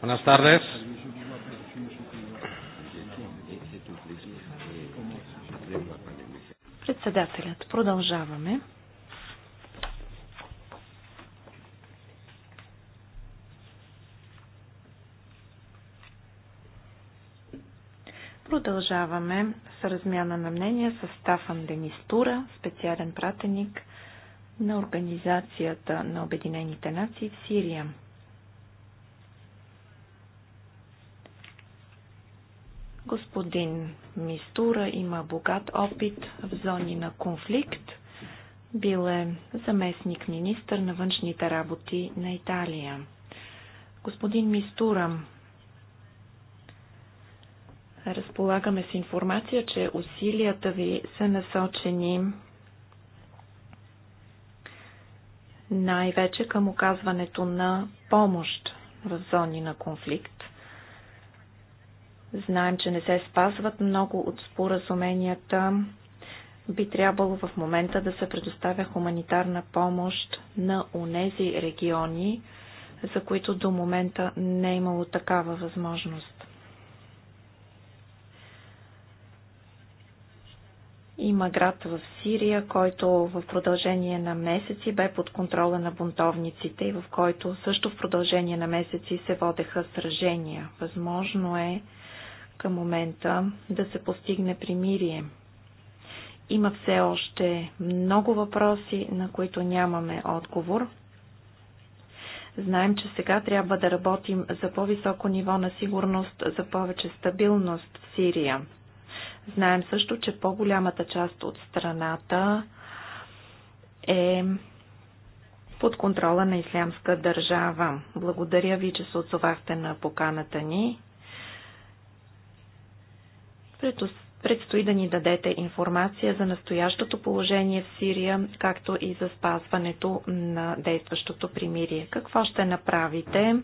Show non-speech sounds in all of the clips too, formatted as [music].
Buenas tardes. Председателят, продължаваме. Продължаваме с размяна на мнения с Стафан Денистура, специален пратеник на Организацията на Обединените нации в Сирия. Господин Мистура има богат опит в зони на конфликт. Бил е заместник министър на външните работи на Италия. Господин Мистура, разполагаме с информация, че усилията ви са насочени най-вече към оказването на помощ в зони на конфликт. Знаем, че не се спазват много от споразуменията. Би трябвало в момента да се предоставя хуманитарна помощ на онези региони, за които до момента не е имало такава възможност. Има град в Сирия, който в продължение на месеци бе под контрола на бунтовниците и в който също в продължение на месеци се водеха сражения. Възможно е към момента да се постигне примирие. Има все още много въпроси, на които нямаме отговор. Знаем, че сега трябва да работим за по-високо ниво на сигурност, за повече стабилност в Сирия. Знаем също, че по-голямата част от страната е под контрола на Ислямска държава. Благодаря ви, че се отзовахте на поканата ни. Предстои да ни дадете информация за настоящото положение в Сирия, както и за спазването на действащото примирие. Какво ще направите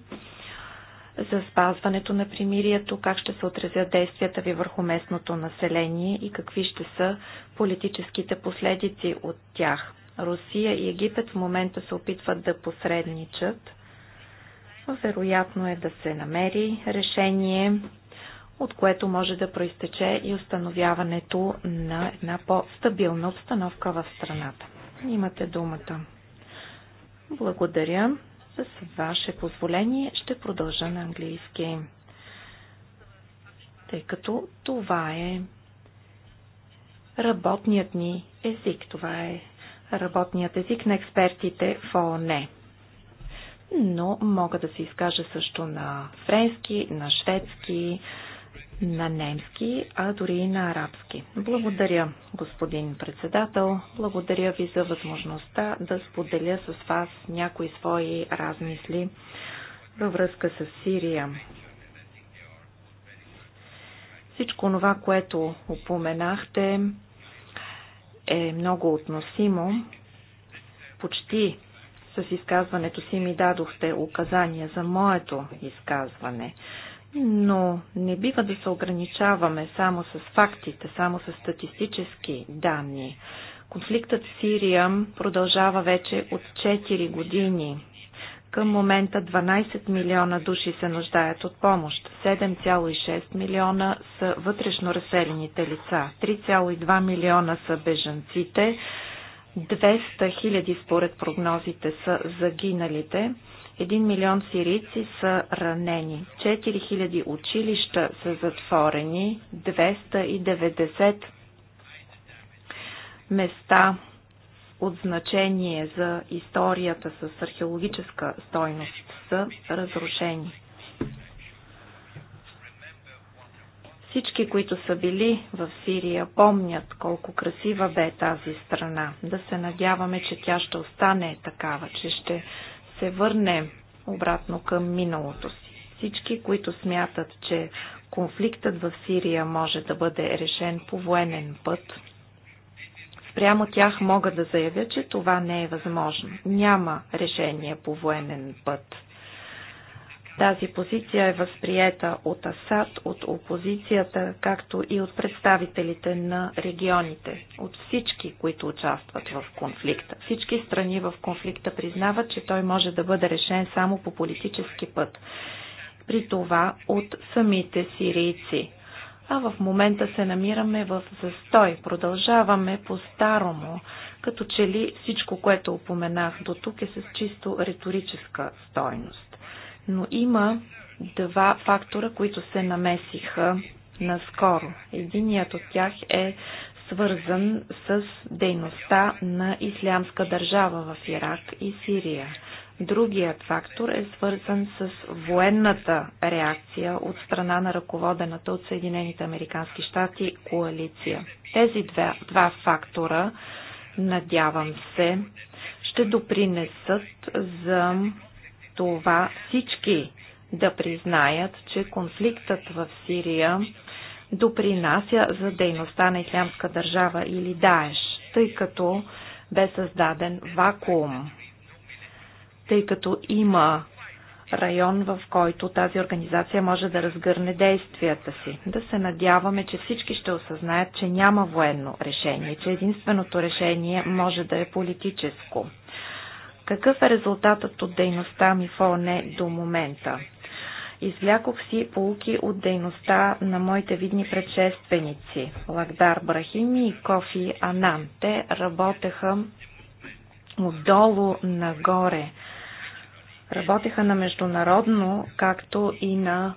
за спазването на примирието, как ще се отразят действията ви върху местното население и какви ще са политическите последици от тях? Русия и Египет в момента се опитват да посредничат. Вероятно е да се намери решение от което може да проистече и установяването на една по-стабилна обстановка в страната. Имате думата. Благодаря. С ваше позволение ще продължа на английски, тъй като това е работният ни език. Това е работният език на експертите в ООН. Но мога да се изкажа също на френски, на шведски, на немски, а дори и на арабски. Благодаря, господин председател. Благодаря ви за възможността да споделя с вас някои свои размисли във връзка с Сирия. Всичко това, което упоменахте, е много относимо. Почти с изказването си ми дадохте указания за моето изказване но не бива да се ограничаваме само с фактите, само с статистически данни. Конфликтът в Сирия продължава вече от 4 години. Към момента 12 милиона души се нуждаят от помощ. 7,6 милиона са вътрешно разселените лица. 3,2 милиона са бежанците. 200 хиляди според прогнозите са загиналите. Един милион сирийци са ранени. 4000 училища са затворени. 290 места от значение за историята с археологическа стойност са разрушени. Всички, които са били в Сирия, помнят колко красива бе тази страна. Да се надяваме, че тя ще остане такава, че ще се върне обратно към миналото си. Всички, които смятат, че конфликтът в Сирия може да бъде решен по военен път, спрямо тях мога да заявя, че това не е възможно. Няма решение по военен път. Тази позиция е възприета от Асад, от опозицията, както и от представителите на регионите, от всички, които участват в конфликта. Всички страни в конфликта признават, че той може да бъде решен само по политически път. При това от самите сирийци. А в момента се намираме в застой. Продължаваме по-старому, като че ли всичко, което упоменах до тук е с чисто риторическа стойност но има два фактора, които се намесиха наскоро. Единият от тях е свързан с дейността на Ислямска държава в Ирак и Сирия. Другият фактор е свързан с военната реакция от страна на ръководената от Съединените Американски щати коалиция. Тези два, два фактора, надявам се, ще допринесат за това всички да признаят, че конфликтът в Сирия допринася за дейността на Ислямска държава или Даеш, тъй като бе създаден вакуум, тъй като има район, в който тази организация може да разгърне действията си. Да се надяваме, че всички ще осъзнаят, че няма военно решение, че единственото решение може да е политическо. Какъв е резултатът от дейността ми в ОНЕ до момента? Извлякох си полуки от дейността на моите видни предшественици Лагдар Брахими и Кофи Анан. Те работеха отдолу нагоре. Работеха на международно, както и на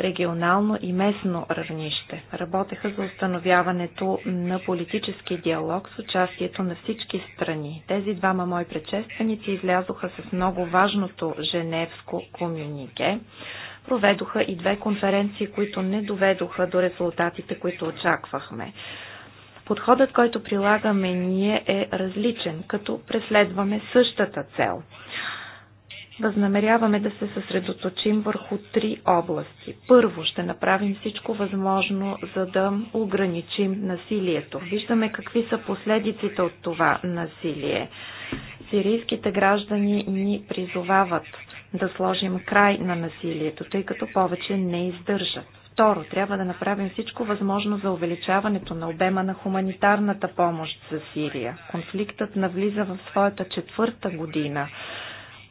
регионално и местно равнище. Работеха за установяването на политически диалог с участието на всички страни. Тези двама мои предшественици излязоха с много важното Женевско комюнике. Проведоха и две конференции, които не доведоха до резултатите, които очаквахме. Подходът, който прилагаме ние е различен, като преследваме същата цел – Възнамеряваме да се съсредоточим върху три области. Първо, ще направим всичко възможно, за да ограничим насилието. Виждаме какви са последиците от това насилие. Сирийските граждани ни призовават да сложим край на насилието, тъй като повече не издържат. Второ, трябва да направим всичко възможно за увеличаването на обема на хуманитарната помощ за Сирия. Конфликтът навлиза в своята четвърта година.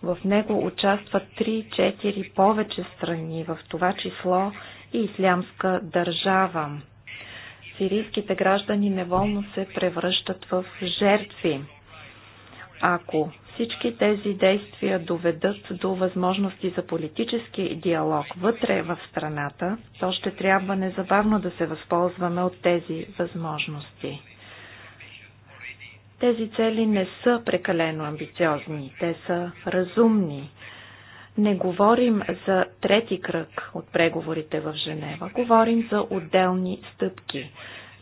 В него участват 3-4 повече страни, в това число и Ислямска държава. Сирийските граждани неволно се превръщат в жертви. Ако всички тези действия доведат до възможности за политически диалог вътре в страната, то ще трябва незабавно да се възползваме от тези възможности. Тези цели не са прекалено амбициозни, те са разумни. Не говорим за трети кръг от преговорите в Женева, говорим за отделни стъпки.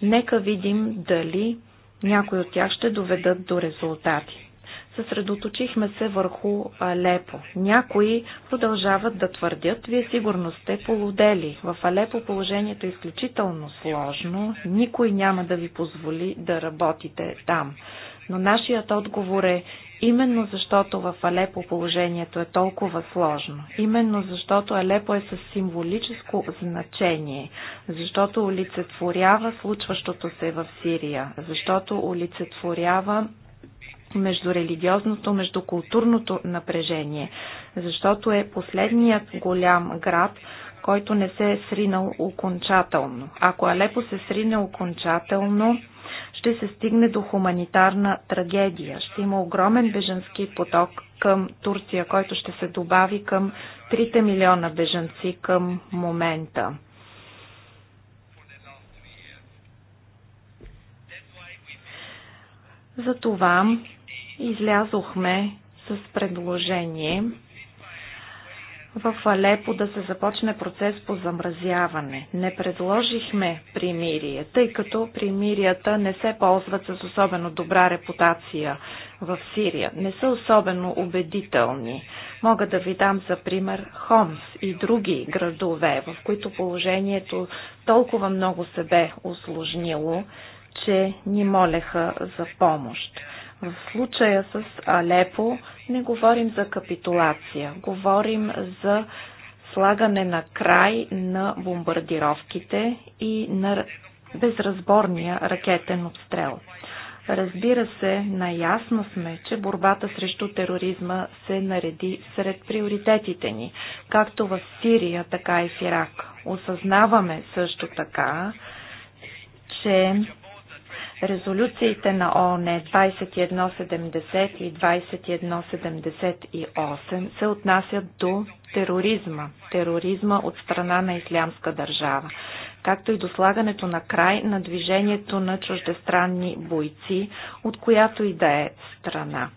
Нека видим дали някои от тях ще доведат до резултати съсредоточихме се върху Алепо. Някои продължават да твърдят, вие сигурно сте полудели. В Алепо положението е изключително сложно, никой няма да ви позволи да работите там. Но нашият отговор е именно защото в Алепо положението е толкова сложно, именно защото Алепо е с символическо значение, защото олицетворява случващото се в Сирия, защото олицетворява между религиозното, между културното напрежение, защото е последният голям град, който не се е сринал окончателно. Ако Алепо се срине окончателно, ще се стигне до хуманитарна трагедия. Ще има огромен беженски поток към Турция, който ще се добави към 3 милиона беженци към момента. Затова излязохме с предложение в Алепо да се започне процес по замразяване. Не предложихме примирие, тъй като примирията не се ползват с особено добра репутация в Сирия. Не са особено убедителни. Мога да ви дам за пример Хомс и други градове, в които положението толкова много се бе осложнило, че ни молеха за помощ. В случая с Алепо не говорим за капитулация, говорим за слагане на край на бомбардировките и на безразборния ракетен обстрел. Разбира се, наясно сме, че борбата срещу тероризма се нареди сред приоритетите ни, както в Сирия, така и в Ирак. Осъзнаваме също така, че резолюциите на ООН 2170 и 2178 се отнасят до тероризма, тероризма от страна на ислямска държава, както и до слагането на край на движението на чуждестранни бойци, от която и да е страна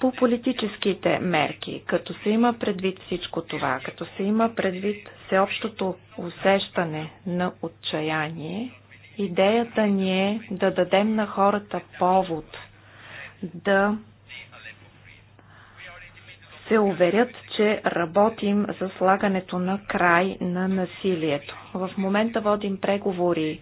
по политическите мерки, като се има предвид всичко това, като се има предвид всеобщото усещане на отчаяние, Идеята ни е да дадем на хората повод да се уверят, че работим за слагането на край на насилието. В момента водим преговори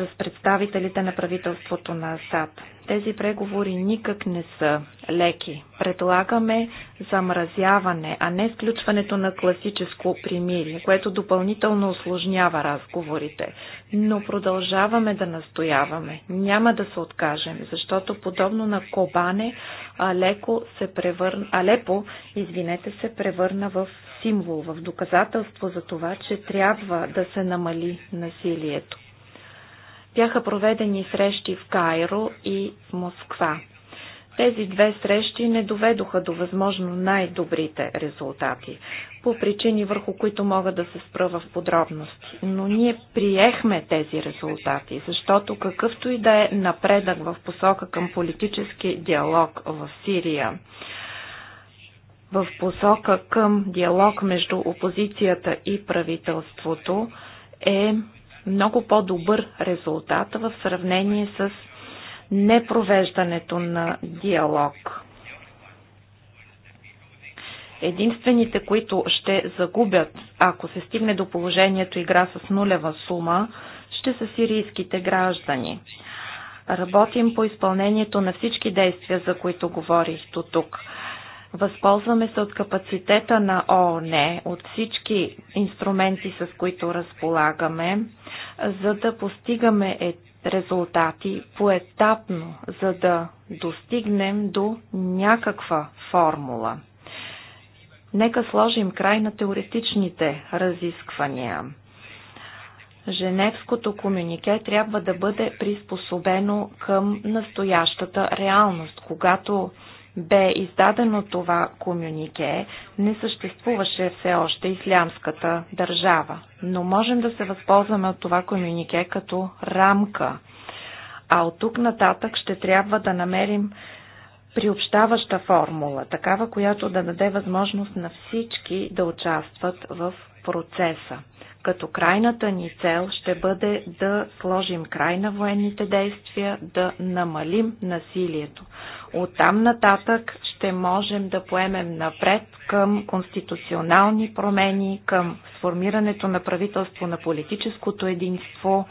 с представителите на правителството на Асад. Тези преговори никак не са леки. Предлагаме замразяване, а не сключването на класическо примирие, което допълнително осложнява разговорите. Но продължаваме да настояваме. Няма да се откажем, защото подобно на Кобане, Алеко се превърна, Алепо извинете, се превърна в символ, в доказателство за това, че трябва да се намали насилието. Бяха проведени срещи в Кайро и в Москва. Тези две срещи не доведоха до възможно най-добрите резултати, по причини върху които мога да се спра в подробности. Но ние приехме тези резултати, защото какъвто и да е напредък в посока към политически диалог в Сирия, в посока към диалог между опозицията и правителството, е много по-добър резултат в сравнение с непровеждането на диалог. Единствените, които ще загубят, ако се стигне до положението игра с нулева сума, ще са сирийските граждани. Работим по изпълнението на всички действия, за които говорих до тук. Възползваме се от капацитета на ООН, от всички инструменти, с които разполагаме, за да постигаме е, резултати поетапно, за да достигнем до някаква формула. Нека сложим край на теоретичните разисквания. Женевското комюнике трябва да бъде приспособено към настоящата реалност. Когато бе издадено това комюнике, не съществуваше все още ислямската държава. Но можем да се възползваме от това комюнике като рамка. А от тук нататък ще трябва да намерим приобщаваща формула, такава, която да даде възможност на всички да участват в процеса. Като крайната ни цел ще бъде да сложим край на военните действия, да намалим насилието. От там нататък ще можем да поемем напред към конституционални промени, към сформирането на правителство на политическото единство,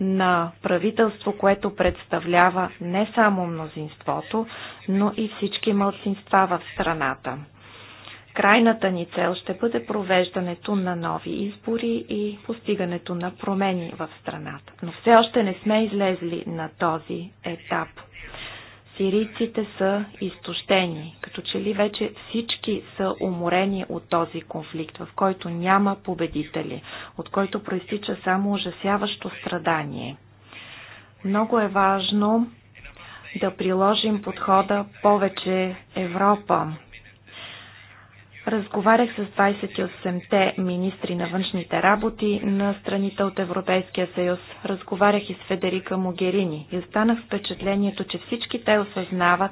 на правителство, което представлява не само мнозинството, но и всички мълцинства в страната. Крайната ни цел ще бъде провеждането на нови избори и постигането на промени в страната. Но все още не сме излезли на този етап сирийците са изтощени, като че ли вече всички са уморени от този конфликт, в който няма победители, от който проистича само ужасяващо страдание. Много е важно да приложим подхода повече Европа. Разговарях с 28-те министри на външните работи на страните от Европейския съюз. Разговарях и с Федерика Могерини и останах с впечатлението, че всички те осъзнават,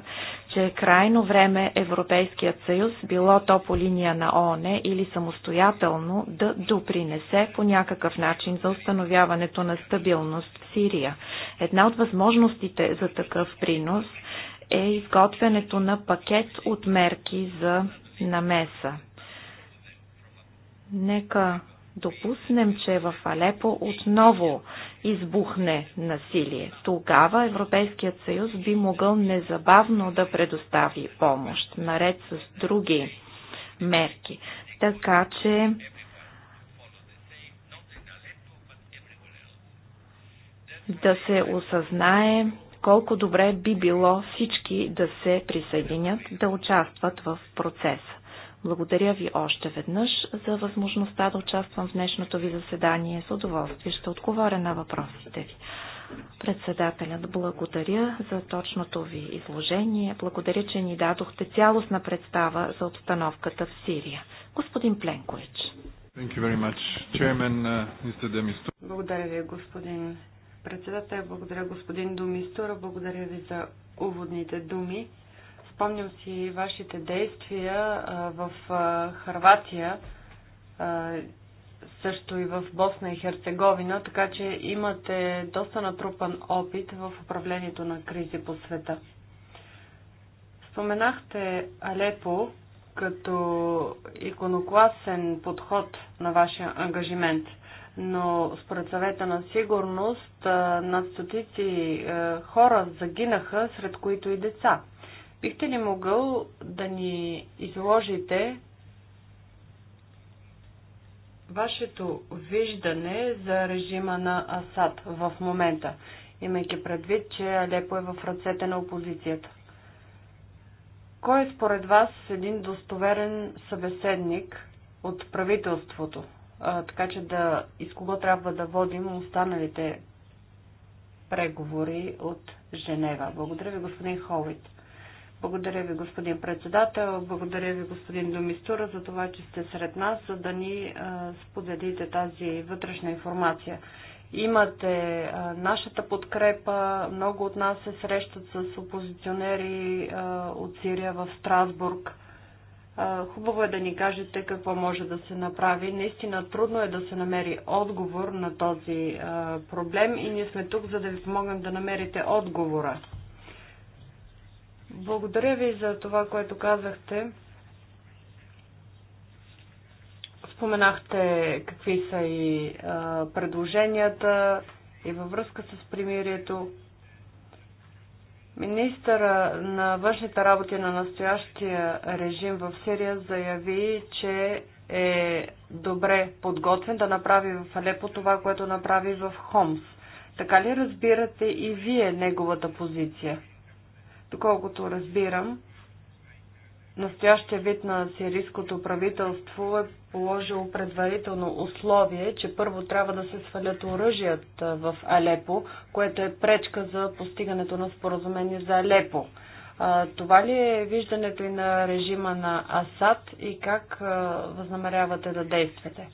че е крайно време Европейският съюз, било то по линия на ООН или самостоятелно, да допринесе по някакъв начин за установяването на стабилност в Сирия. Една от възможностите за такъв принос е изготвянето на пакет от мерки за намеса. Нека допуснем, че в Алепо отново избухне насилие. Тогава Европейският съюз би могъл незабавно да предостави помощ, наред с други мерки. Така че да се осъзнае, колко добре би било всички да се присъединят, да участват в процеса. Благодаря ви още веднъж за възможността да участвам в днешното ви заседание. С удоволствие ще отговоря на въпросите ви. Председателят, благодаря за точното ви изложение. Благодаря, че ни дадохте цялостна представа за обстановката в Сирия. Господин Пленкович. Uh, благодаря ви, господин председател. Благодаря господин Домистора. Благодаря ви за уводните думи. Спомням си вашите действия в Харватия, също и в Босна и Херцеговина, така че имате доста натрупан опит в управлението на кризи по света. Споменахте Алепо като иконокласен подход на вашия ангажимент – но според съвета на сигурност над стотици хора загинаха, сред които и деца. Бихте ли могъл да ни изложите вашето виждане за режима на Асад в момента, имайки предвид, че Алепо е в ръцете на опозицията? Кой е според вас един достоверен събеседник от правителството? а, така че да из кого трябва да водим останалите преговори от Женева. Благодаря ви, господин Холит. Благодаря ви, господин председател. Благодаря ви, господин Домистура, за това, че сте сред нас, за да ни а, споделите тази вътрешна информация. Имате а, нашата подкрепа. Много от нас се срещат с опозиционери а, от Сирия в Страсбург Хубаво е да ни кажете какво може да се направи. Наистина трудно е да се намери отговор на този проблем и ние сме тук, за да ви помогнем да намерите отговора. Благодаря ви за това, което казахте. Споменахте какви са и предложенията и във връзка с примирието. Министъра на външните работи на настоящия режим в Сирия заяви, че е добре подготвен да направи в Алепо това, което направи в Хомс. Така ли разбирате и вие неговата позиция? Доколкото разбирам, Настоящия вид на сирийското правителство е положило предварително условие, че първо трябва да се свалят оръжият в Алепо, което е пречка за постигането на споразумение за Алепо. Това ли е виждането и на режима на Асад и как възнамерявате да действате?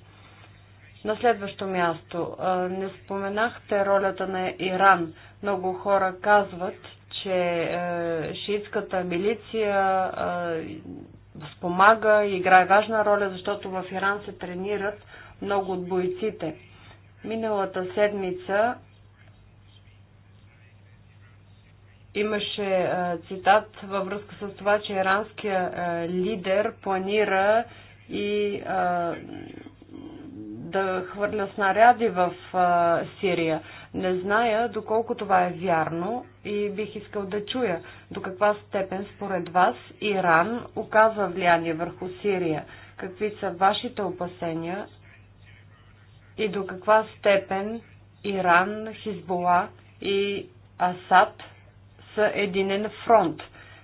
На следващо място, не споменахте ролята на Иран. Много хора казват, че е, шиитската милиция е, спомага и играе важна роля, защото в Иран се тренират много от бойците. Миналата седмица имаше е, цитат във връзка с това, че иранския лидер планира и да хвърля снаряди в Сирия. Не зная доколко това е вярно и бих искал да чуя до каква степен според вас Иран оказва влияние върху Сирия. Какви са вашите опасения и до каква степен Иран, Хизбола и Асад са единен фронт.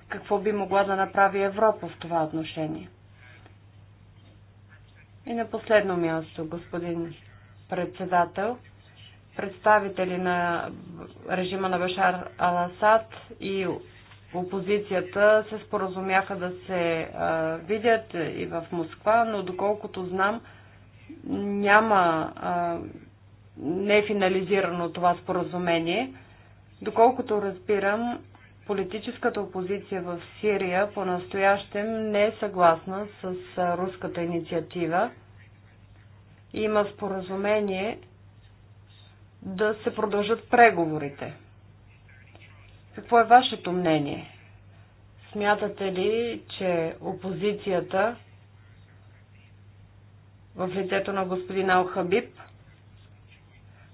Какво би могла да направи Европа в това отношение? И на последно място, господин председател, представители на режима на Башар Аласад и опозицията се споразумяха да се а, видят и в Москва, но доколкото знам, няма, а, не е финализирано това споразумение. Доколкото разбирам, политическата опозиция в Сирия по-настоящем не е съгласна с руската инициатива. Има споразумение, да се продължат преговорите. Какво е вашето мнение? Смятате ли, че опозицията в лицето на господин Алхабиб,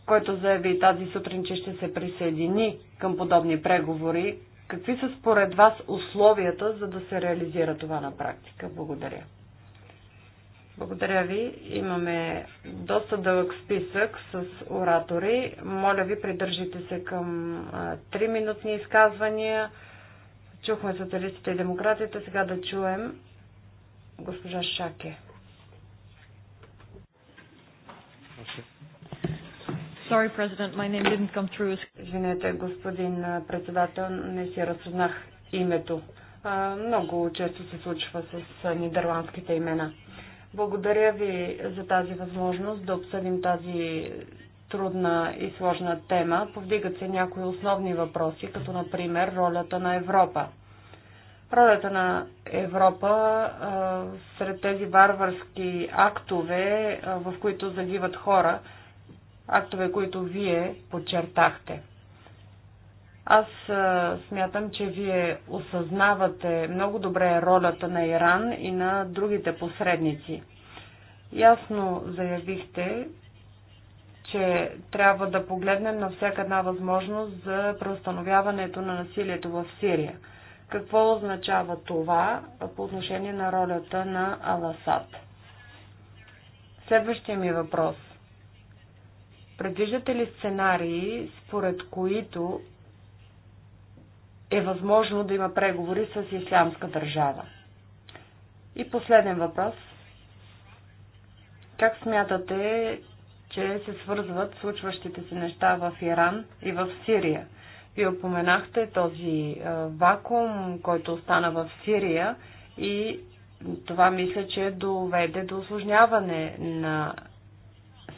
който заяви тази сутрин, че ще се присъедини към подобни преговори, какви са според вас условията, за да се реализира това на практика? Благодаря. Благодаря ви. Имаме доста дълъг списък с оратори. Моля ви, придържите се към 3-минутни изказвания. Чухме социалистите и демократите. Сега да чуем госпожа Шаке. Sorry, President, my name didn't come through. Извинете, господин председател, не си разпознах името. Много често се случва с нидерландските имена. Благодаря ви за тази възможност да обсъдим тази трудна и сложна тема. Повдигат се някои основни въпроси, като например ролята на Европа. Ролята на Европа а, сред тези варварски актове, а, в които загиват хора, актове, които вие подчертахте. Аз смятам, че вие осъзнавате много добре ролята на Иран и на другите посредници. Ясно заявихте, че трябва да погледнем на всяка една възможност за преустановяването на насилието в Сирия. Какво означава това по отношение на ролята на Аласад? Следващия ми въпрос. Предвиждате ли сценарии, според които е възможно да има преговори с Ислямска държава. И последен въпрос. Как смятате, че се свързват случващите се неща в Иран и в Сирия? И опоменахте този вакуум, който остана в Сирия и това мисля, че доведе до осложняване на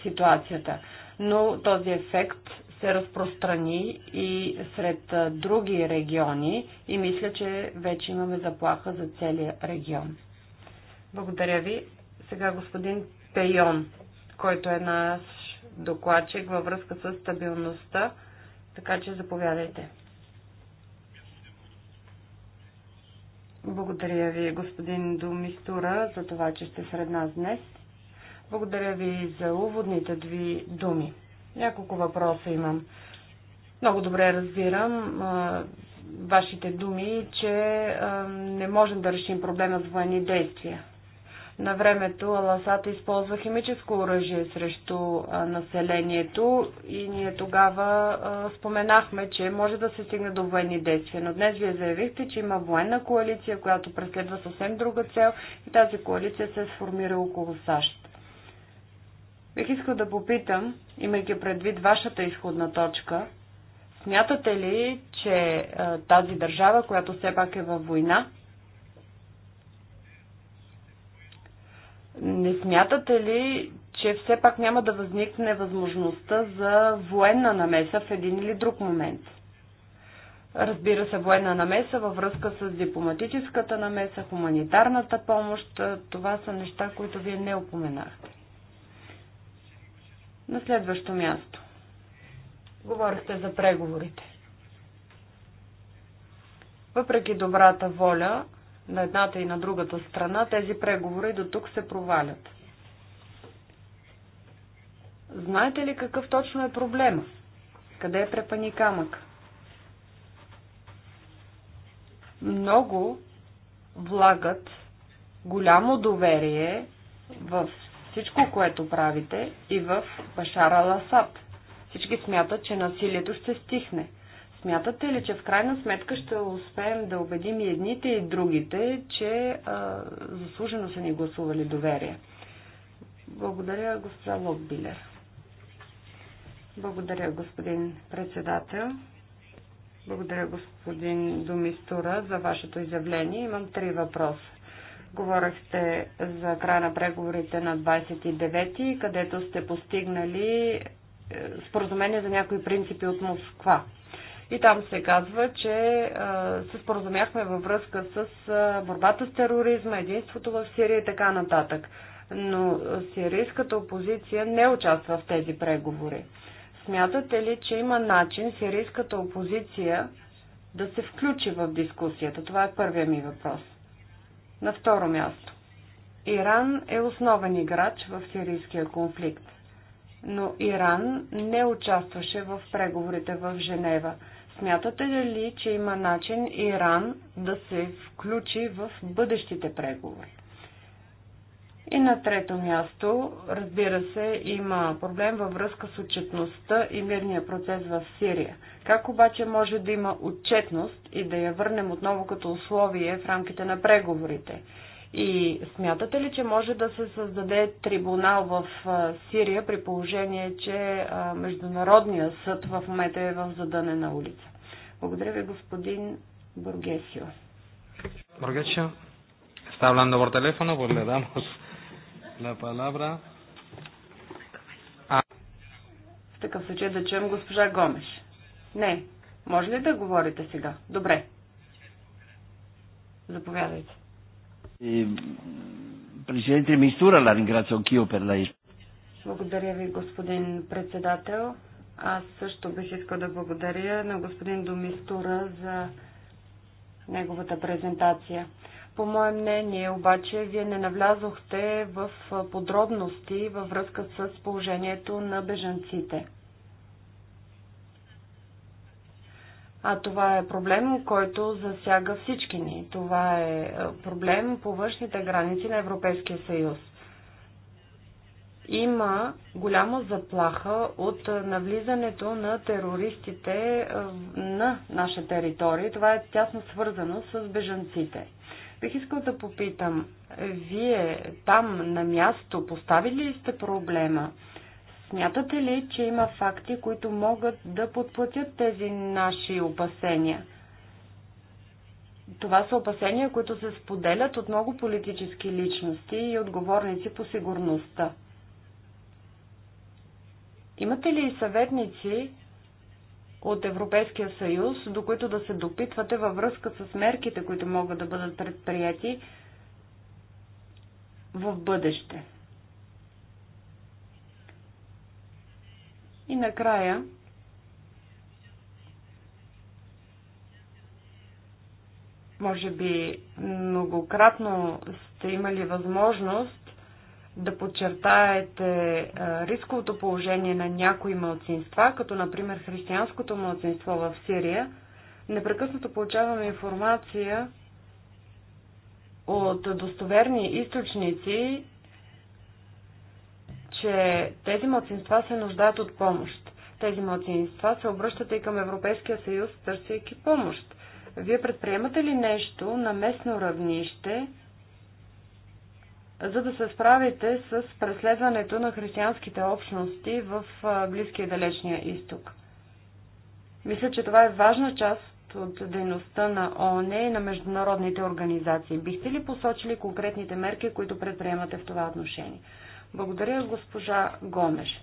ситуацията. Но този ефект се разпространи и сред други региони и мисля, че вече имаме заплаха за целия регион. Благодаря ви. Сега господин Пейон, който е наш докладчик във връзка с стабилността, така че заповядайте. Благодаря ви, господин Домистура, за това, че сте сред нас днес. Благодаря ви за уводните ви думи. Няколко въпроса имам. Много добре разбирам а, вашите думи, че а, не можем да решим проблема с военни действия. На времето Аласата използва химическо оръжие срещу а, населението и ние тогава а, споменахме, че може да се стигне до военни действия. Но днес вие заявихте, че има военна коалиция, която преследва съвсем друга цел и тази коалиция се е сформира около САЩ. Бих искал да попитам, имайки предвид вашата изходна точка, смятате ли, че е, тази държава, която все пак е във война, не смятате ли, че все пак няма да възникне възможността за военна намеса в един или друг момент? Разбира се, военна намеса във връзка с дипломатическата намеса, хуманитарната помощ. Е, това са неща, които вие не упоменахте. На следващо място. Говорихте за преговорите. Въпреки добрата воля на едната и на другата страна, тези преговори до тук се провалят. Знаете ли какъв точно е проблема? Къде е препани камък? Много влагат голямо доверие в всичко, което правите и в Башара Ласад. Всички смятат, че насилието ще стихне. Смятате ли, че в крайна сметка ще успеем да убедим и едните и другите, че а, заслужено са ни гласували доверие? Благодаря, госпожа Лоббилер. Благодаря, господин председател. Благодаря, господин Домистура, за вашето изявление. Имам три въпроса. Говорихте за края на преговорите на 29-ти, където сте постигнали е, споразумение за някои принципи от Москва. И там се казва, че е, се споразумяхме във връзка с е, борбата с тероризма, единството в Сирия и така нататък. Но сирийската опозиция не участва в тези преговори. Смятате ли, че има начин сирийската опозиция да се включи в дискусията? Това е първия ми въпрос. На второ място. Иран е основен играч в сирийския конфликт, но Иран не участваше в преговорите в Женева. Смятате ли, че има начин Иран да се включи в бъдещите преговори? И на трето място, разбира се, има проблем във връзка с отчетността и мирния процес в Сирия. Как обаче може да има отчетност и да я върнем отново като условие в рамките на преговорите? И смятате ли, че може да се създаде трибунал в Сирия при положение, че Международният съд в момента е в на улица? Благодаря ви, господин Бургесио. Бургесио, está hablando por teléfono, pues le damos la palabra a... В такъв случай да чуем госпожа Гомеш. Не. Може ли да говорите сега? Добре. Заповядайте. Президент Мистура, ла ringrazio anch'io per Благодаря ви, господин председател. Аз също бих искал да благодаря на господин Домистура за неговата презентация. По мое мнение, обаче, вие не навлязохте в подробности във връзка с положението на бежанците. А това е проблем, който засяга всички ни. Това е проблем по външните граници на Европейския съюз. Има голяма заплаха от навлизането на терористите на наша територия. Това е тясно свързано с бежанците. Бих искал да попитам, вие там на място поставили ли сте проблема? Смятате ли, че има факти, които могат да подплатят тези наши опасения? Това са опасения, които се споделят от много политически личности и отговорници по сигурността. Имате ли съветници, от Европейския съюз, до които да се допитвате във връзка с мерките, които могат да бъдат предприяти в бъдеще. И накрая, може би многократно сте имали възможност да подчертаете рисковото положение на някои мълцинства, като например християнското мълцинство в Сирия. Непрекъснато получаваме информация от достоверни източници, че тези младсинства се нуждаят от помощ. Тези младсинства се обръщат и към Европейския съюз, търсейки помощ. Вие предприемате ли нещо на местно равнище, за да се справите с преследването на християнските общности в Близкия и Далечния изток. Мисля, че това е важна част от дейността на ООН и на международните организации. Бихте ли посочили конкретните мерки, които предприемате в това отношение? Благодаря, госпожа Гомеш.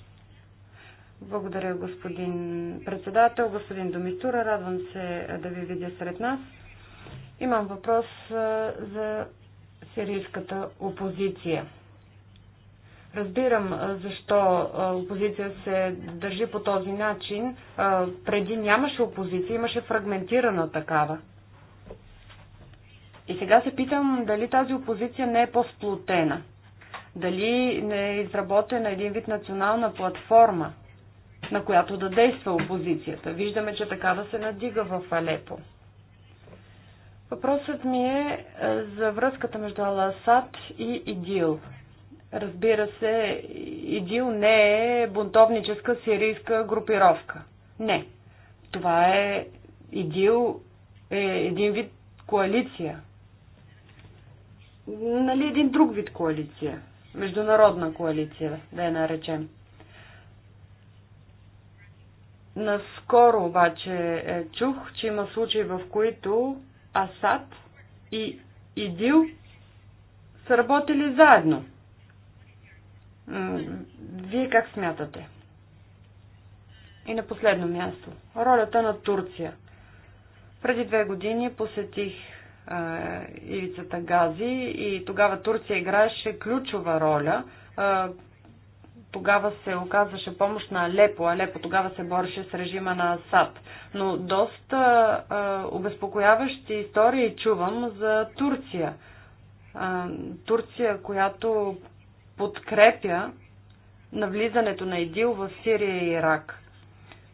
Благодаря, господин председател, господин Домитура. Радвам се да ви видя сред нас. Имам въпрос за сирийската опозиция. Разбирам защо опозиция се държи по този начин. Преди нямаше опозиция, имаше фрагментирана такава. И сега се питам дали тази опозиция не е по-сплутена. Дали не е изработена един вид национална платформа, на която да действа опозицията. Виждаме, че такава се надига в Алепо. Въпросът ми е, е за връзката между Аласад и ИДИЛ. Разбира се, ИДИЛ не е бунтовническа сирийска групировка. Не. Това е ИДИЛ е един вид коалиция. Нали един друг вид коалиция? Международна коалиция, да я наречем. Наскоро обаче е, чух, че има случаи, в които Асад и ИДИЛ са работили заедно. Вие как смятате? И на последно място, ролята на Турция. Преди две години посетих ивицата Гази и тогава Турция играеше ключова роля тогава се оказваше помощ на Алепо. Алепо тогава се бореше с режима на Асад. Но доста а, обезпокояващи истории чувам за Турция. А, Турция, която подкрепя навлизането на ИДИЛ в Сирия и Ирак.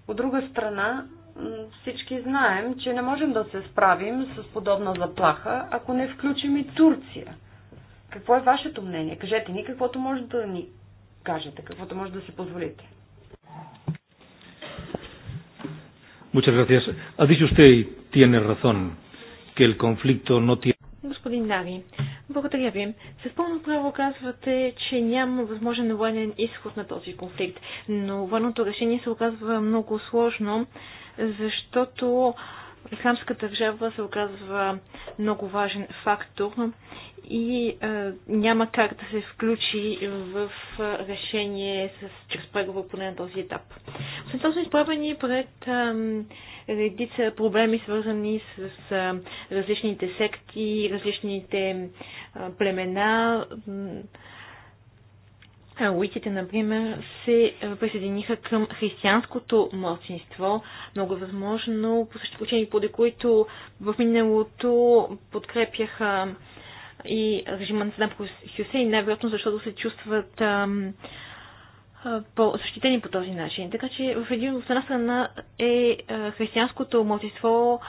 От друга страна, всички знаем, че не можем да се справим с подобна заплаха, ако не включим и Турция. Какво е вашето мнение? Кажете ни каквото може да ни кажете, каквото може да си позволите. Muchas gracias. Ha dicho usted, y tiene razón, que el conflicto no tiene... Господин Нари, благодаря ви. С пълно право казвате, че няма възможен военен изход на този конфликт, но военното решение се оказва много сложно, защото Исламската държава се оказва много важен фактор и е, няма как да се включи в е, решение с, чрез преговор поне на този етап. Освен това сме изправени пред е, редица проблеми, свързани с, с е, различните секти, различните е, племена, Уитите, например, се е, присъединиха към християнското младсинство. Много е възможно, по същите учени, поди които в миналото подкрепяха и режима на Седам Хюсей, най-вероятно защото се чувстват ам, по-защитени по този начин. Така че в един от една страна е християнското младсинство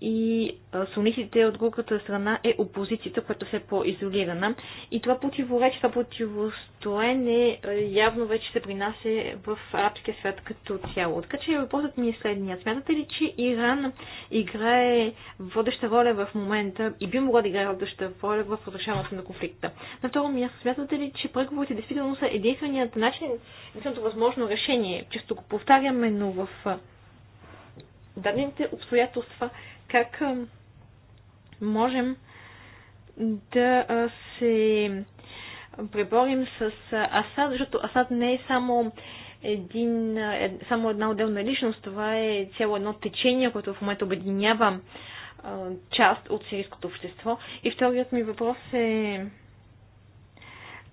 и сунитите от другата страна е опозицията, която се е по-изолирана. И това противоречие, това противостоене е, явно вече се принася в арабския свят като цяло. Така че въпросът ми е следният. Смятате ли, че Иран играе водеща роля в момента и би могла да играе водеща роля в разрешаването на конфликта? На второ място, смятате ли, че преговорите действително са единственият начин, единственото възможно решение? Често го повтаряме, но в дадените обстоятелства как можем да се преборим с Асад, защото Асад не е само един, само една отделна личност, това е цяло едно течение, което в момента обединява част от сирийското общество. И вторият ми въпрос е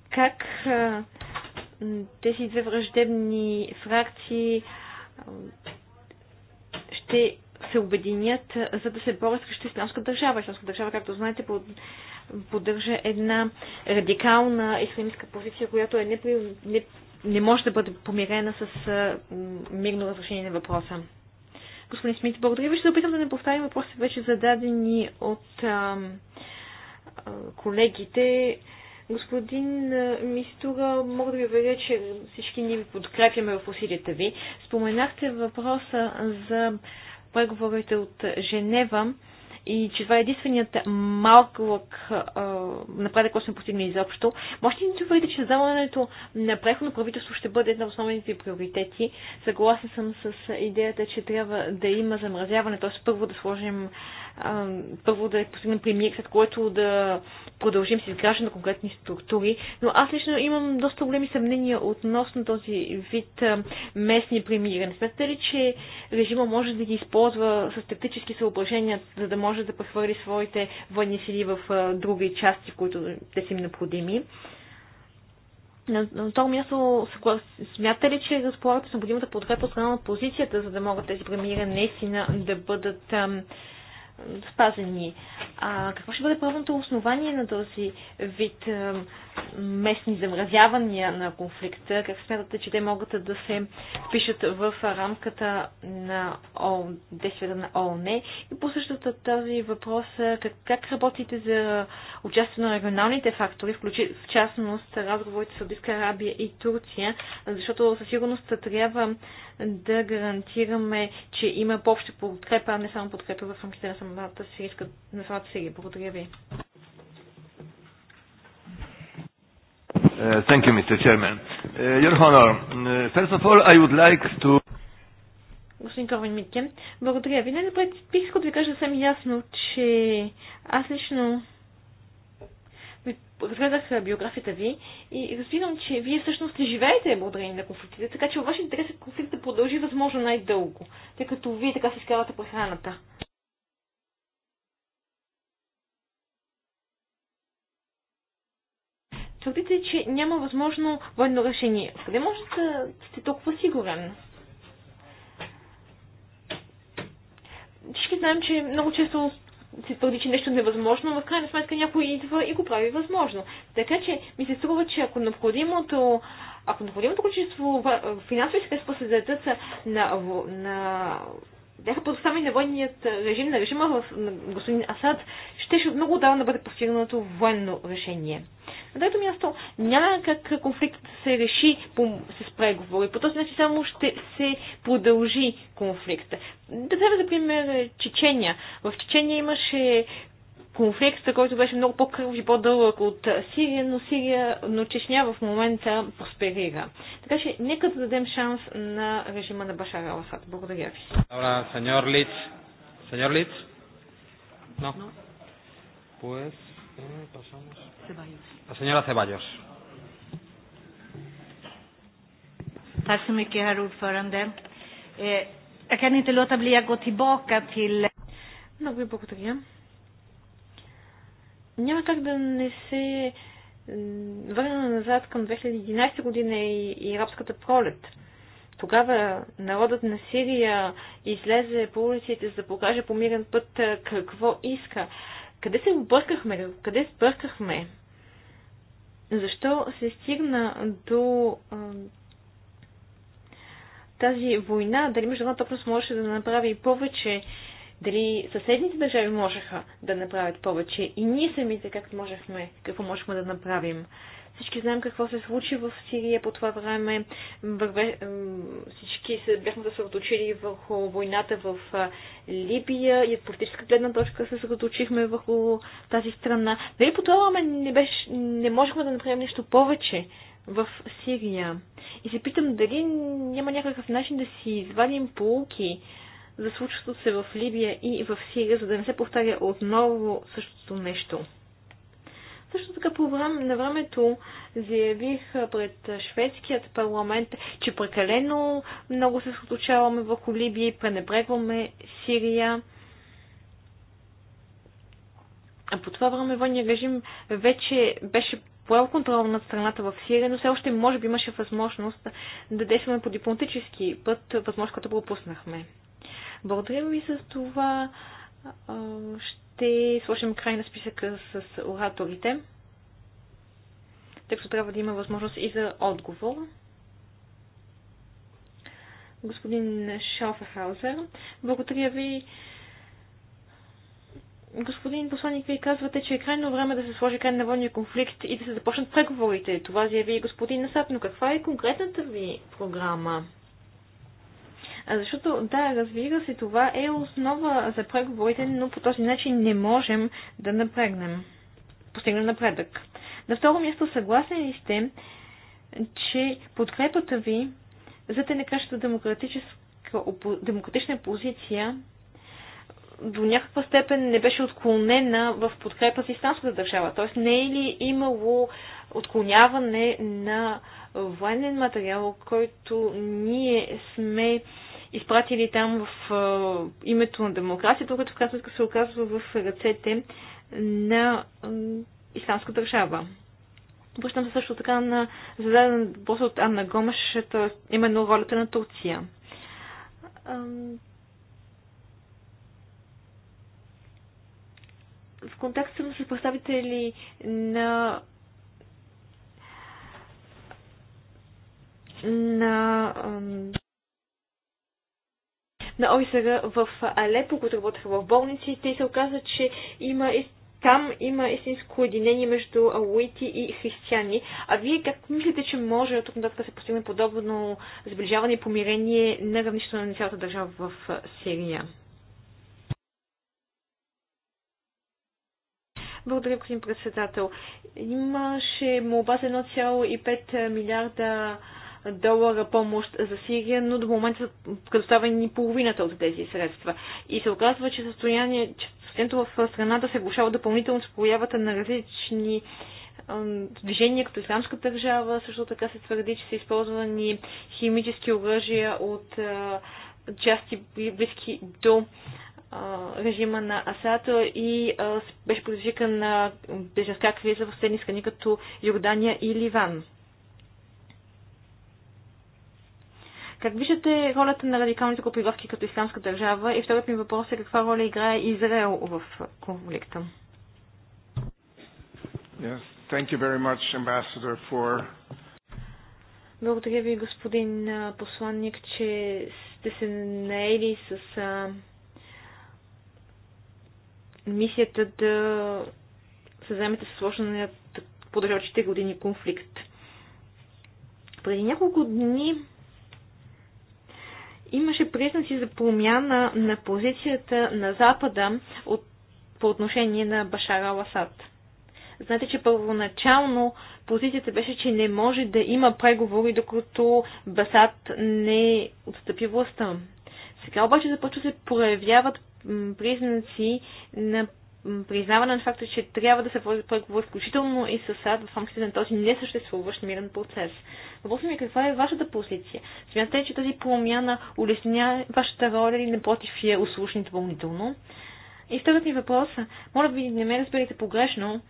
как тези две враждебни фракции ще се обединят, за да се борят срещу Исламска държава. Исламска държава, както знаете, поддържа една радикална исламистка позиция, която е непри... не... не може да бъде помирена с мирно разрешение на въпроса. Господин Смит, благодаря ви. Ще опитам да не повтарям въпроси, вече зададени от а, а, колегите. Господин Мистура, мога да ви уверя, че всички ние ви подкрепяме в усилията ви. Споменахте въпроса за преговорите от Женева и че това е единственият малък напредък, който сме постигнали изобщо. може ли да уверите, че създаването на преходно правителство ще бъде една от основните ви приоритети? Съгласен съм с идеята, че трябва да има замразяване, т.е. първо да сложим първо да постигнем премиер, след което да продължим с изграждане на конкретни структури. Но аз лично имам доста големи съмнения относно този вид местни премиери. Не смятате ли, че режима може да ги използва с тактически съображения, за да може може да прехвърли своите военни сили в други части, които те са им необходими. На това място, смята ли, че разполагате с необходимата подкрепа от страна на позицията, за да могат тези премиера наистина да бъдат спазени. А какво ще бъде правното основание на този вид е, местни замразявания на конфликта? Как смятате, че те могат да се впишат в рамката на действията на ООН? И по същата този въпрос, е, как, как работите за участие на регионалните фактори, включи в частност разговорите с Саудитска Арабия и Турция, защото със сигурност трябва да гарантираме, че има по-обща подкрепа, а не само подкрепа в рамките на самата сирийска, на самата Сирия. Благодаря ви. Uh, thank you, Mr. Chairman. Uh, Your Honor, uh, first of all, I would like to господин Корвин Митке. Благодаря ви. Не, добре, бих искал да ви кажа съвсем ясно, че аз лично разгледах биографията ви и разбирам, че вие всъщност не живеете благодарение на конфликтите, така че във ваш интерес е конфликт да продължи възможно най-дълго, тъй като вие така се изкарвате прехраната. Твърдите, че няма възможно военно решение. Къде може да сте толкова сигурен? Всички знаем, че много често се твърди, че нещо невъзможно, в крайна сметка някой идва и го прави възможно. Така че ми се струва, че ако необходимото, ако необходимото количество финансови средства се дадат на, на бяха предоставени на военният режим, на режима в господин Асад, щеше много отдавна да бъде постигнато военно решение. На трето място, няма как конфликтът се реши по, с преговори. По този начин само ще се продължи конфликта. Да вземем за пример Чечения. В Чечения имаше конфликта, който беше много по-кръв и по-дълъг от Сирия, но Сирия, но Чечня в момента просперира. Така че нека да дадем шанс на режима на Башар Аласад. Благодаря ви. Добре, сеньор Лиц. Сеньор Лиц? Но. Пуес. Пасамос. Сеньора pasamos. Ceballos. La señora Ceballos. Tack så mycket, herr ordförande. Eh, jag kan inte låta Много ви благодаря няма как да не се върна назад към 2011 година и, и арабската пролет. Тогава народът на Сирия излезе по улиците, за да покаже по мирен път какво иска. Къде се объркахме? Къде сбъркахме? Защо се стигна до а, тази война? Дали международната общност можеше да направи повече дали съседните държави можеха да направят повече и ние самите как можехме, какво можехме да направим. Всички знаем какво се случи в Сирия по това време. всички се бяхме съсредоточили върху войната в Либия и от политическа гледна точка се съсредоточихме върху тази страна. Дали по това време не, беше, не можехме да направим нещо повече в Сирия? И се питам дали няма някакъв начин да си извадим полуки за случващото се в Либия и в Сирия, за да не се повтаря отново същото нещо. Също така по време на времето заявих пред шведският парламент, че прекалено много се съсредоточаваме върху Либия и пренебрегваме Сирия. А по това време военния режим вече беше поел контрол над страната в Сирия, но все още може би имаше възможност да действаме по дипломатически път, възможност, която пропуснахме. Благодаря ви с това. Ще сложим край на списъка с ораторите, тъй като трябва да има възможност и за отговор господин Шофехаузер. Благодаря ви. Господин посланник, вие казвате, че е крайно време да се сложи край на водния конфликт и да се започнат преговорите. Това заяви и господин Насап, но каква е конкретната ви програма? Защото, да, разбира се, това е основа за преговорите, но по този начин не можем да напрегнем, постигнем напредък. На второ място, съгласни ли сте, че подкрепата ви за те не демократична позиция до някаква степен не беше отклонена в подкрепа за исламската държава. Т.е. не е ли имало отклоняване на военен материал, който ние сме изпратили там в името на демокрацията, което в крайна сметка се оказва в ръцете на исламска държава. Обръщам се също така на зададен въпрос от Анна Гомеш, именно ролята на Турция. В контакт съм с представители на на на ОИСР в Алепо, които работеха в болниците и се оказа, че има там има истинско единение между ауити и християни. А вие как мислите, че може от тук нататък да се постигне подобно сближаване и помирение на равнището на цялата държава в Сирия? Благодаря, господин председател. Имаше му база 1,5 милиарда долара помощ за Сирия, но до момента са предоставени половината от тези средства. И се оказва, че състояние, че състоянието в страната се глушава допълнително с появата на различни движения като Исламска държава. Също така се твърди, че са използвани химически оръжия от части близки до режима на Асато и беше предизвикана беженска криза в съседни страни като Йордания и Ливан. Как виждате ролята на радикалните групировки като Исламска държава? И вторият ми въпрос е каква роля играе Израел в конфликта? Yes. Thank you very much, Ambassador, for благодаря ви, господин посланник, че сте се наели с а, мисията да се вземете с сложният подалечите години конфликт. Преди няколко дни имаше признаци за промяна на позицията на Запада от, по отношение на Башар Аласад. Знаете, че първоначално позицията беше, че не може да има преговори, докато Басад не отстъпи властта. Сега обаче започва да се проявяват признаци на признаване на факта, че трябва да се води преговор включително и с САД в рамките на този несъществуващ мирен процес. Въпросът ми е каква е вашата позиция? Смятате, че тази промяна улесня вашата роля или напротив я услушни допълнително? И втората ми въпрос, моля ви не ме разберете погрешно,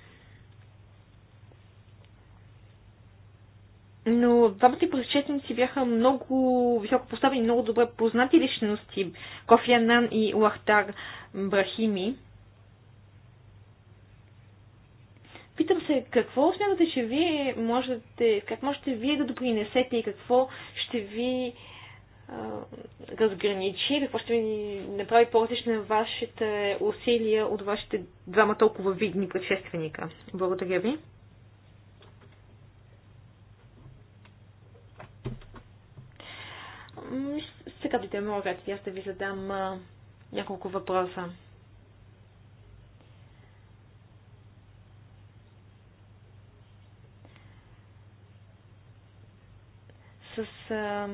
но двамата предшественици бяха много високо поставени, много добре познати личности, Кофи Анан и Лахтар Брахими. Питам се, какво смятате, че вие можете, как можете вие да допринесете и какво ще ви а, разграничи, какво ще ви направи по-различни на вашите усилия от вашите двама толкова видни предшественика? Благодаря ви. Сега дойде моят аз да ви задам а, няколко въпроса. С а,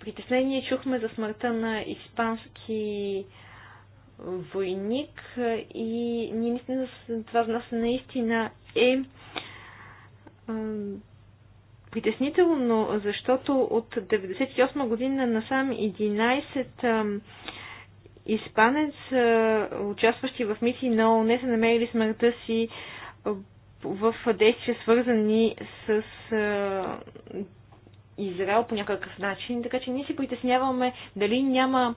притеснение чухме за смъртта на испански войник и ние наистина това за нас наистина е притеснително, защото от 1998 година насам 11 испанец, участващи в мисии на ООН, са намерили смъртта си в действия свързани с Израел по някакъв начин, така че ние се притесняваме дали няма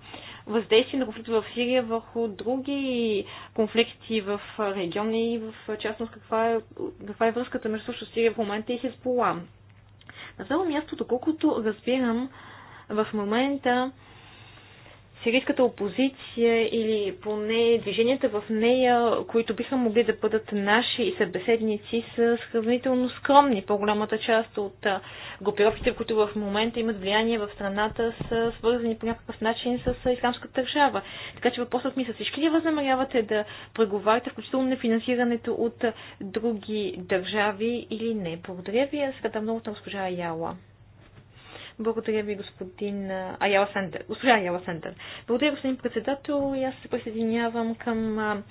въздействие на конфликта в Сирия върху други конфликти в региона и в частност каква е, каква е връзката между Сирия в момента и Хезбола. На второ място, доколкото разбирам, в момента сирийската опозиция или поне движенията в нея, които биха могли да бъдат наши събеседници, са сравнително скромни. По-голямата част от групировките, които в момента имат влияние в страната, са свързани по някакъв начин с исламската държава. Така че въпросът ми е, са всички ли възнамерявате да преговаряте, включително на финансирането от други държави или не? Благодаря ви. Сега много на госпожа Яла. Благодаря ви, господин Аяла Сентър. Госпожа Аяла Сентър. Благодаря, господин председател. И аз се присъединявам към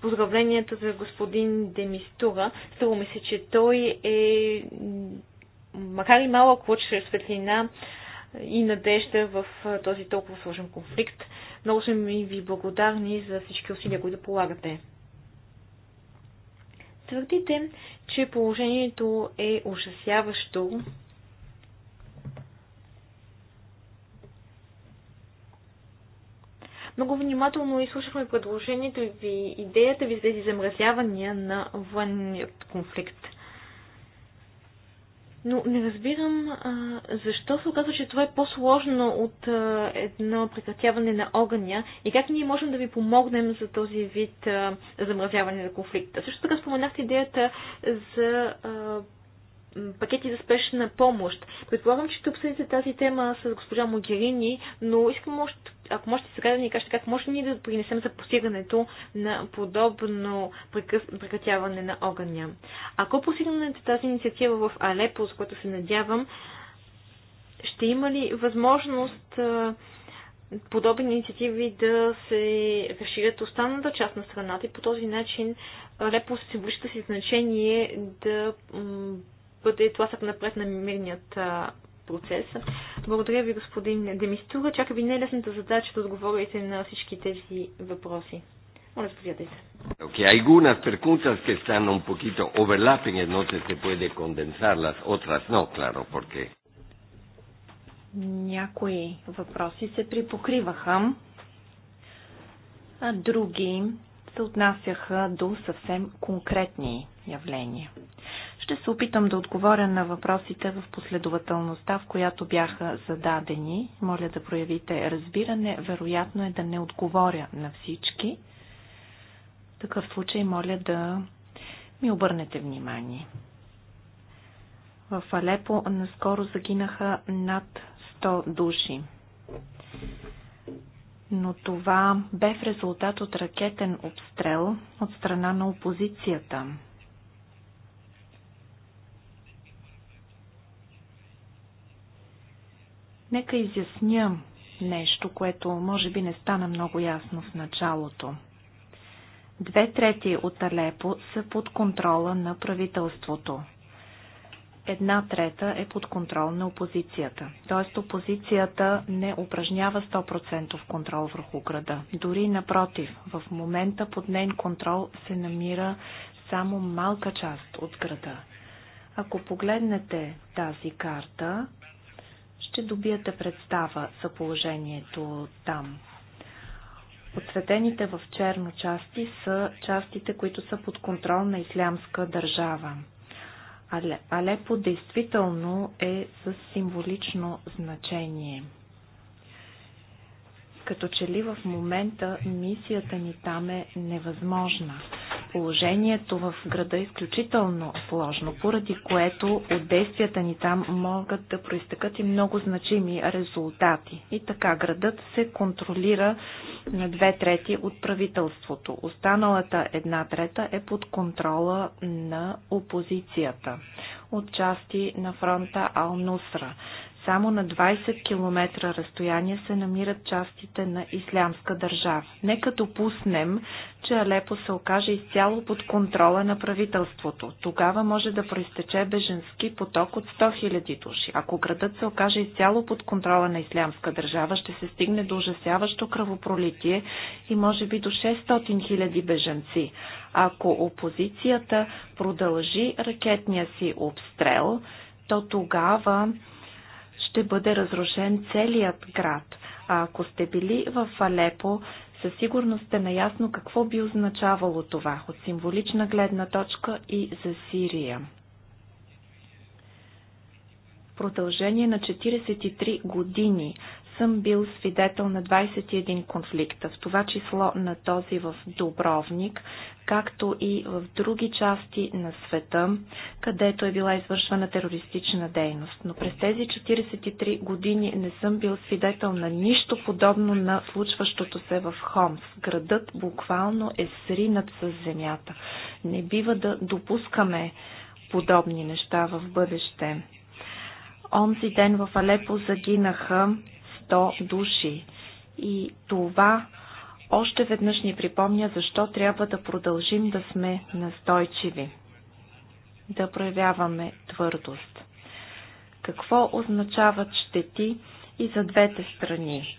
поздравленията за господин Демистура. Струва ми се, че той е, макар и малък лъч светлина и надежда в този толкова сложен конфликт. Много съм ми ви благодарни за всички усилия, които полагате. Твърдите, че положението е ужасяващо Много внимателно изслушахме предложението ви, идеята ви за тези замразявания на военният конфликт. Но не разбирам а, защо се оказва, че това е по-сложно от а, едно прекратяване на огъня и как ние можем да ви помогнем за този вид а, замразяване на конфликта. Също така споменахте идеята за а, пакети за спешна помощ. Предполагам, че ще обсъдите тази тема с госпожа Могерини, но искам още ако можете сега да ни кажете как може ние да принесем за постигането на подобно прекратяване на огъня. Ако постигнете тази инициатива в Алепо, с което се надявам, ще има ли възможност подобни инициативи да се разширят останалата част на страната и по този начин Алепо се връща си значение да бъде тласък напред на мирният а, процеса. Благодаря ви, господин Демистура. Чака ви нелесната задача да отговорите на всички тези въпроси. Моля, заповядайте. Okay, algunas preguntas que están un poquito overlapping, entonces se puede condensarlas, otras no, claro, porque... Някои въпроси се припокриваха, а други се отнасяха до съвсем конкретни явления. Ще се опитам да отговоря на въпросите в последователността, в която бяха зададени. Моля да проявите разбиране. Вероятно е да не отговоря на всички. В такъв случай моля да ми обърнете внимание. В Алепо наскоро загинаха над 100 души. Но това бе в резултат от ракетен обстрел от страна на опозицията. Нека изясня нещо, което може би не стана много ясно в началото. Две трети от Алепо са под контрола на правителството. Една трета е под контрол на опозицията. Тоест опозицията не упражнява 100% контрол върху града. Дори напротив, в момента под нейн контрол се намира само малка част от града. Ако погледнете тази карта, ще добиете представа за положението там. Отсветените в черно части са частите, които са под контрол на ислямска държава. Алепо действително е с символично значение. Като че ли в момента мисията ни там е невъзможна. Положението в града е изключително сложно, поради което от действията ни там могат да проистъкат и много значими резултати. И така градът се контролира на две трети от правителството. Останалата една трета е под контрола на опозицията отчасти на фронта Ал-Нусра. Само на 20 км разстояние се намират частите на Ислямска държава. Нека допуснем, че Алепо се окаже изцяло под контрола на правителството. Тогава може да проистече беженски поток от 100 000 души. Ако градът се окаже изцяло под контрола на Ислямска държава, ще се стигне до ужасяващо кръвопролитие и може би до 600 000 беженци. Ако опозицията продължи ракетния си обстрел, то тогава ще бъде разрушен целият град. А ако сте били в Алепо, със сигурност сте наясно какво би означавало това от символична гледна точка и за Сирия. В продължение на 43 години съм бил свидетел на 21 конфликта, в това число на този в Добровник, както и в други части на света, където е била извършвана терористична дейност. Но през тези 43 години не съм бил свидетел на нищо подобно на случващото се в Хомс. Градът буквално е сринат с земята. Не бива да допускаме подобни неща в бъдеще. Онзи ден в Алепо загинаха 100 души. И това още веднъж ни припомня защо трябва да продължим да сме настойчиви, да проявяваме твърдост. Какво означават щети и за двете страни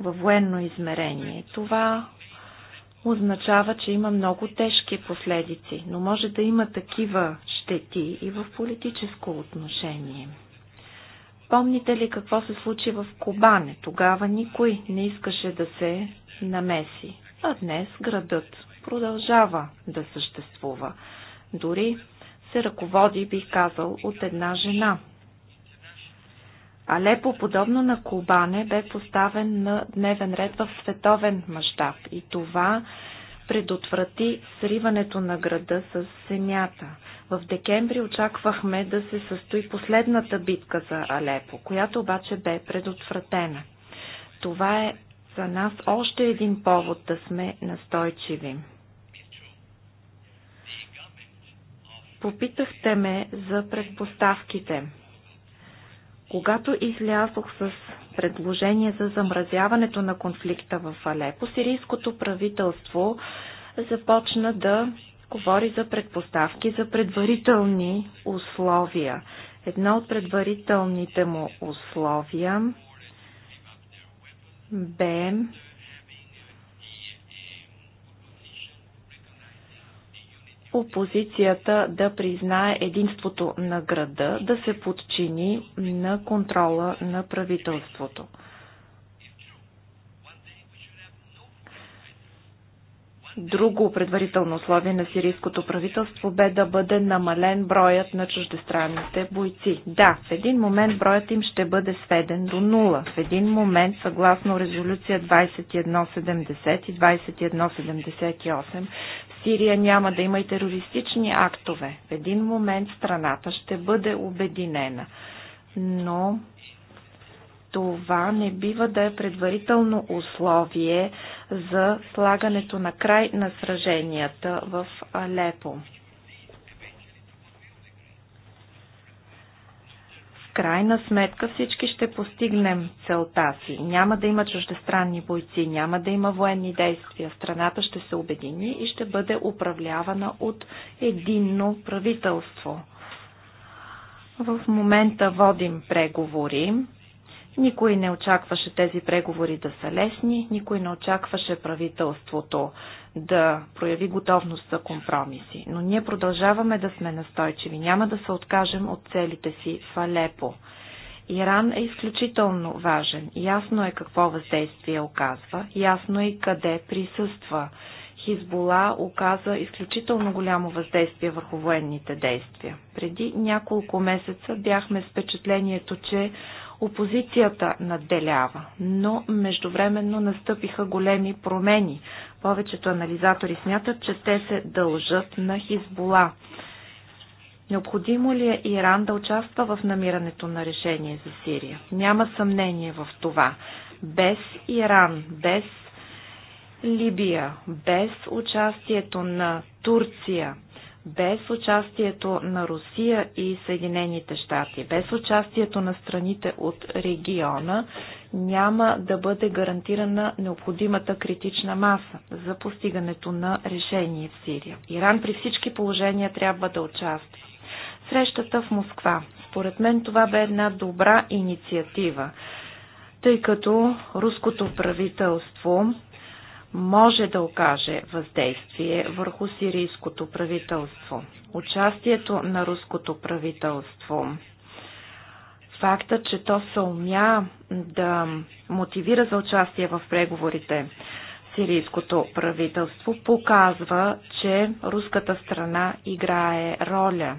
във военно измерение? Това означава, че има много тежки последици, но може да има такива щети и в политическо отношение. Помните ли какво се случи в Кобане? Тогава никой не искаше да се намеси. А днес градът продължава да съществува. Дори се ръководи, бих казал, от една жена. Алепо, подобно на Кобане, бе поставен на дневен ред в световен мащаб. И това предотврати сриването на града с Земята. В декември очаквахме да се състои последната битка за Алепо, която обаче бе предотвратена. Това е за нас още един повод да сме настойчиви. Попитахте ме за предпоставките. Когато излязох с предложение за замразяването на конфликта в Алепо, сирийското правителство започна да говори за предпоставки за предварителни условия. Едно от предварителните му условия бе опозицията да признае единството на града, да се подчини на контрола на правителството. Друго предварително условие на сирийското правителство бе да бъде намален броят на чуждестранните бойци. Да, в един момент броят им ще бъде сведен до нула. В един момент, съгласно резолюция 2170 и 2178, в Сирия няма да има и терористични актове. В един момент страната ще бъде обединена. Но това не бива да е предварително условие за слагането на край на сраженията в Алепо. В крайна сметка всички ще постигнем целта си. Няма да има чуждестранни бойци, няма да има военни действия. Страната ще се обедини и ще бъде управлявана от единно правителство. В момента водим преговори никой не очакваше тези преговори да са лесни, никой не очакваше правителството да прояви готовност за компромиси. Но ние продължаваме да сме настойчиви. Няма да се откажем от целите си в Алепо. Иран е изключително важен. Ясно е какво въздействие оказва, ясно е и къде присъства. Хизбола оказа изключително голямо въздействие върху военните действия. Преди няколко месеца бяхме с впечатлението, че опозицията надделява, но междувременно настъпиха големи промени. Повечето анализатори смятат, че те се дължат на Хизбола. Необходимо ли е Иран да участва в намирането на решение за Сирия? Няма съмнение в това. Без Иран, без Либия, без участието на Турция, без участието на Русия и Съединените щати, без участието на страните от региона, няма да бъде гарантирана необходимата критична маса за постигането на решение в Сирия. Иран при всички положения трябва да участва. Срещата в Москва. Според мен това бе една добра инициатива, тъй като руското правителство може да окаже въздействие върху сирийското правителство. Участието на руското правителство, факта, че то се умя да мотивира за участие в преговорите сирийското правителство, показва, че руската страна играе роля.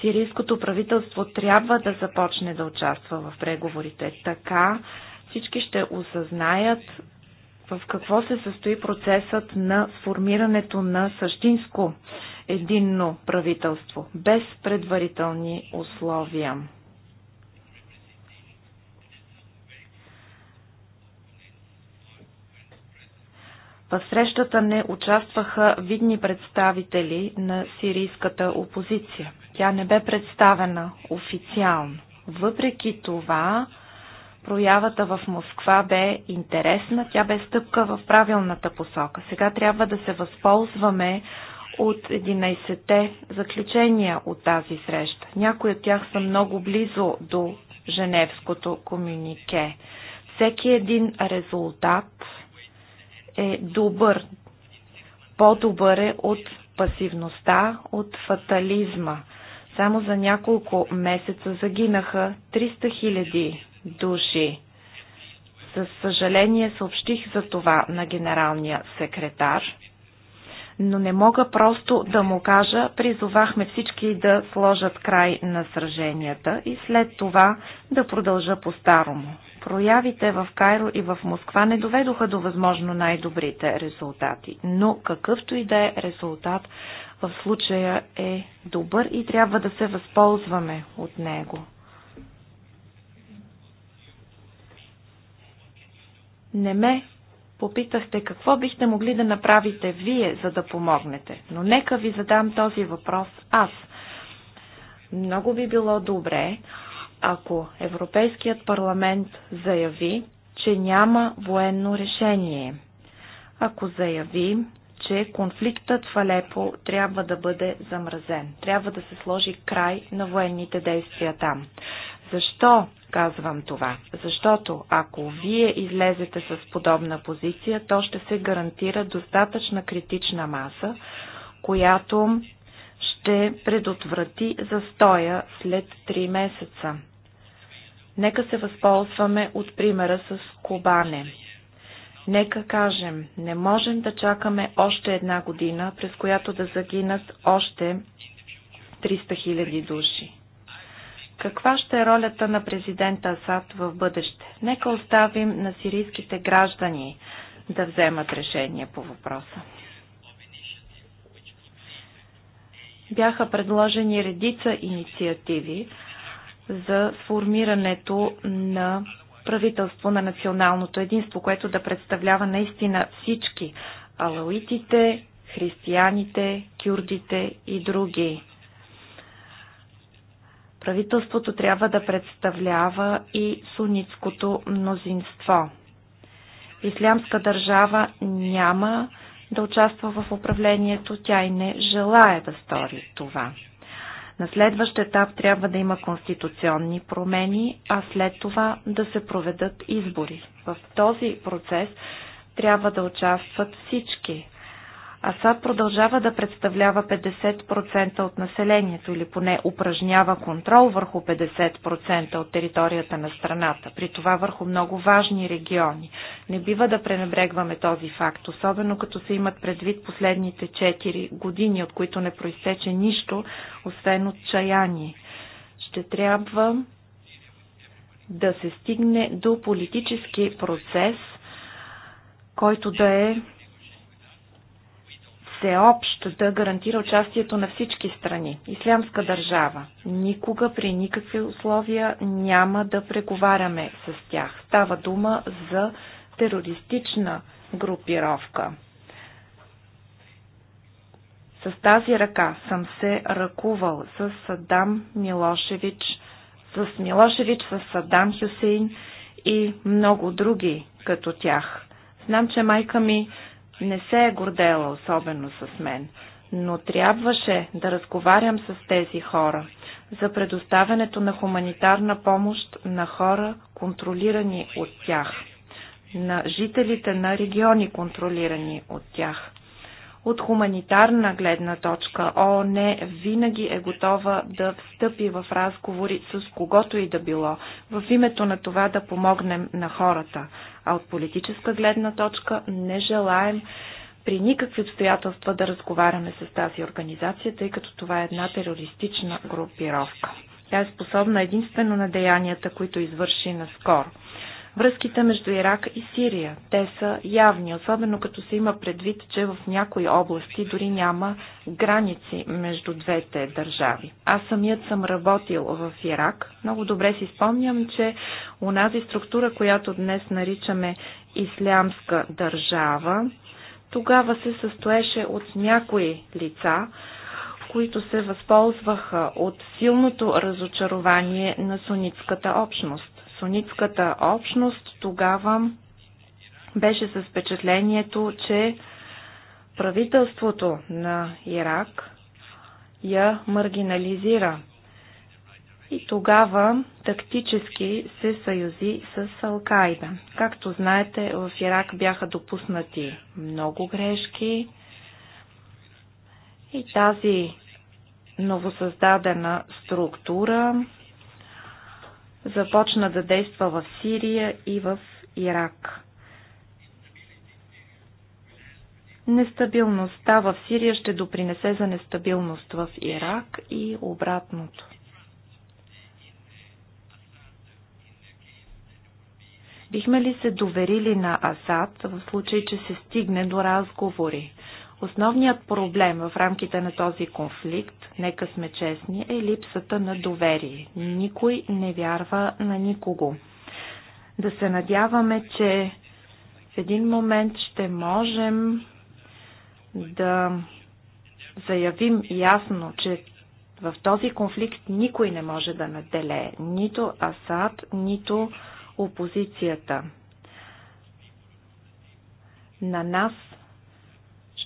Сирийското правителство трябва да започне да участва в преговорите. Така всички ще осъзнаят в какво се състои процесът на формирането на същинско единно правителство, без предварителни условия. В срещата не участваха видни представители на сирийската опозиция. Тя не бе представена официално. Въпреки това, Проявата в Москва бе интересна, тя бе стъпка в правилната посока. Сега трябва да се възползваме от 11-те заключения от тази среща. Някои от тях са много близо до Женевското комюнике. Всеки един резултат е добър, по-добър е от пасивността, от фатализма. Само за няколко месеца загинаха 300 000 души. Със съжаление съобщих за това на генералния секретар, но не мога просто да му кажа, призовахме всички да сложат край на сраженията и след това да продължа по-старому. Проявите в Кайро и в Москва не доведоха до възможно най-добрите резултати, но какъвто и да е резултат, в случая е добър и трябва да се възползваме от него. не ме попитахте какво бихте могли да направите вие, за да помогнете. Но нека ви задам този въпрос аз. Много би било добре, ако Европейският парламент заяви, че няма военно решение. Ако заяви, че конфликтът в Алепо трябва да бъде замразен. Трябва да се сложи край на военните действия там. Защо казвам това? Защото ако вие излезете с подобна позиция, то ще се гарантира достатъчна критична маса, която ще предотврати застоя след 3 месеца. Нека се възползваме от примера с Кобане. Нека кажем, не можем да чакаме още една година, през която да загинат още 300 000 души. Каква ще е ролята на президента Асад в бъдеще? Нека оставим на сирийските граждани да вземат решение по въпроса. Бяха предложени редица инициативи за сформирането на правителство на националното единство, което да представлява наистина всички алауитите, християните, кюрдите и други Правителството трябва да представлява и сунитското мнозинство. Ислямска държава няма да участва в управлението, тя и не желая да стори това. На следващ етап трябва да има конституционни промени, а след това да се проведат избори. В този процес трябва да участват всички Асад продължава да представлява 50% от населението или поне упражнява контрол върху 50% от територията на страната, при това върху много важни региони. Не бива да пренебрегваме този факт, особено като се имат предвид последните 4 години, от които не проистече нищо, освен отчаяние. Ще трябва да се стигне до политически процес, който да е всеобщ да гарантира участието на всички страни. Ислямска държава. Никога при никакви условия няма да преговаряме с тях. Става дума за терористична групировка. С тази ръка съм се ръкувал с Садам Милошевич, с Милошевич, с Садам Хюсейн и много други като тях. Знам, че майка ми не се е гордела особено с мен, но трябваше да разговарям с тези хора за предоставянето на хуманитарна помощ на хора, контролирани от тях, на жителите на региони, контролирани от тях. От хуманитарна гледна точка ООН винаги е готова да встъпи в разговори с когото и да било, в името на това да помогнем на хората. А от политическа гледна точка не желаем при никакви обстоятелства да разговаряме с тази организация, тъй като това е една терористична групировка. Тя е способна единствено на деянията, които извърши наскоро. Връзките между Ирак и Сирия, те са явни, особено като се има предвид, че в някои области дори няма граници между двете държави. Аз самият съм работил в Ирак. Много добре си спомням, че унази структура, която днес наричаме Ислямска държава, тогава се състоеше от някои лица, които се възползваха от силното разочарование на сунитската общност сунитската общност тогава беше с впечатлението, че правителството на Ирак я маргинализира. И тогава тактически се съюзи с Алкайда. Както знаете, в Ирак бяха допуснати много грешки и тази новосъздадена структура започна да действа в Сирия и в Ирак. Нестабилността в Сирия ще допринесе за нестабилност в Ирак и обратното. Бихме ли се доверили на Асад в случай, че се стигне до разговори? Основният проблем в рамките на този конфликт, нека сме честни, е липсата на доверие. Никой не вярва на никого. Да се надяваме, че в един момент ще можем да заявим ясно, че в този конфликт никой не може да наделее, нито Асад, нито опозицията. На нас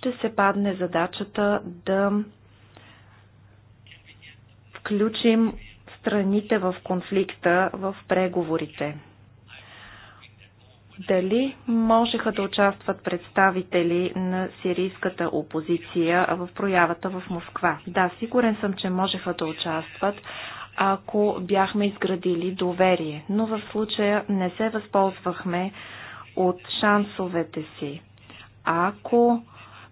ще се падне задачата да включим страните в конфликта в преговорите. Дали можеха да участват представители на сирийската опозиция в проявата в Москва? Да, сигурен съм, че можеха да участват, ако бяхме изградили доверие. Но в случая не се възползвахме от шансовете си. Ако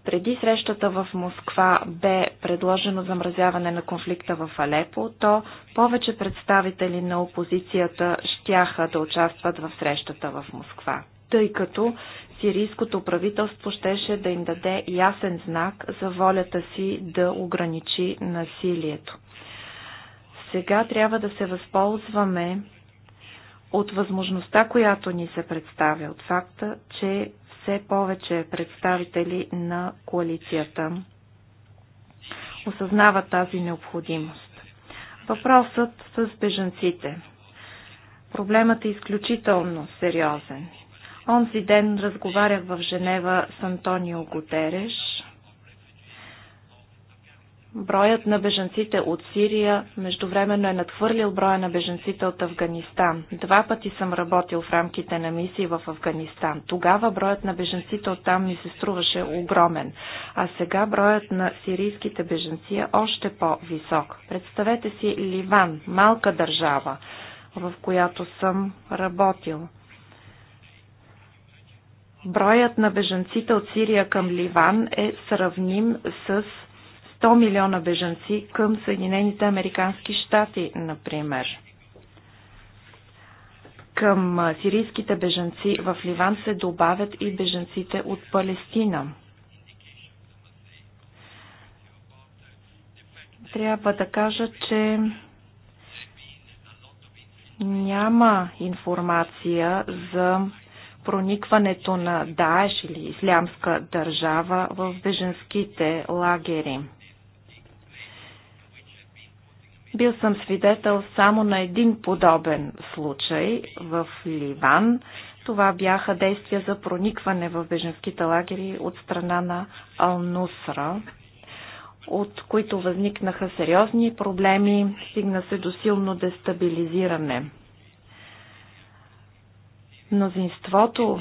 преди срещата в Москва бе предложено замразяване на конфликта в Алепо, то повече представители на опозицията щяха да участват в срещата в Москва, тъй като сирийското правителство щеше да им даде ясен знак за волята си да ограничи насилието. Сега трябва да се възползваме от възможността, която ни се представя, от факта, че все е повече представители на коалицията осъзнават тази необходимост. Въпросът с бежанците. Проблемът е изключително сериозен. Онзи ден разговарях в Женева с Антонио Гутереш Броят на бежанците от Сирия междувременно е надхвърлил броя на бежанците от Афганистан. Два пъти съм работил в рамките на мисии в Афганистан. Тогава броят на бежанците от там ми се струваше огромен, а сега броят на сирийските бежанци е още по-висок. Представете си Ливан, малка държава, в която съм работил. Броят на бежанците от Сирия към Ливан е сравним с 100 милиона бежанци към Съединените Американски щати, например. Към сирийските бежанци в Ливан се добавят и бежанците от Палестина. Трябва да кажа, че няма информация за проникването на Даеш или Ислямска държава в беженските лагери. Бил съм свидетел само на един подобен случай в Ливан. Това бяха действия за проникване в беженските лагери от страна на Алнусра, от които възникнаха сериозни проблеми, стигна се до силно дестабилизиране. Мнозинството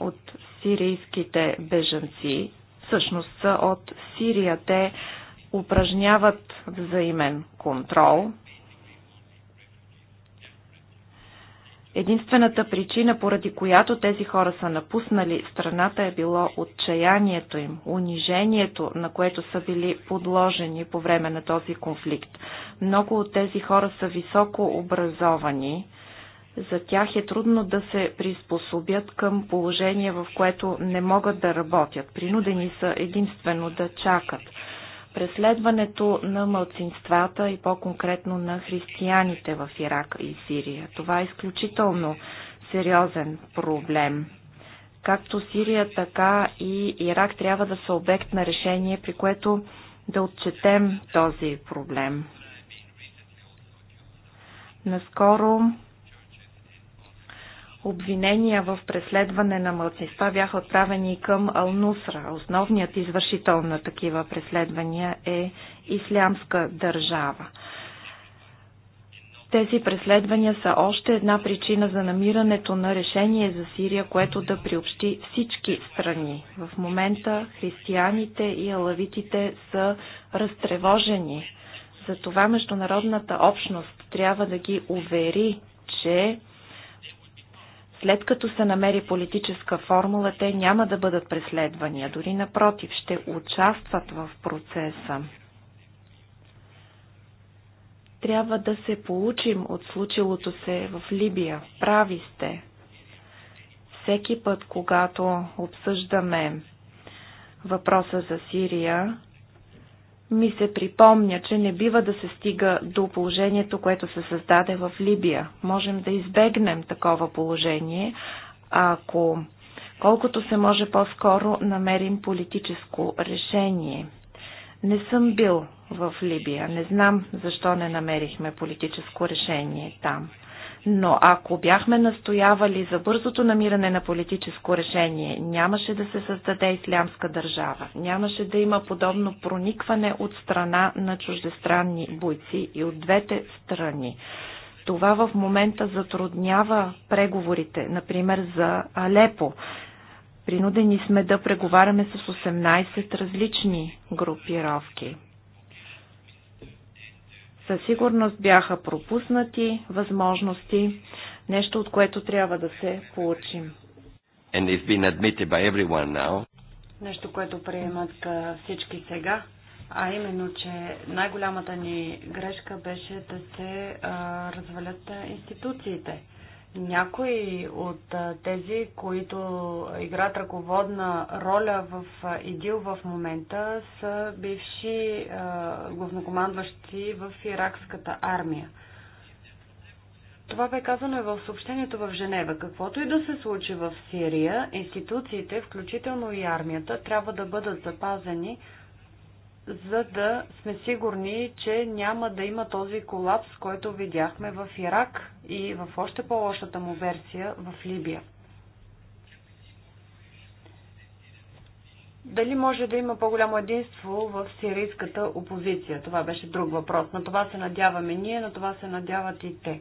от сирийските беженци всъщност са от Сирия. Те упражняват взаимен контрол. Единствената причина, поради която тези хора са напуснали страната, е било отчаянието им, унижението, на което са били подложени по време на този конфликт. Много от тези хора са високо образовани, за тях е трудно да се приспособят към положение, в което не могат да работят. Принудени са единствено да чакат преследването на мълцинствата и по-конкретно на християните в Ирак и Сирия. Това е изключително сериозен проблем. Както Сирия, така и Ирак трябва да са обект на решение, при което да отчетем този проблем. Наскоро Обвинения в преследване на мълцинства бяха отправени към Алнусра. Основният извършител на такива преследвания е Ислямска държава. Тези преследвания са още една причина за намирането на решение за Сирия, което да приобщи всички страни. В момента християните и алавитите са разтревожени. Затова международната общност трябва да ги увери, че след като се намери политическа формула, те няма да бъдат преследвания, дори напротив, ще участват в процеса. Трябва да се получим от случилото се в Либия. Прави сте. Всеки път, когато обсъждаме въпроса за Сирия, ми се припомня, че не бива да се стига до положението, което се създаде в Либия. Можем да избегнем такова положение, ако колкото се може по-скоро намерим политическо решение. Не съм бил в Либия. Не знам защо не намерихме политическо решение там. Но ако бяхме настоявали за бързото намиране на политическо решение, нямаше да се създаде ислямска държава, нямаше да има подобно проникване от страна на чуждестранни бойци и от двете страни. Това в момента затруднява преговорите, например за Алепо. Принудени сме да преговаряме с 18 различни групировки. Със сигурност бяха пропуснати възможности, нещо от което трябва да се получим. And it's been admitted by everyone now. Нещо, което приемат всички сега, а именно, че най-голямата ни грешка беше да се а, развалят институциите. Някои от тези, които играят ръководна роля в ИДИЛ в момента, са бивши главнокомандващи в иракската армия. Това бе казано и в съобщението в Женева. Каквото и да се случи в Сирия, институциите, включително и армията, трябва да бъдат запазени, за да сме сигурни, че няма да има този колапс, който видяхме в Ирак и в още по-лошата му версия в Либия. Дали може да има по-голямо единство в сирийската опозиция? Това беше друг въпрос. На това се надяваме ние, на това се надяват и те.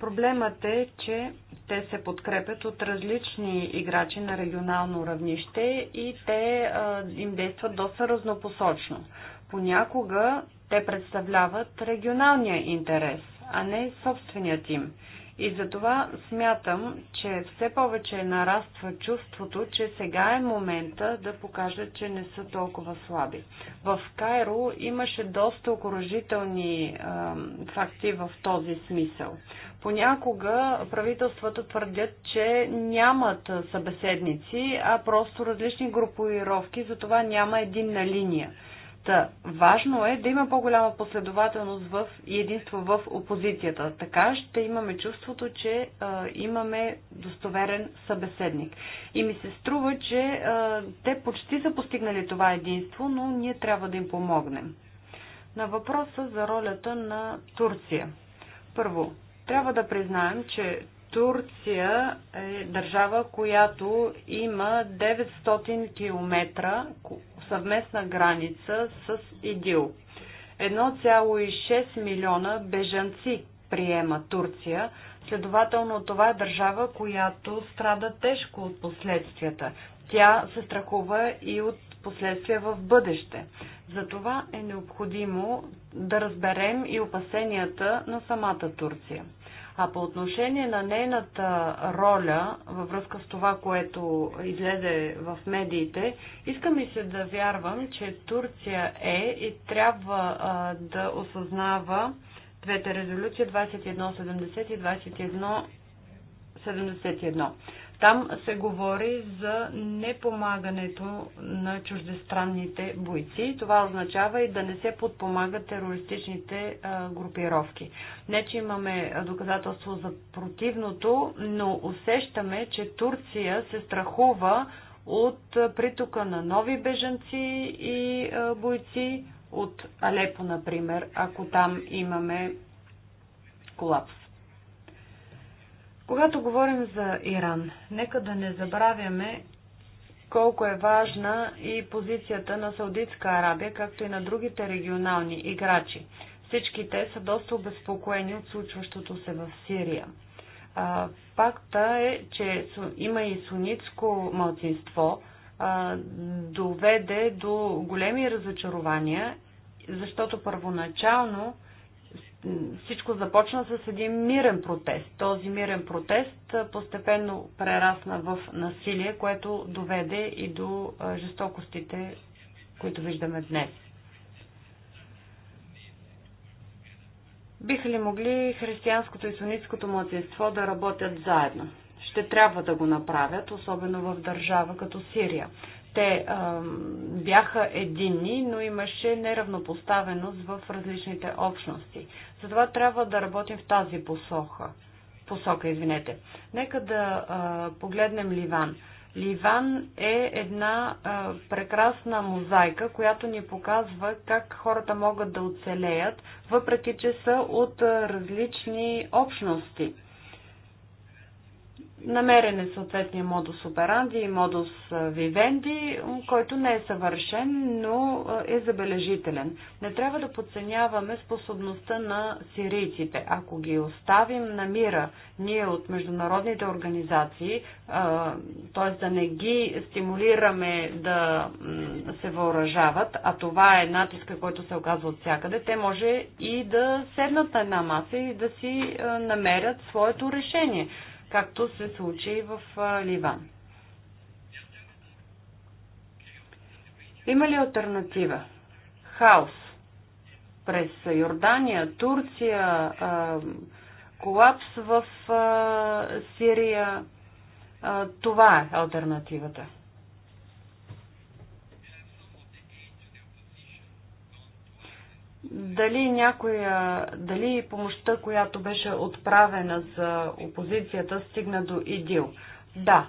Проблемът е, че те се подкрепят от различни играчи на регионално равнище и те а, им действат доста разнопосочно. Понякога те представляват регионалния интерес, а не собственият им. И затова смятам, че все повече нараства чувството, че сега е момента да покажат, че не са толкова слаби. В Кайро имаше доста окоръжителни факти в този смисъл. Понякога правителствата твърдят, че нямат събеседници, а просто различни групировки, затова няма единна линия. Та, важно е да има по-голяма последователност в и единство в опозицията. Така ще имаме чувството, че а, имаме достоверен събеседник. И ми се струва, че а, те почти са постигнали това единство, но ние трябва да им помогнем. На въпроса за ролята на Турция. Първо, трябва да признаем, че Турция е държава, която има 900 км съвместна граница с ИДИЛ. 1,6 милиона бежанци приема Турция. Следователно това е държава, която страда тежко от последствията. Тя се страхува и от последствия в бъдеще. Затова е необходимо да разберем и опасенията на самата Турция. А по отношение на нейната роля, във връзка с това, което излезе в медиите, искам и се да вярвам, че Турция е и трябва а, да осъзнава двете резолюции 2170 и 2171. Там се говори за непомагането на чуждестранните бойци. Това означава и да не се подпомагат терористичните групировки. Не, че имаме доказателство за противното, но усещаме, че Турция се страхува от притока на нови бежанци и бойци от Алепо, например, ако там имаме колапс. Когато говорим за Иран, нека да не забравяме колко е важна и позицията на Саудитска Арабия, както и на другите регионални играчи. Всички те са доста обезпокоени от случващото се в Сирия. Факта е, че има и сунитско малцинство, доведе до големи разочарования, защото първоначално всичко започна с един мирен протест. Този мирен протест постепенно прерасна в насилие, което доведе и до жестокостите, които виждаме днес. Биха ли могли християнското и сунитското младсинство да работят заедно? Ще трябва да го направят, особено в държава като Сирия те а, бяха единни, но имаше неравнопоставеност в различните общности. Затова трябва да работим в тази посока. посока извинете. Нека да а, погледнем Ливан. Ливан е една а, прекрасна мозайка, която ни показва как хората могат да оцелеят, въпреки че са от а, различни общности. Намерен е съответния модус операнди и модус вивенди, който не е съвършен, но е забележителен. Не трябва да подценяваме способността на сирийците. Ако ги оставим на мира, ние от международните организации, т.е. да не ги стимулираме да се въоръжават, а това е натиска, който се оказва от всякъде, те може и да седнат на една маса и да си намерят своето решение както се случи и в Ливан. Има ли альтернатива? Хаос. През Йордания, Турция, колапс в Сирия. Това е альтернативата. дали някоя, дали помощта, която беше отправена за опозицията, стигна до ИДИЛ. Да,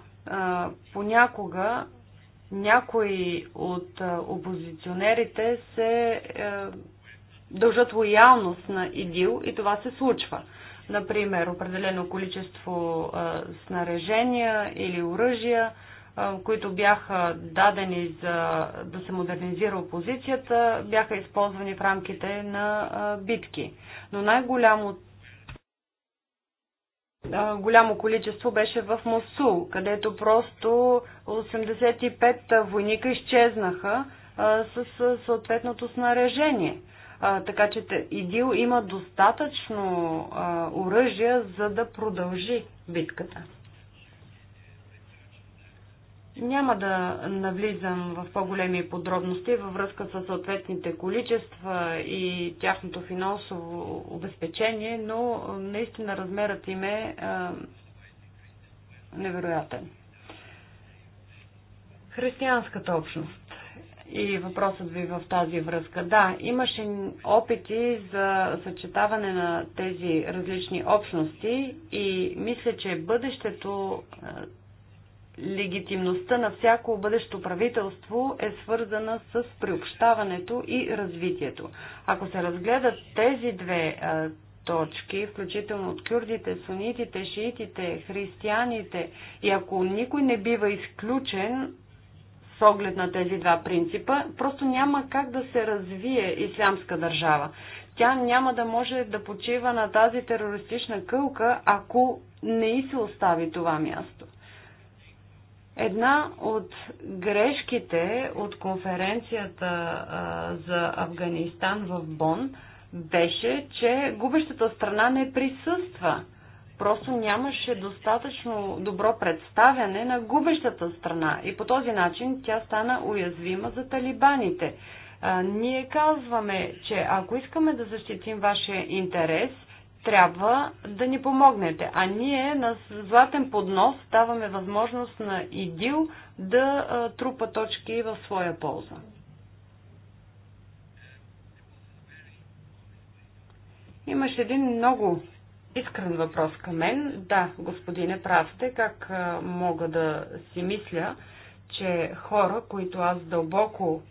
понякога някои от опозиционерите се е, дължат лоялност на ИДИЛ и това се случва. Например, определено количество снарежения или оръжия – които бяха дадени за да се модернизира опозицията, бяха използвани в рамките на битки. Но най голямо голямо количество беше в Мосул, където просто 85 войника изчезнаха с съответното снаряжение. Така че ИДИЛ има достатъчно оръжие за да продължи битката. Няма да навлизам в по-големи подробности във връзка с съответните количества и тяхното финансово обезпечение, но наистина размерът им е невероятен. Християнската общност и въпросът ви в тази връзка. Да, имаше опити за съчетаване на тези различни общности и мисля, че бъдещето легитимността на всяко бъдещо правителство е свързана с приобщаването и развитието. Ако се разгледат тези две точки, включително от кюрдите, сунитите, шиитите, християните, и ако никой не бива изключен с оглед на тези два принципа, просто няма как да се развие ислямска държава. Тя няма да може да почива на тази терористична кълка, ако не и се остави това място. Една от грешките от конференцията за Афганистан в Бон беше, че губещата страна не присъства. Просто нямаше достатъчно добро представяне на губещата страна и по този начин тя стана уязвима за талибаните. А, ние казваме, че ако искаме да защитим вашия интерес, трябва да ни помогнете. А ние на златен поднос даваме възможност на ИДИЛ да трупа точки в своя полза. Имаш един много искрен въпрос към мен. Да, господине, прав сте, как мога да си мисля, че хора, които аз дълбоко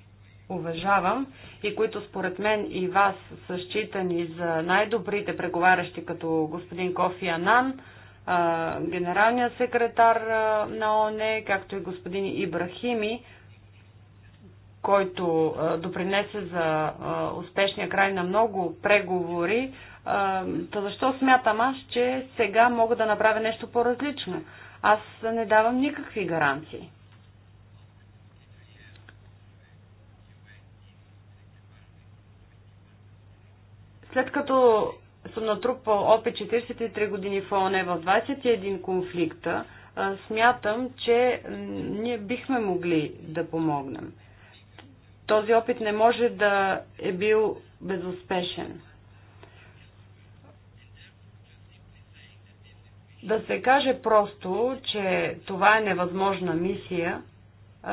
уважавам и които според мен и вас са считани за най-добрите преговарящи като господин Кофи Анан, генералният секретар на ОНЕ, както и господин Ибрахими, който допринесе за успешния край на много преговори, Та защо смятам аз, че сега мога да направя нещо по-различно? Аз не давам никакви гаранции. След като съм натрупал опит 43 години в ОНЕ в 21 конфликта, смятам, че ние бихме могли да помогнем. Този опит не може да е бил безуспешен. Да се каже просто, че това е невъзможна мисия,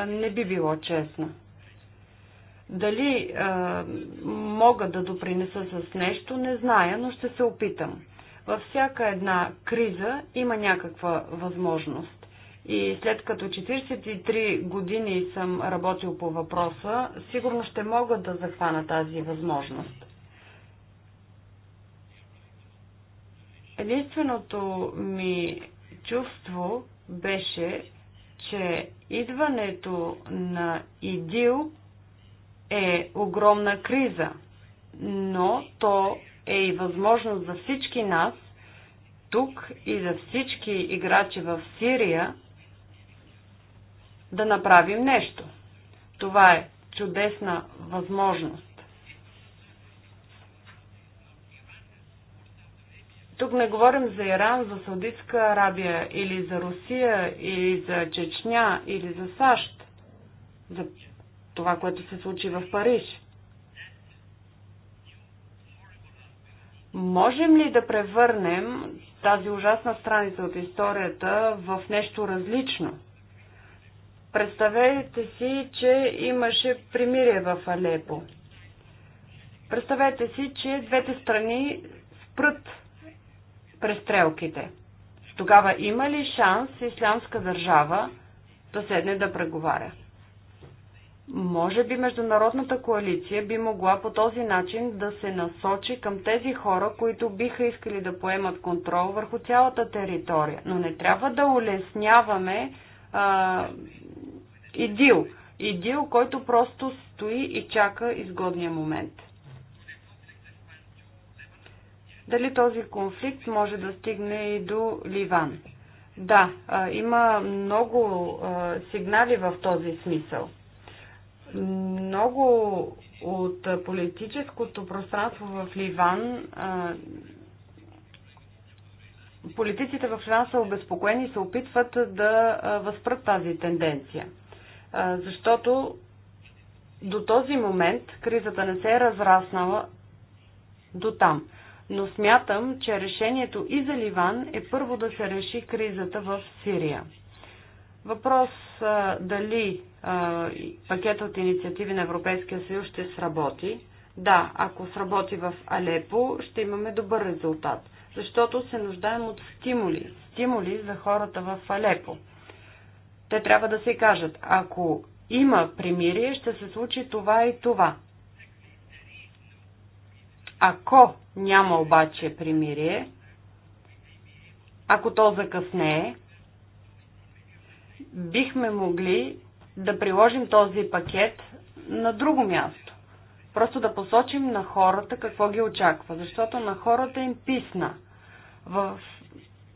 не би било честно. Дали а, мога да допринеса с нещо, не зная, но ще се опитам. Във всяка една криза има някаква възможност. И след като 43 години съм работил по въпроса, сигурно ще мога да захвана тази възможност. Единственото ми чувство беше, че идването на ИДИЛ е огромна криза, но то е и възможност за всички нас, тук и за всички играчи в Сирия, да направим нещо. Това е чудесна възможност. Тук не говорим за Иран, за Саудитска Арабия или за Русия или за Чечня или за САЩ. За това, което се случи в Париж. Можем ли да превърнем тази ужасна страница от историята в нещо различно? Представете си, че имаше примирие в Алепо. Представете си, че двете страни спрат престрелките. Тогава има ли шанс ислямска държава да седне да преговаря? Може би международната коалиция би могла по този начин да се насочи към тези хора, които биха искали да поемат контрол върху цялата територия. Но не трябва да улесняваме а, идил. Идил, който просто стои и чака изгодния момент. Дали този конфликт може да стигне и до Ливан? Да, а, има много а, сигнали в този смисъл. Много от политическото пространство в Ливан политиците в Ливан са обезпокоени и се опитват да възпрат тази тенденция. Защото до този момент кризата не се е разраснала до там. Но смятам, че решението и за Ливан е първо да се реши кризата в Сирия. Въпрос а, дали а, пакет от инициативи на Европейския съюз ще сработи. Да, ако сработи в Алепо, ще имаме добър резултат, защото се нуждаем от стимули. Стимули за хората в Алепо. Те трябва да се кажат, ако има примирие, ще се случи това и това. Ако няма обаче примирие, ако то закъснее, бихме могли да приложим този пакет на друго място. Просто да посочим на хората какво ги очаква, защото на хората им писна. В...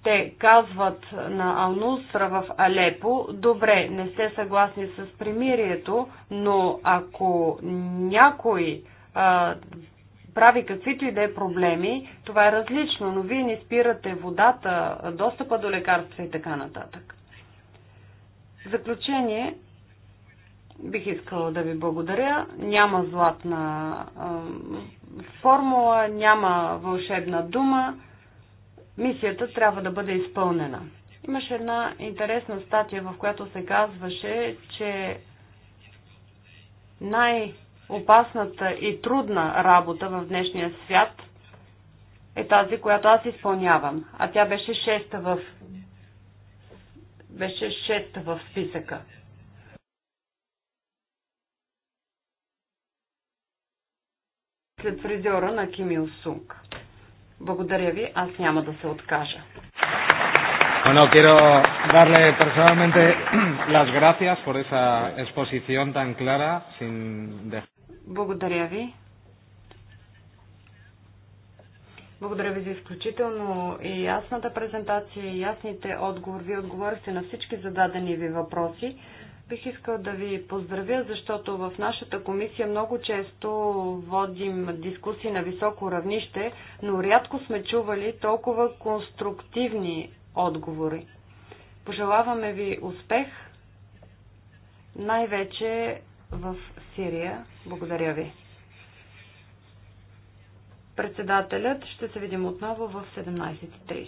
Те казват на Алнусра в Алепо, добре, не сте съгласни с примирието, но ако някой а, прави каквито и да е проблеми, това е различно, но вие не спирате водата, достъпа до лекарства и така нататък. В заключение, бих искала да ви благодаря. Няма златна а, формула, няма вълшебна дума. Мисията трябва да бъде изпълнена. Имаше една интересна статия, в която се казваше, че най-опасната и трудна работа в днешния свят е тази, която аз изпълнявам. А тя беше шеста в беше шет в списъка. След фризьора на Ким Ил Сунг. Благодаря ви, аз няма да се откажа. Bueno, quiero darle personalmente [clears throat] las gracias por esa exposición tan clara. Sin... Благодаря ви. Благодаря ви за изключително и ясната презентация и ясните отговори. Вие отговорихте на всички зададени ви въпроси. Бих искал да ви поздравя, защото в нашата комисия много често водим дискусии на високо равнище, но рядко сме чували толкова конструктивни отговори. Пожелаваме ви успех, най-вече в Сирия. Благодаря ви. Председателят ще се видим отново в 17.30.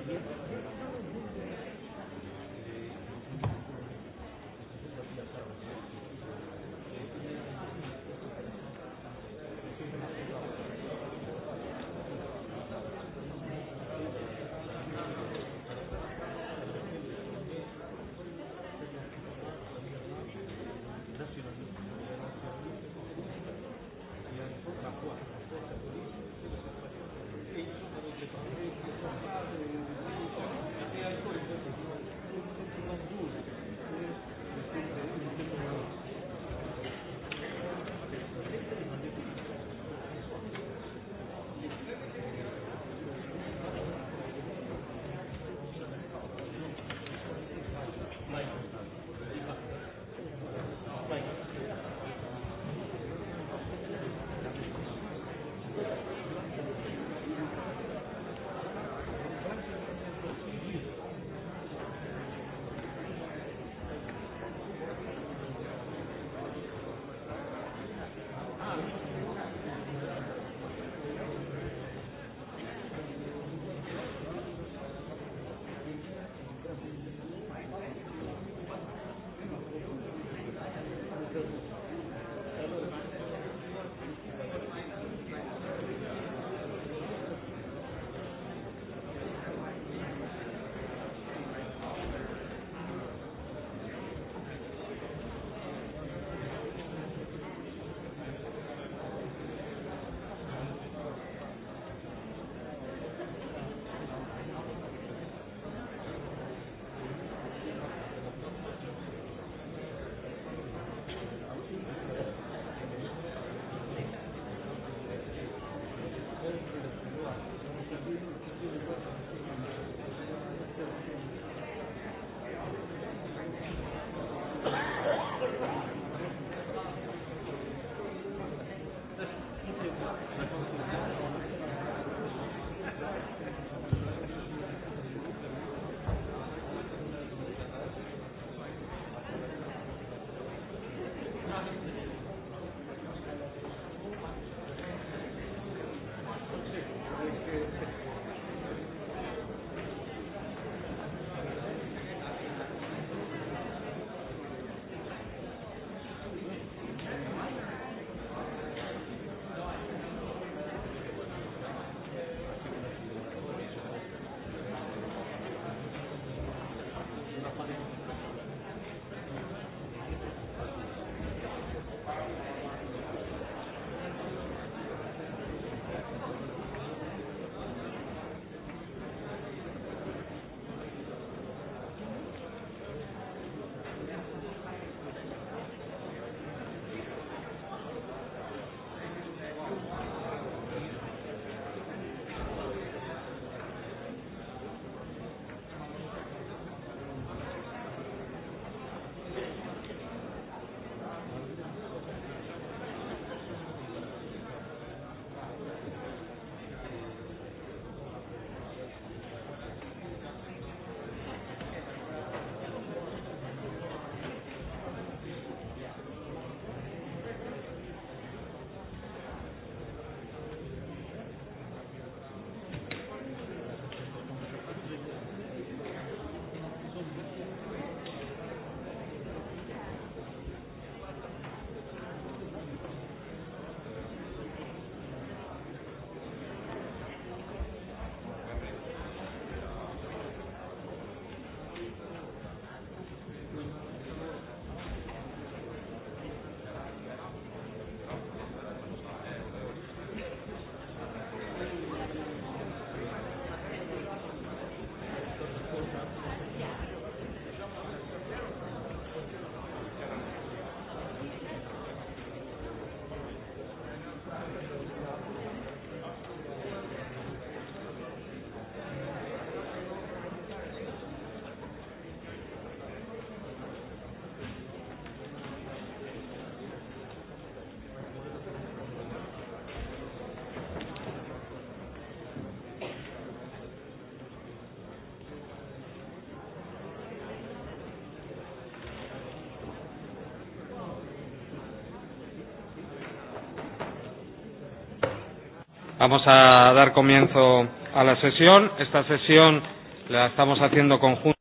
Vamos a dar comienzo a la sesión. Esta sesión la estamos haciendo conjunto.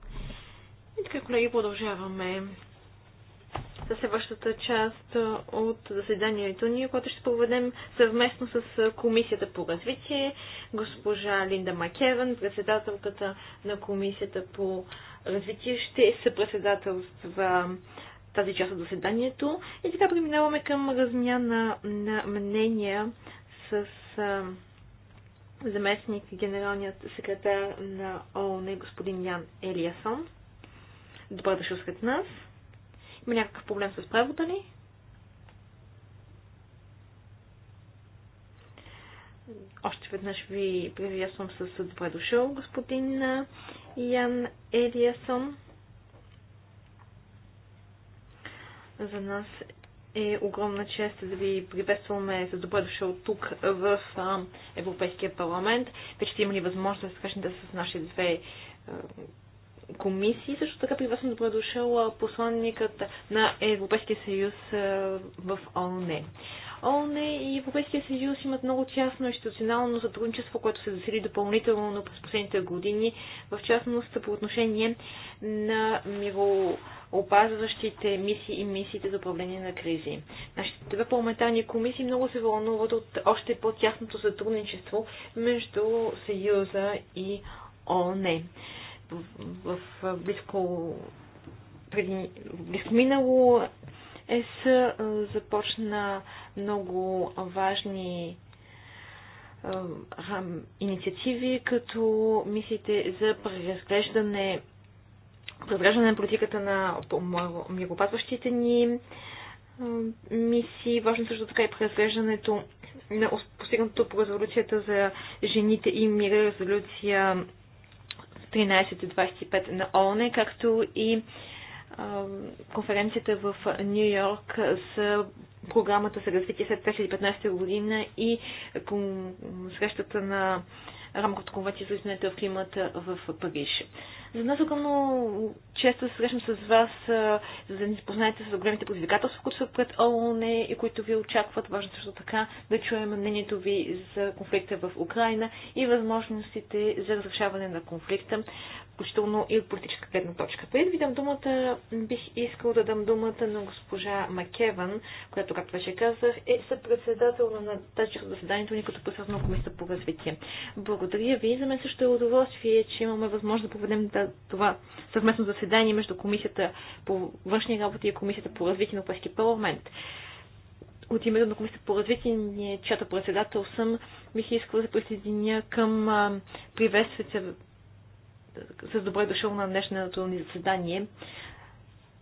Така, колеги, продължаваме с следващата част от заседанието ни, което ще проведем съвместно с Комисията по развитие, госпожа Линда Макевен, председателката на Комисията по развитие, ще съпредседателства тази част от заседанието. И така преминаваме към размяна на мнения с заместник генералният секретар на ООН е господин Ян Елиасон. Добър дошъл сред нас. Има някакъв проблем с превода ли? Още веднъж ви приветствам с добре дошъл, господин Ян Елиасон. За нас е огромна чест да ви приветстваме с добре дошъл тук в Европейския парламент. Вече сте имали възможност да се срещнете с наши две комисии. Също така приветствам добре дошъл посланникът на Европейския съюз в ОНЕ. ООН и Европейския съюз имат много тясно институционално сътрудничество, което се засили допълнително през последните години, в частност по отношение на миро опазващите мисии и мисиите за управление на кризи. Нашите две парламентарни комисии много се вълнуват от още по-тясното сътрудничество между Съюза и ООН. В, в, в близко преди в близко минало ЕС започна много важни инициативи, като мислите за преразглеждане Разграждане на политиката на миропазващите ни мисии. Важно също така и е преразглеждането на постигнатото по резолюцията за жените и мира, резолюция 1325 на ООН, както и конференцията в Нью Йорк с програмата за развитие след 2015 година и срещата на рамковата конвенция за изменението в климата в Париж. За нас е огромно често се срещам с вас, за да ни запознаете с големите предизвикателства, които са пред ООН и които ви очакват. Важно също така да чуем мнението ви за конфликта в Украина и възможностите за разрешаване на конфликта включително и от политическа гледна точка. Преди ви дам думата, бих искал да дам думата на госпожа Макеван, която, както вече казах, е съпредседател на тази част от заседанието ни като председател на Комисията по развитие. Благодаря ви. За мен също е удоволствие, че имаме възможност да проведем това съвместно заседание между Комисията по външни работи и Комисията по развитие на Европейския парламент от името на Комисията по развитие, чиято председател съм, бих искала да присъединя към приветствията с добре дошъл на днешното ни заседание.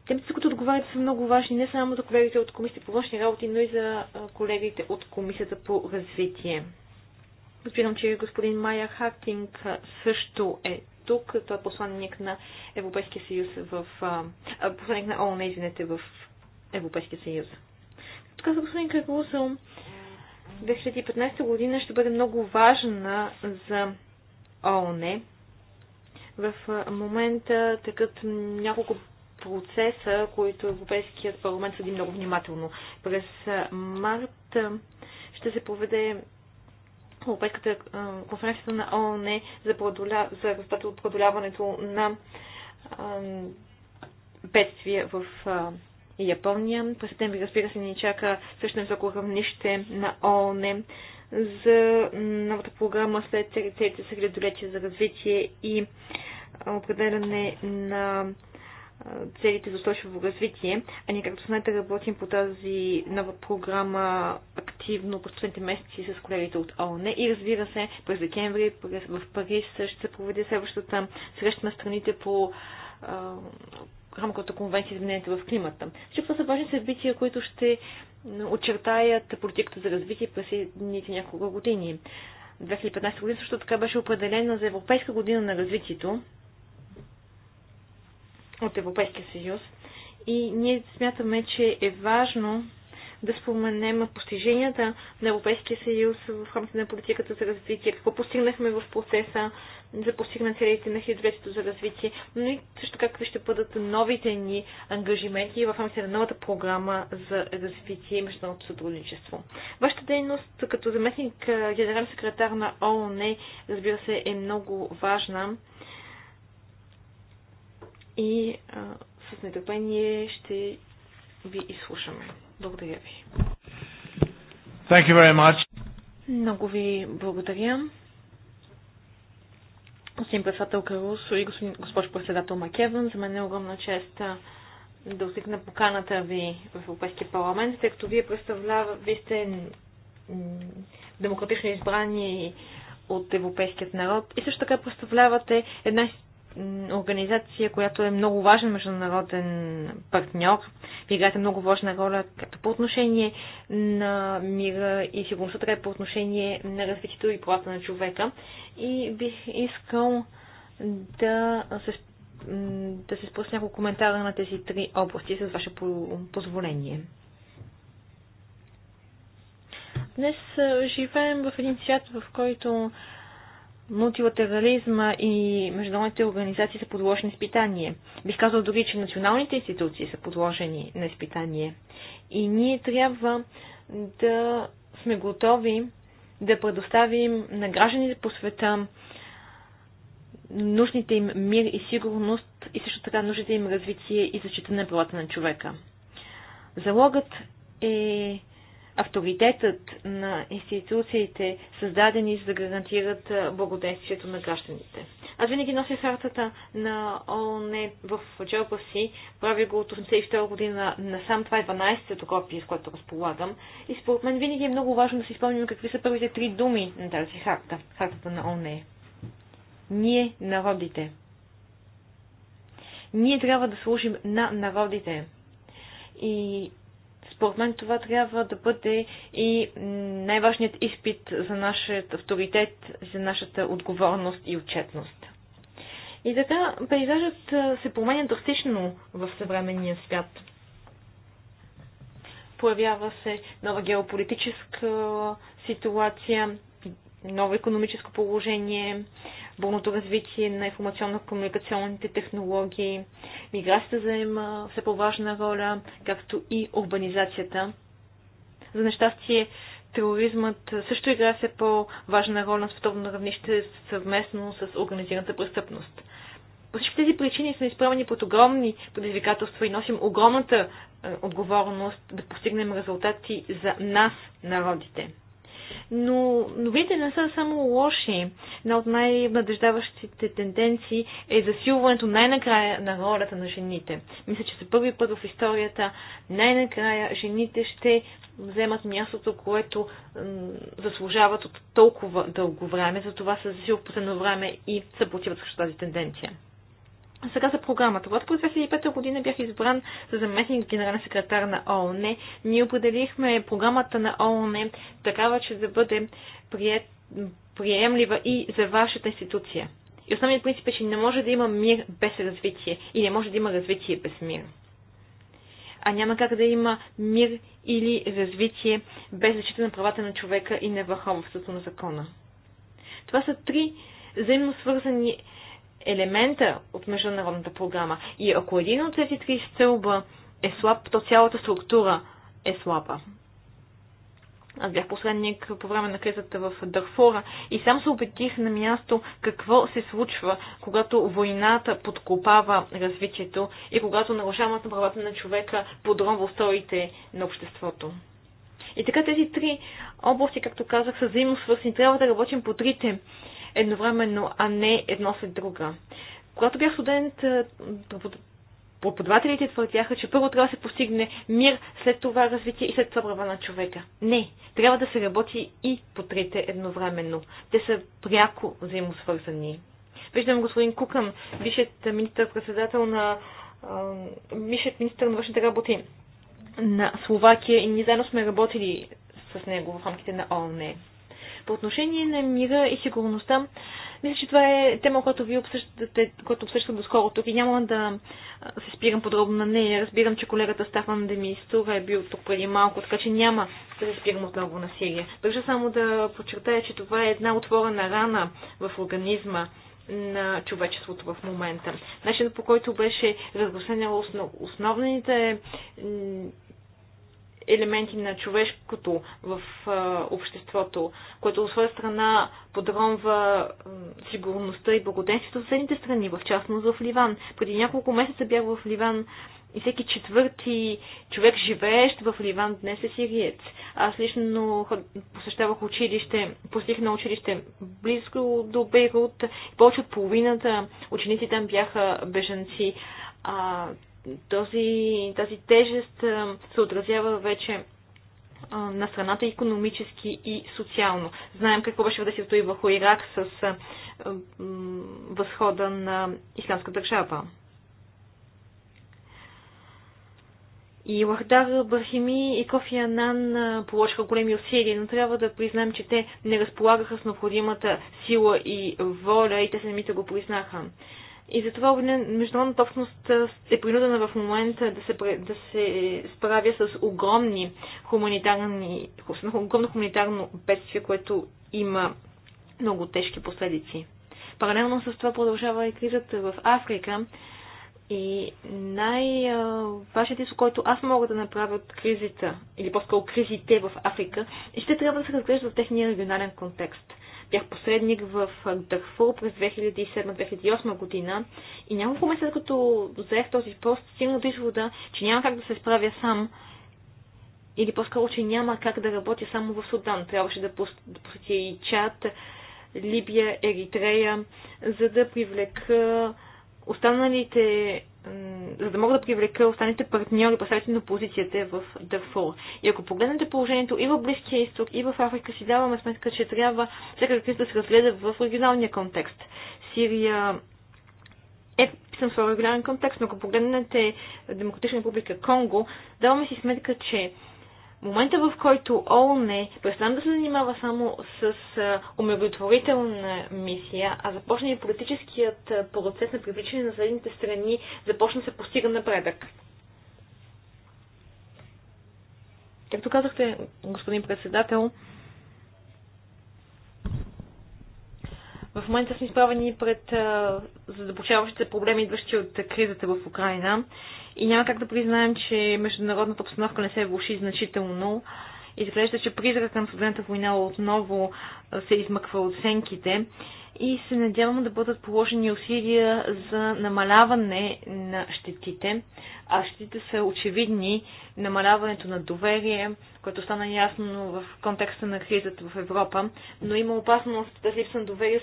Темите, които отговарят, са много важни не само за колегите от Комисията по външни работи, но и за колегите от Комисията по развитие. Разбирам, че господин Майя Хартинг също е тук. Той е посланник на Европейския съюз в... А, посланник на ООН, извинете, в Европейския съюз. Като каза господин Кръглусъл, 2015 година ще бъде много важна за ООН, в момента такът няколко процеса, които Европейският парламент съди много внимателно. През март ще се проведе Европейската конференция на ООН за, продоля... от продоляването на бедствия в Япония. През септември, разбира се, ни чака също високо равнище на ООН за новата програма след целите за хилядолетие за развитие и определяне на целите за устойчиво развитие. А ние, както знаете, работим по тази нова програма активно през последните месеци с колегите от ООН. И разбира се, през декември в Париж ще се проведе следващата среща на страните по рамковата конвенция за изменението в климата. Ще това са важни събития, които ще очертаят политиката за развитие през едните няколко години. 2015 година също така беше определена за Европейска година на развитието от Европейския съюз. И ние смятаме, че е важно да споменем постиженията на Европейския съюз в рамките на политиката за развитие, какво постигнахме в процеса за постигна целите на хидрецето за развитие, но и също какви ще бъдат новите ни ангажименти в рамките на новата програма за развитие и международното сътрудничество. Вашата дейност като заместник генерален секретар на ООН, разбира се, е много важна и а, с нетърпение ще ви изслушаме. Благодаря ви. Thank you very much. Много ви благодаря. Господин председател Карусо и господин, госпожо председател Макеван, за мен е огромна чест да усикна поканата ви в Европейския парламент, тъй като вие представлява, вие сте демократично избрани от европейският народ и също така представлявате една организация, която е много важен международен партньор. играете много важна роля както по отношение на мира и сигурността, така и по отношение на развитието и правата на човека. И бих искал да се, да се спусна няколко коментара на тези три области с ваше позволение. Днес живеем в един свят, в който мултилатерализма и международните организации са подложени изпитание. Бих казал дори, че националните институции са подложени на изпитание. И ние трябва да сме готови да предоставим на гражданите по света нужните им мир и сигурност и също така нужните им развитие и защита на правата на човека. Залогът е авторитетът на институциите, създадени за да гарантират благодействието на гражданите. Аз винаги нося хартата на ООН в джоба си, правя го от 82 година насам, това е 12-то копие, с което разполагам. И според мен винаги е много важно да си спомним какви са първите три думи на тази харта, хартата на ООН. Ние, народите. Ние трябва да служим на народите. И според мен това трябва да бъде и най-важният изпит за нашия авторитет, за нашата отговорност и отчетност. И така, пейзажът се променя драстично в съвременния свят. Появява се нова геополитическа ситуация, ново економическо положение, бурното развитие на информационно-комуникационните технологии. Миграцията заема все по-важна роля, както и урбанизацията. За нещастие, тероризмът също играе все по-важна роля на световно равнище съвместно с организираната престъпност. По всички тези причини сме изправени под огромни предизвикателства и носим огромната е, отговорност да постигнем резултати за нас, народите. Но новите не са само лоши. Една от най-надеждаващите тенденции е засилването най-накрая на ролята на жените. Мисля, че за първи път в историята най-накрая жените ще вземат мястото, което заслужават от толкова дълго време. Затова се засилват последно време и съпротиват срещу тази тенденция сега за програмата. Когато през 2005 година бях избран за заместник генерален секретар на ООН, ние определихме програмата на ООН такава, че да бъде приемлива и за вашата институция. И основният принцип е, че не може да има мир без развитие и не може да има развитие без мир. А няма как да има мир или развитие без защита на правата на човека и на върховството на закона. Това са три взаимно свързани елемента от международната програма. И ако един от тези три стълба е слаб, то цялата структура е слаба. Аз бях последник по време на кризата в Дърфора и сам се убедих на място какво се случва, когато войната подкопава развитието и когато нарушаването на правата на човека подробно устоите на обществото. И така тези три области, както казах, са взаимосвързани. Трябва да работим по трите едновременно, а не едно след друга. Когато бях студент, е, преподавателите твърдяха, че първо трябва да се постигне мир, след това развитие и след това права на човека. Не, трябва да се работи и по трите едновременно. Те са пряко взаимосвързани. Виждам господин Кукъм, бившият министър-председател на бившият министър на външните работи на Словакия и ние заедно сме работили с него в рамките на ООН. По отношение на мира и сигурността, мисля, че това е тема, която ви обсъждате, която обсъждам доскоро тук и няма да се спирам подробно на нея. Разбирам, че колегата Стафан Демистура е бил тук преди малко, така че няма да се спирам отново на Сирия. Държа само да подчертая, че това е една отворена рана в организма на човечеството в момента. Начинът по който беше разгласена основ, основните елементи на човешкото в обществото, което от своя страна подронва сигурността и благоденствието в съседните страни, в частност в Ливан. Преди няколко месеца бях в Ливан и всеки четвърти човек, живеещ в Ливан, днес е сириец. Аз лично посещавах училище, посетих на училище близко до Бейрут. Повече от половината ученици там бяха беженци. А, този, тази тежест се отразява вече на страната економически и социално. Знаем какво беше се и върху Ирак с възхода на исламска държава. И Лахдар Бархими и Кофи Анан положиха големи усилия, но трябва да признаем, че те не разполагаха с необходимата сила и воля и те самите го признаха. И затова международната общност е принудена в момента да се, да се справя с огромни хуманитарни, огромно хуманитарно бедствие, което има много тежки последици. Паралелно с това продължава и кризата в Африка. И най-важният изход, който аз мога да направя от кризата, или по-скоро кризите в Африка, ще трябва да се разглежда в техния регионален контекст. Бях посредник в Дърфу през 2007-2008 година и няколко месеца, като заех този пост, стигна до извода, че няма как да се справя сам или по-скоро, че няма как да работя само в Судан. Трябваше да посетя и Чад, Либия, Еритрея, за да привлека останалите за да мога да привлека останалите партньори, посредствено на позицията в Four. И ако погледнете положението и в Близкия изток, и в Африка, си даваме сметка, че трябва всяка криза да се разгледа в оригиналния контекст. Сирия е писан в оригинален контекст, но ако погледнете Демократична република Конго, даваме си сметка, че момента, в който ООН е престана да се занимава само с умиротворителна мисия, а започне и политическият процес на привличане на съседните страни, започна се постига напредък. Както казахте, господин председател, В момента сме изправени пред задълбочаващите проблеми, идващи от кризата в Украина и няма как да признаем, че международната обстановка не се влуши значително. Изглежда, че призракът на студента война отново се измъква от сенките и се надявам да бъдат положени усилия за намаляване на щетите. А щетите са очевидни. Намаляването на доверие, което стана ясно в контекста на кризата в Европа, но има опасност тази липса на доверие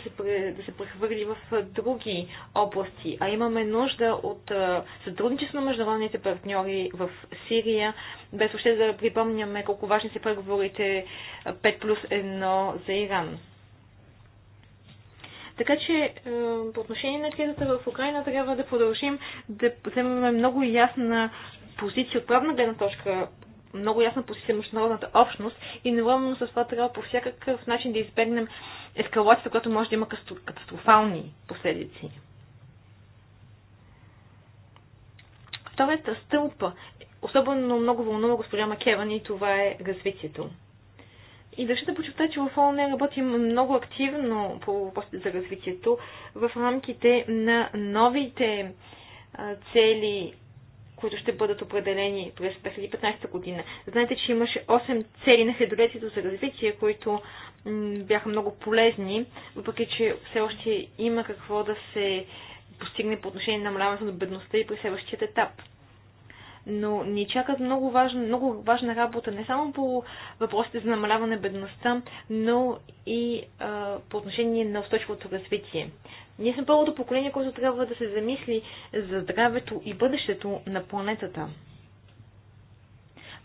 да се прехвърли в други области. А имаме нужда от сътрудничество на международните партньори в Сирия, без още да припомняме колко важни са преговорите 5 плюс 1 за Иран Иран. Така че е, по отношение на кризата в Украина трябва да продължим да вземаме много ясна позиция от правна гледна точка, много ясна позиция на международната общност и навременно с това трябва по всякакъв начин да избегнем ескалацията, която може да има катастрофални последици. Вторият стълб особено много вълнува госпожа Макеван и това е развитието. И държа да почета, че в ООН работим много активно по въпросите за развитието в рамките на новите цели, които ще бъдат определени през 2015 година. Знаете, че имаше 8 цели на хидролетието за развитие, които бяха много полезни, въпреки че все още има какво да се постигне по отношение на намаляването на бедността и при следващият етап но ни чакат много важна, много важна работа не само по въпросите за намаляване бедността, но и а, по отношение на устойчивото развитие. Ние сме първото поколение, което трябва да се замисли за здравето и бъдещето на планетата.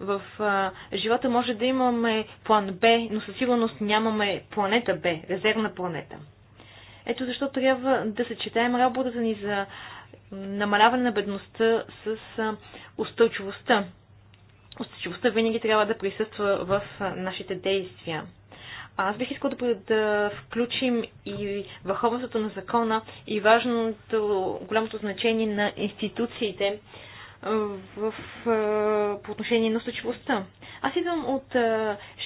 В а, живота може да имаме план Б, но със сигурност нямаме планета Б, резервна планета. Ето защо трябва да съчетаем работата ни за намаляване на бедността с устойчивостта. Устойчивостта винаги трябва да присъства в нашите действия. Аз бих искал да, да включим и върховенството на закона и важното, голямото значение на институциите в, по отношение на устойчивостта. Аз идвам от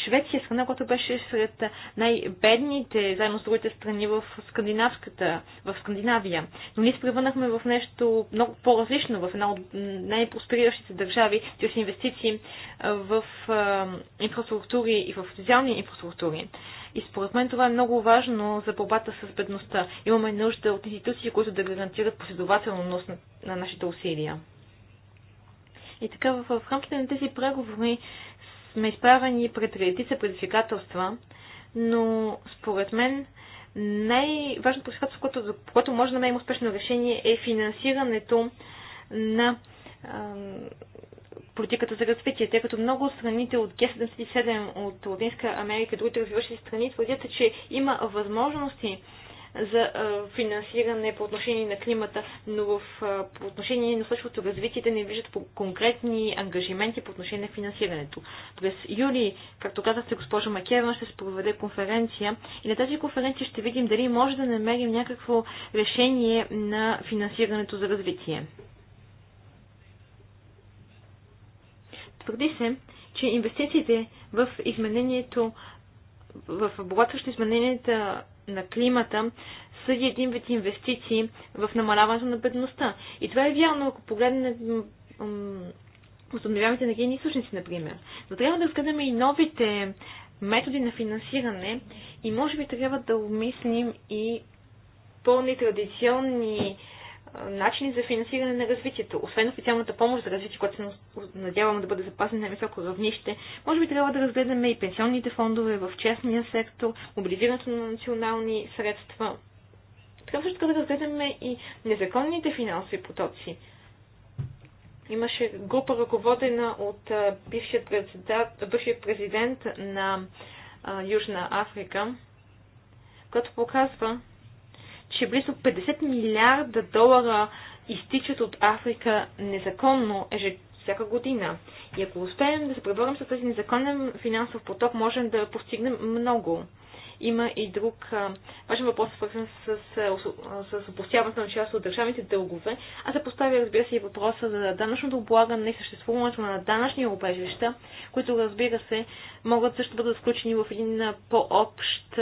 Швеция, страна, която беше сред най-бедните, заедно с другите страни в Скандинавската, в Скандинавия. Но ние се превърнахме в нещо много по-различно, в една от най-проспериращите държави, чрез инвестиции в инфраструктури и в социални инфраструктури. И според мен това е много важно за борбата с бедността. Имаме нужда от институции, които да гарантират последователност на нашите усилия. И така в рамките на тези преговори сме изправени пред редица предизвикателства, но според мен най-важното предизвикателство, което, което може да намерим успешно решение е финансирането на политиката за развитие, тъй като много от страните от Г77 от Латинска Америка и другите развиващи страни твърдят, че има възможности за финансиране по отношение на климата, но в, по отношение на същото развитие не виждат конкретни ангажименти по отношение на финансирането. През юли, както казахте, госпожа Макева, ще се проведе конференция и на тази конференция ще видим дали може да намерим някакво решение на финансирането за развитие. Твърди се, че инвестициите в изменението в облагащи измененията на климата са един вид инвестиции в намаляването на бедността. И това е вярно, ако погледнем възобновяемите енергийни източници, например. Но трябва да разгледаме и новите методи на финансиране и може би трябва да обмислим и по-нетрадиционни традиционни начини за финансиране на развитието. Освен официалната помощ за развитие, която се надяваме да бъде запазена на високо равнище, може би трябва да разгледаме и пенсионните фондове в частния сектор, мобилизирането на национални средства. Трябва също така да разгледаме и незаконните финансови потоци. Имаше група ръководена от бившият президент, бившият президент на Южна Африка, която показва, че близо 50 милиарда долара изтичат от Африка незаконно всяка година. И ако успеем да се преборим с този незаконен финансов поток, можем да постигнем много. Има и друг важен въпрос, свързан с, с, с опустяването на част от държавните дългове, аз се поставя, разбира се, и въпроса за данъчното облагане и съществуването на данъчни обежища, които, разбира се, могат също да бъдат включени в един по-общ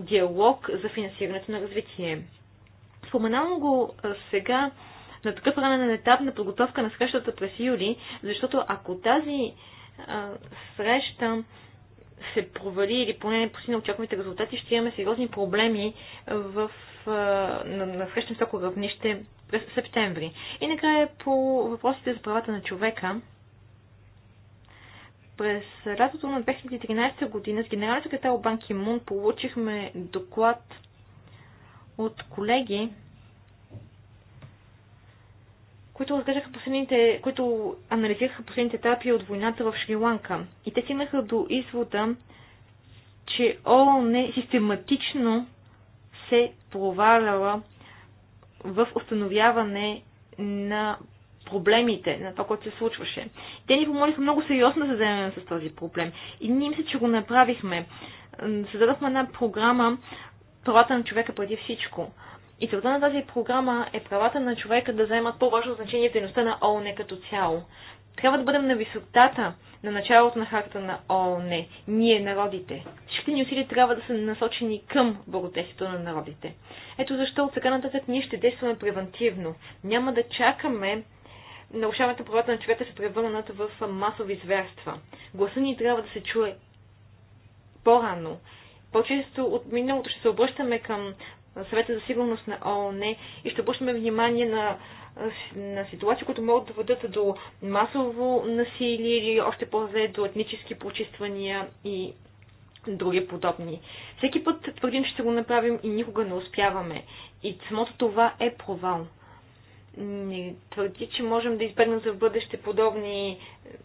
диалог за финансирането на развитие. Споменавам го сега на такъв ранен етап на подготовка на срещата през юли, защото ако тази а, среща се провали или поне не постигне очакваните резултати, ще имаме сериозни проблеми в, а, на, на среща високо равнище през септември. И накрая по въпросите за правата на човека, през лятото на 2013 година с генерален секретар Бан Кимун получихме доклад от колеги, които последните, които анализираха последните етапи от войната в Шри-Ланка. И те стигнаха до извода, че ООН е систематично се проваляла в установяване на проблемите, на това, което се случваше. Те ни помолиха много сериозно да се вземем с този проблем. И ние мисля, че го направихме. Създадохме една програма правата на човека преди всичко. И целта на тази програма е правата на човека да заемат по-важно значение в дейността на ООН като цяло. Трябва да бъдем на висотата на началото на харта на ООН. Ние, народите. Всички ни усилия трябва да са насочени към благотестието на народите. Ето защо от сега нататък ние ще действаме превентивно. Няма да чакаме нарушаването правата на човека се превърнат в масови зверства. Гласа ни трябва да се чуе по-рано. По-често от миналото ще се обръщаме към съвета за сигурност на ООН и ще обръщаме внимание на, на ситуации, които могат да водят до масово насилие или още по-зле до етнически почиствания и други подобни. Всеки път твърдим, че ще го направим и никога не успяваме. И самото това е провал не твърди, че можем да избегнем за бъдеще подобни е,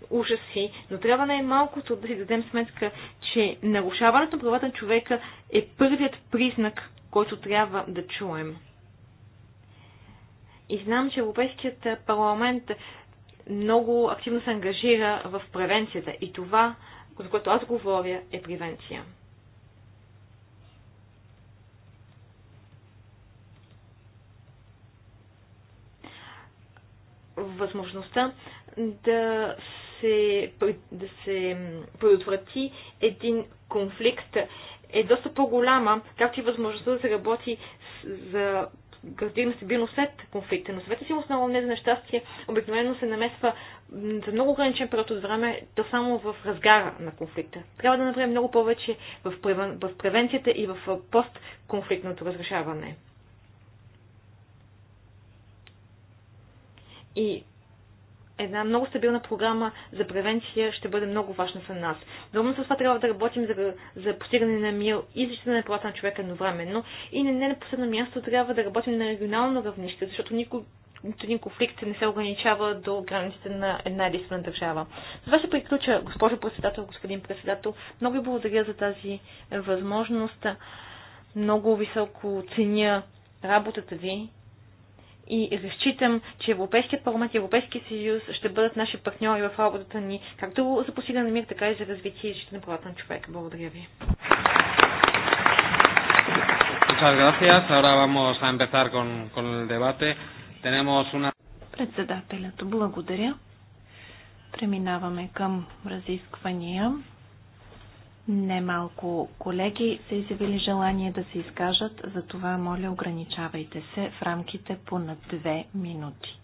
ужаси, но трябва най-малкото да си дадем сметка, че нарушаването на правата на човека е първият признак, който трябва да чуем. И знам, че Европейският парламент много активно се ангажира в превенцията и това, за което аз говоря, е превенция. възможността да се, да се предотврати един конфликт е доста по-голяма, както и възможността да се работи за градивна стабилност след конфликта. Но съвета си основно не за нещастие обикновено се намесва за много ограничен период от време, то само в разгара на конфликта. Трябва да направим много повече в превенцията и в постконфликтното разрешаване. И една много стабилна програма за превенция ще бъде много важна за нас. Добно с това трябва да работим за, за постигане на мир и защита на правата на човека едновременно. И не, не на последно място трябва да работим на регионално равнище, защото никой нито един конфликт не се ограничава до границите на една единствена държава. С това ще приключа, госпожо председател, господин председател. Много ви благодаря за тази възможност. Много високо ценя работата ви и разчитам, че Европейският парламент и Европейския съюз ще бъдат наши партньори в работата ни, както за посилен мир, така и за развитие и защита на правата на човека. Благодаря ви. Председателят, благодаря. Преминаваме към разисквания. Немалко колеги са изявили желание да се изкажат, затова моля ограничавайте се в рамките по на две минути.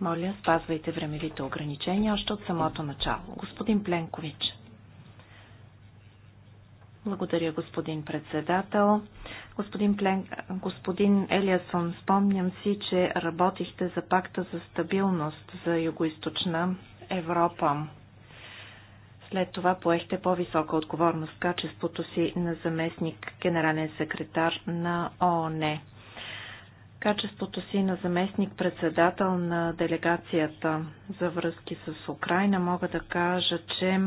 Моля, спазвайте времевите ограничения още от самото начало. Господин Пленкович. Благодаря, господин председател. Господин, Плен... господин Елиасон, спомням си, че работихте за пакта за стабилност за югоизточна Европа. След това поехте по-висока отговорност в качеството си на заместник генерален секретар на ООН. Качеството си на заместник председател на делегацията за връзки с Украина мога да кажа, че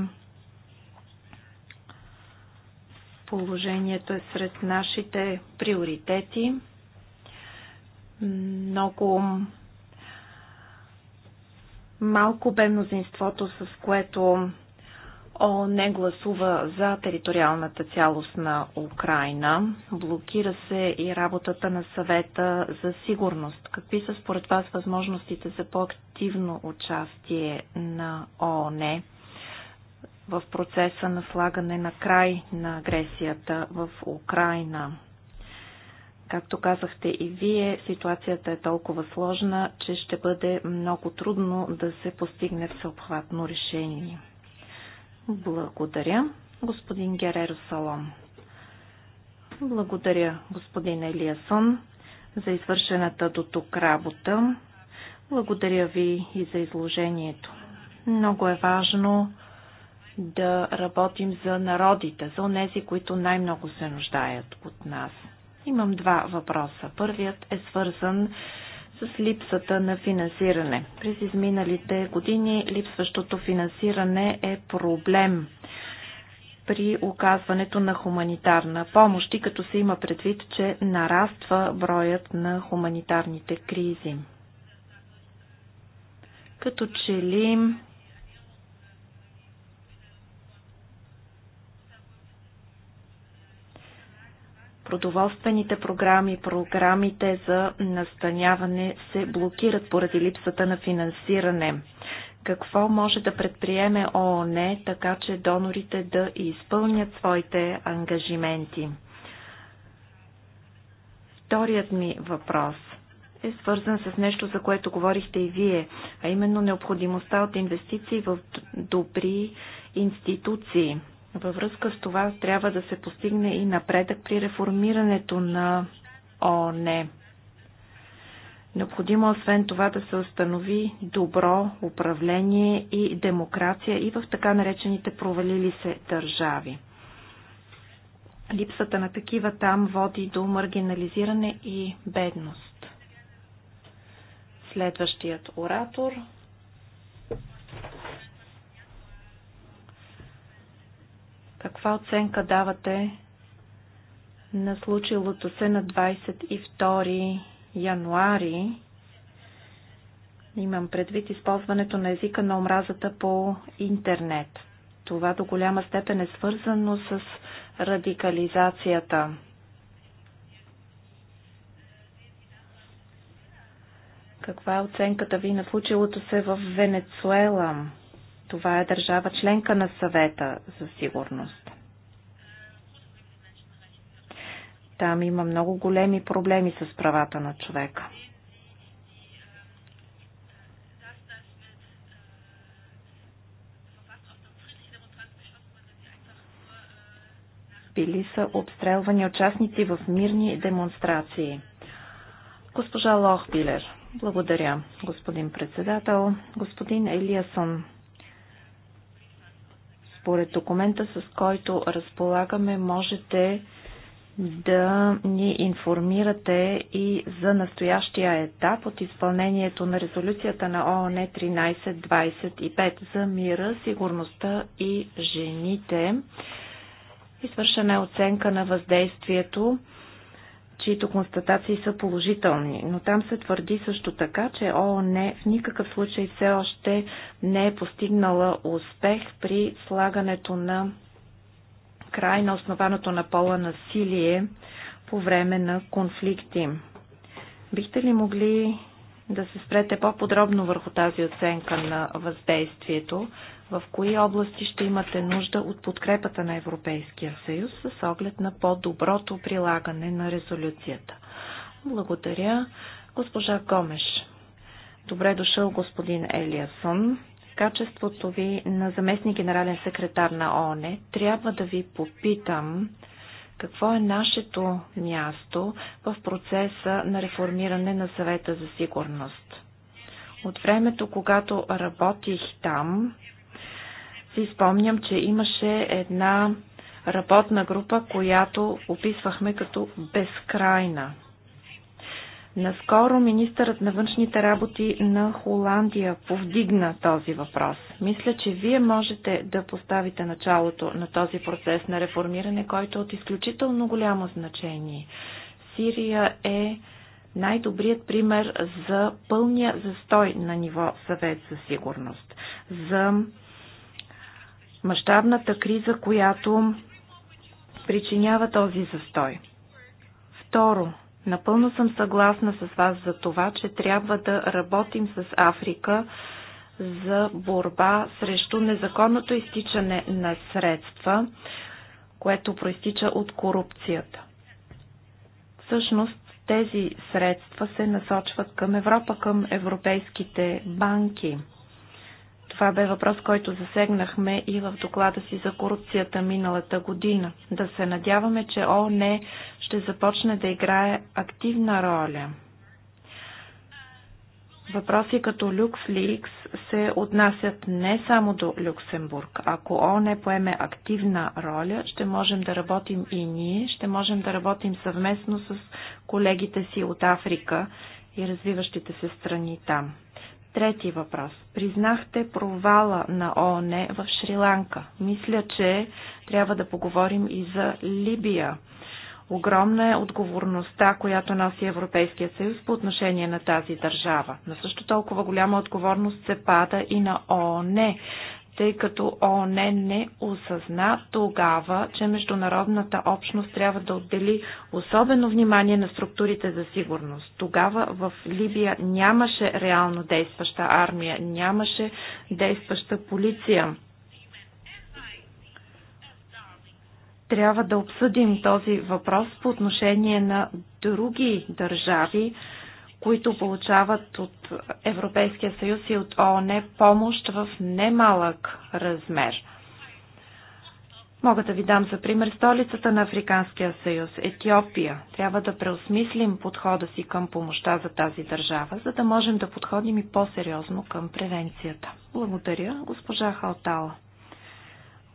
положението е сред нашите приоритети. Много малко бе мнозинството, с което ООН гласува за териториалната цялост на Украина. Блокира се и работата на съвета за сигурност. Какви са според вас възможностите за по-активно участие на ООН в процеса на слагане на край на агресията в Украина? Както казахте и вие, ситуацията е толкова сложна, че ще бъде много трудно да се постигне всеобхватно решение. Благодаря, господин Гереро Салом. Благодаря, господин Елиасон, за извършената до тук работа. Благодаря ви и за изложението. Много е важно да работим за народите, за онези, които най-много се нуждаят от нас. Имам два въпроса. Първият е свързан с с липсата на финансиране. През изминалите години липсващото финансиране е проблем при оказването на хуманитарна помощ и като се има предвид, че нараства броят на хуманитарните кризи. Като че ли продоволствените програми, програмите за настаняване се блокират поради липсата на финансиране. Какво може да предприеме ООН, така че донорите да изпълнят своите ангажименти? Вторият ми въпрос е свързан с нещо, за което говорихте и вие, а именно необходимостта от инвестиции в добри институции. Във връзка с това трябва да се постигне и напредък при реформирането на ООН. Необходимо е освен това да се установи добро управление и демокрация и в така наречените провалили се държави. Липсата на такива там води до маргинализиране и бедност. Следващият оратор Каква оценка давате на случилото се на 22 януари? Имам предвид използването на езика на омразата по интернет. Това до голяма степен е свързано с радикализацията. Каква е оценката ви на случилото се в Венецуела? Това е държава членка на съвета за сигурност. Там има много големи проблеми с правата на човека. били са обстрелвани участници в мирни демонстрации. Госпожа Лохбилер. Благодаря, господин председател. Господин Елиасон. Според документа, с който разполагаме, можете да ни информирате и за настоящия етап от изпълнението на резолюцията на ООН 1325 за мира, сигурността и жените. Извършена е оценка на въздействието чието констатации са положителни. Но там се твърди също така, че ООН в никакъв случай все още не е постигнала успех при слагането на край на основаното на пола насилие по време на конфликти. Бихте ли могли да се спрете по-подробно върху тази оценка на въздействието, в кои области ще имате нужда от подкрепата на Европейския съюз с оглед на по-доброто прилагане на резолюцията. Благодаря, госпожа Гомеш. Добре дошъл, господин Елиасон. В качеството ви на заместник генерален секретар на ООН трябва да ви попитам какво е нашето място в процеса на реформиране на съвета за сигурност? От времето, когато работих там, си спомням, че имаше една работна група, която описвахме като безкрайна. Наскоро министърът на външните работи на Холандия повдигна този въпрос. Мисля, че вие можете да поставите началото на този процес на реформиране, който е от изключително голямо значение. Сирия е най-добрият пример за пълния застой на ниво съвет за сигурност, за мащабната криза, която причинява този застой. Второ, Напълно съм съгласна с вас за това, че трябва да работим с Африка за борба срещу незаконното изтичане на средства, което проистича от корупцията. Всъщност тези средства се насочват към Европа, към европейските банки. Това бе въпрос, който засегнахме и в доклада си за корупцията миналата година. Да се надяваме, че ООН е ще започне да играе активна роля. Въпроси като LuxLeaks се отнасят не само до Люксембург. Ако ООН поеме активна роля, ще можем да работим и ние, ще можем да работим съвместно с колегите си от Африка и развиващите се страни там. Трети въпрос. Признахте провала на ООН в Шри-Ланка. Мисля, че трябва да поговорим и за Либия. Огромна е отговорността, която носи Европейския съюз по отношение на тази държава. На също толкова голяма отговорност се пада и на ООН, тъй като ООН не осъзна тогава, че международната общност трябва да отдели особено внимание на структурите за сигурност. Тогава в Либия нямаше реално действаща армия, нямаше действаща полиция. трябва да обсъдим този въпрос по отношение на други държави, които получават от Европейския съюз и от ООН помощ в немалък размер. Мога да ви дам за пример столицата на Африканския съюз – Етиопия. Трябва да преосмислим подхода си към помощта за тази държава, за да можем да подходим и по-сериозно към превенцията. Благодаря, госпожа Халтала.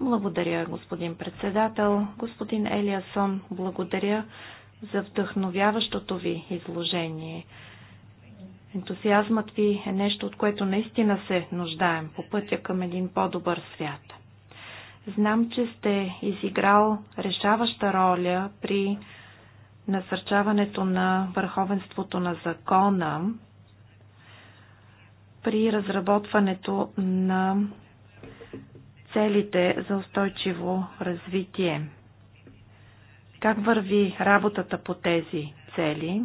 Благодаря, господин председател. Господин Елиасон, благодаря за вдъхновяващото ви изложение. Ентусиазмът ви е нещо, от което наистина се нуждаем по пътя към един по-добър свят. Знам, че сте изиграл решаваща роля при насърчаването на върховенството на закона при разработването на целите за устойчиво развитие. Как върви работата по тези цели?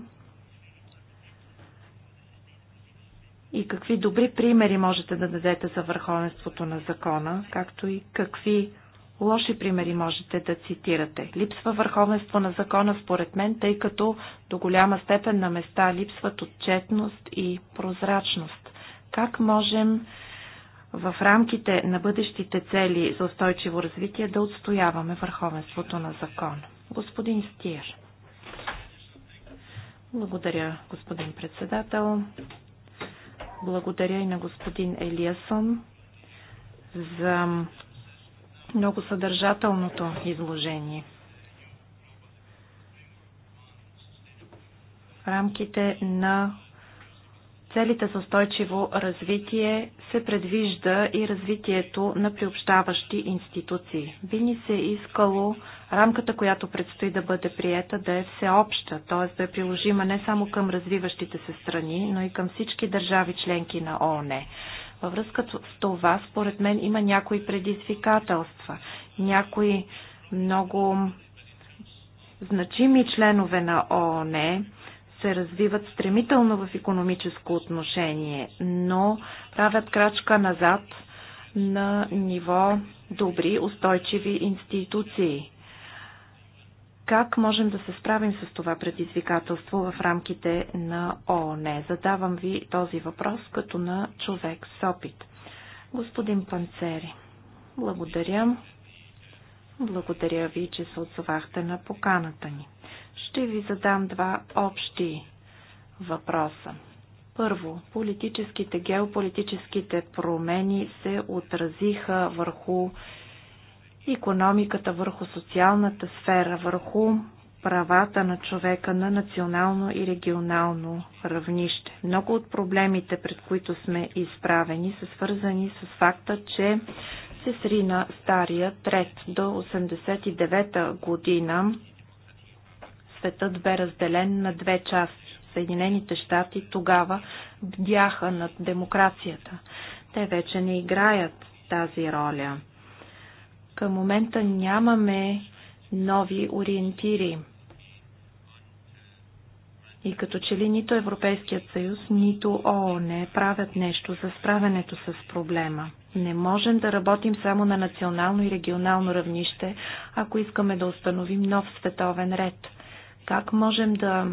И какви добри примери можете да дадете за върховенството на закона, както и какви лоши примери можете да цитирате. Липсва върховенство на закона според мен, тъй като до голяма степен на места липсват отчетност и прозрачност. Как можем в рамките на бъдещите цели за устойчиво развитие да отстояваме върховенството на закон. Господин Стир. Благодаря, господин председател. Благодаря и на господин Елиасон за много съдържателното изложение. В рамките на целите за устойчиво развитие се предвижда и развитието на приобщаващи институции. Би ни се искало рамката, която предстои да бъде приета, да е всеобща, т.е. да е приложима не само към развиващите се страни, но и към всички държави членки на ООН. Във връзка с това, според мен, има някои предизвикателства, някои много значими членове на ООН, се развиват стремително в економическо отношение, но правят крачка назад на ниво добри, устойчиви институции. Как можем да се справим с това предизвикателство в рамките на ООН? Задавам ви този въпрос като на човек с опит. Господин Панцери, благодаря. Благодаря ви, че се отзовахте на поканата ни. Ще ви задам два общи въпроса. Първо, политическите, геополитическите промени се отразиха върху економиката, върху социалната сфера, върху правата на човека на национално и регионално равнище. Много от проблемите, пред които сме изправени, са свързани с факта, че се срина стария трет до 89-та година светът бе разделен на две части. Съединените щати тогава бдяха над демокрацията. Те вече не играят тази роля. Към момента нямаме нови ориентири. И като че ли нито Европейският съюз, нито ООН не правят нещо за справянето с проблема. Не можем да работим само на национално и регионално равнище, ако искаме да установим нов световен ред – как можем да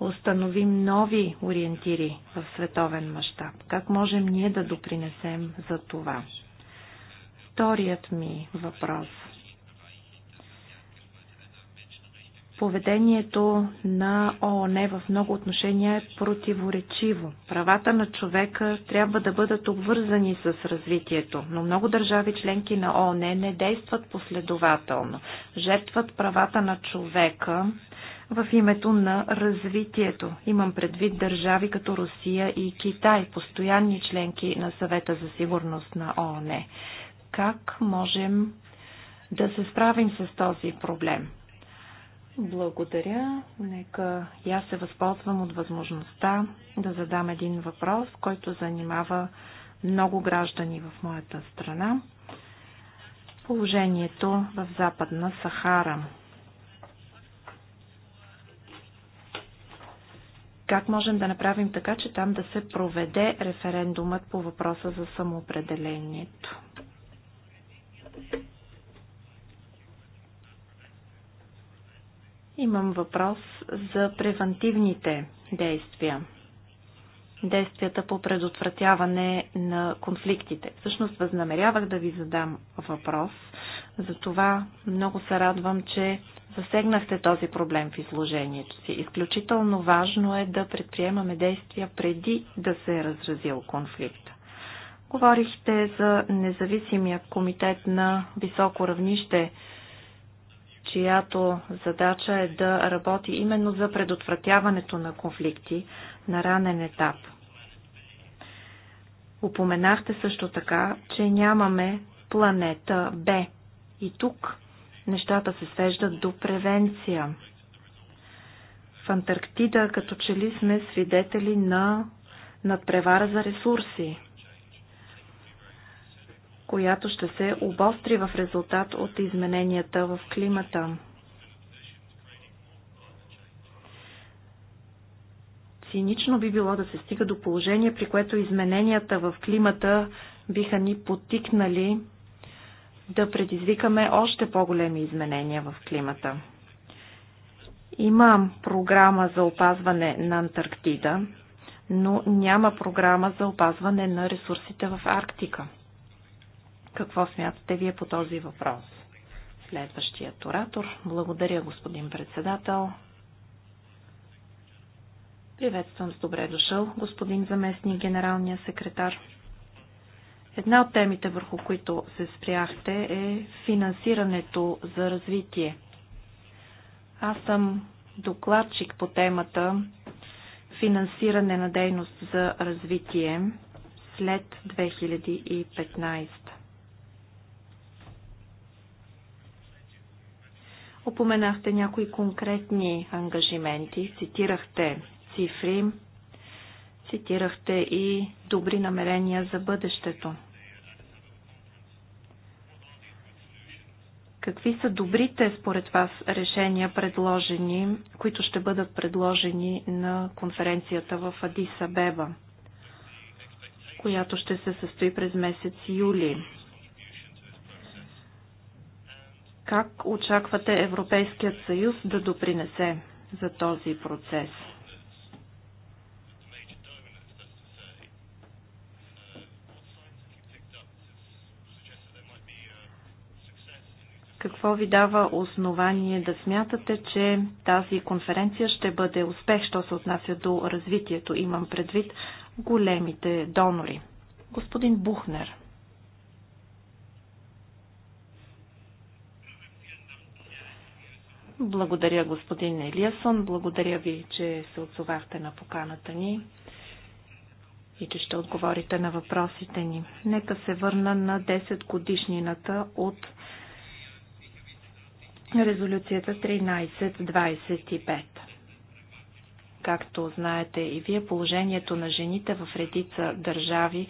установим нови ориентири в световен мащаб? Как можем ние да допринесем за това? Вторият ми въпрос. Поведението на ООН в много отношения е противоречиво. Правата на човека трябва да бъдат обвързани с развитието, но много държави членки на ООН не действат последователно. Жертват правата на човека в името на развитието. Имам предвид държави като Русия и Китай, постоянни членки на съвета за сигурност на ООН. Как можем да се справим с този проблем? Благодаря. Нека и аз се възползвам от възможността да задам един въпрос, който занимава много граждани в моята страна. Положението в Западна Сахара. Как можем да направим така, че там да се проведе референдумът по въпроса за самоопределението? Имам въпрос за превантивните действия. Действията по предотвратяване на конфликтите. Всъщност възнамерявах да ви задам въпрос – затова много се радвам, че засегнахте този проблем в изложението си. Изключително важно е да предприемаме действия преди да се е разразил конфликт. Говорихте за независимия комитет на високо равнище, чиято задача е да работи именно за предотвратяването на конфликти на ранен етап. Упоменахте също така, че нямаме планета Б и тук нещата се свеждат до превенция. В Антарктида като че ли сме свидетели на надпревара за ресурси, която ще се обостри в резултат от измененията в климата. Цинично би било да се стига до положение, при което измененията в климата биха ни потикнали да предизвикаме още по-големи изменения в климата. Има програма за опазване на Антарктида, но няма програма за опазване на ресурсите в Арктика. Какво смятате вие по този въпрос? Следващият оратор. Благодаря, господин председател. Приветствам с добре дошъл, господин заместник генералния секретар. Една от темите, върху които се спряхте, е финансирането за развитие. Аз съм докладчик по темата финансиране на дейност за развитие след 2015. Опоменахте някои конкретни ангажименти, цитирахте цифри, цитирахте и добри намерения за бъдещето. Какви са добрите, според вас, решения, предложени, които ще бъдат предложени на конференцията в Адиса Беба, която ще се състои през месец юли? Как очаквате Европейският съюз да допринесе за този процес? Какво ви дава основание да смятате, че тази конференция ще бъде успех, що се отнася до развитието? Имам предвид големите донори. Господин Бухнер. Благодаря, господин Елиасон. Благодаря ви, че се отзовахте на поканата ни и че ще отговорите на въпросите ни. Нека се върна на 10 годишнината от резолюцията 1325. Както знаете и вие, положението на жените в редица държави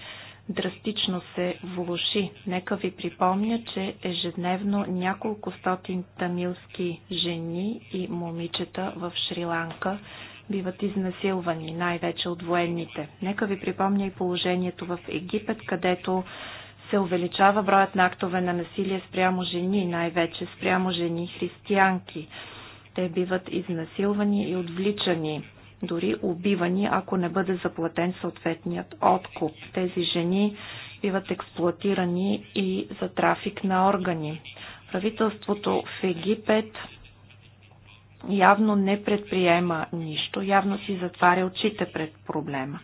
драстично се влуши. Нека ви припомня, че ежедневно няколко стотин тамилски жени и момичета в Шри-Ланка биват изнасилвани, най-вече от военните. Нека ви припомня и положението в Египет, където се увеличава броят на актове на насилие спрямо жени, най-вече спрямо жени християнки. Те биват изнасилвани и отвличани, дори убивани, ако не бъде заплатен съответният откуп. Тези жени биват експлуатирани и за трафик на органи. Правителството в Египет явно не предприема нищо, явно си затваря очите пред проблема.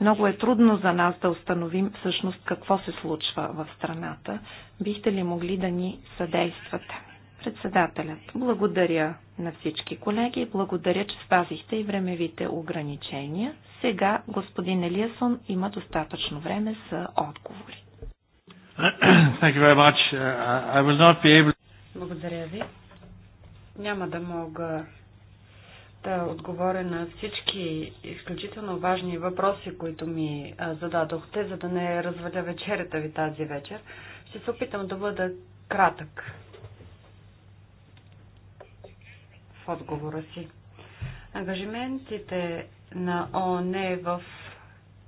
Много е трудно за нас да установим всъщност какво се случва в страната. Бихте ли могли да ни съдействате? Председателят, благодаря на всички колеги, благодаря, че спазихте и времевите ограничения. Сега господин Елиасон има достатъчно време за отговори. Uh, able... Благодаря ви. Няма да мога да отговоря на всички изключително важни въпроси, които ми зададохте, за да не разваля вечерята ви тази вечер. Ще се опитам да бъда кратък в отговора си. Ангажиментите на ООН в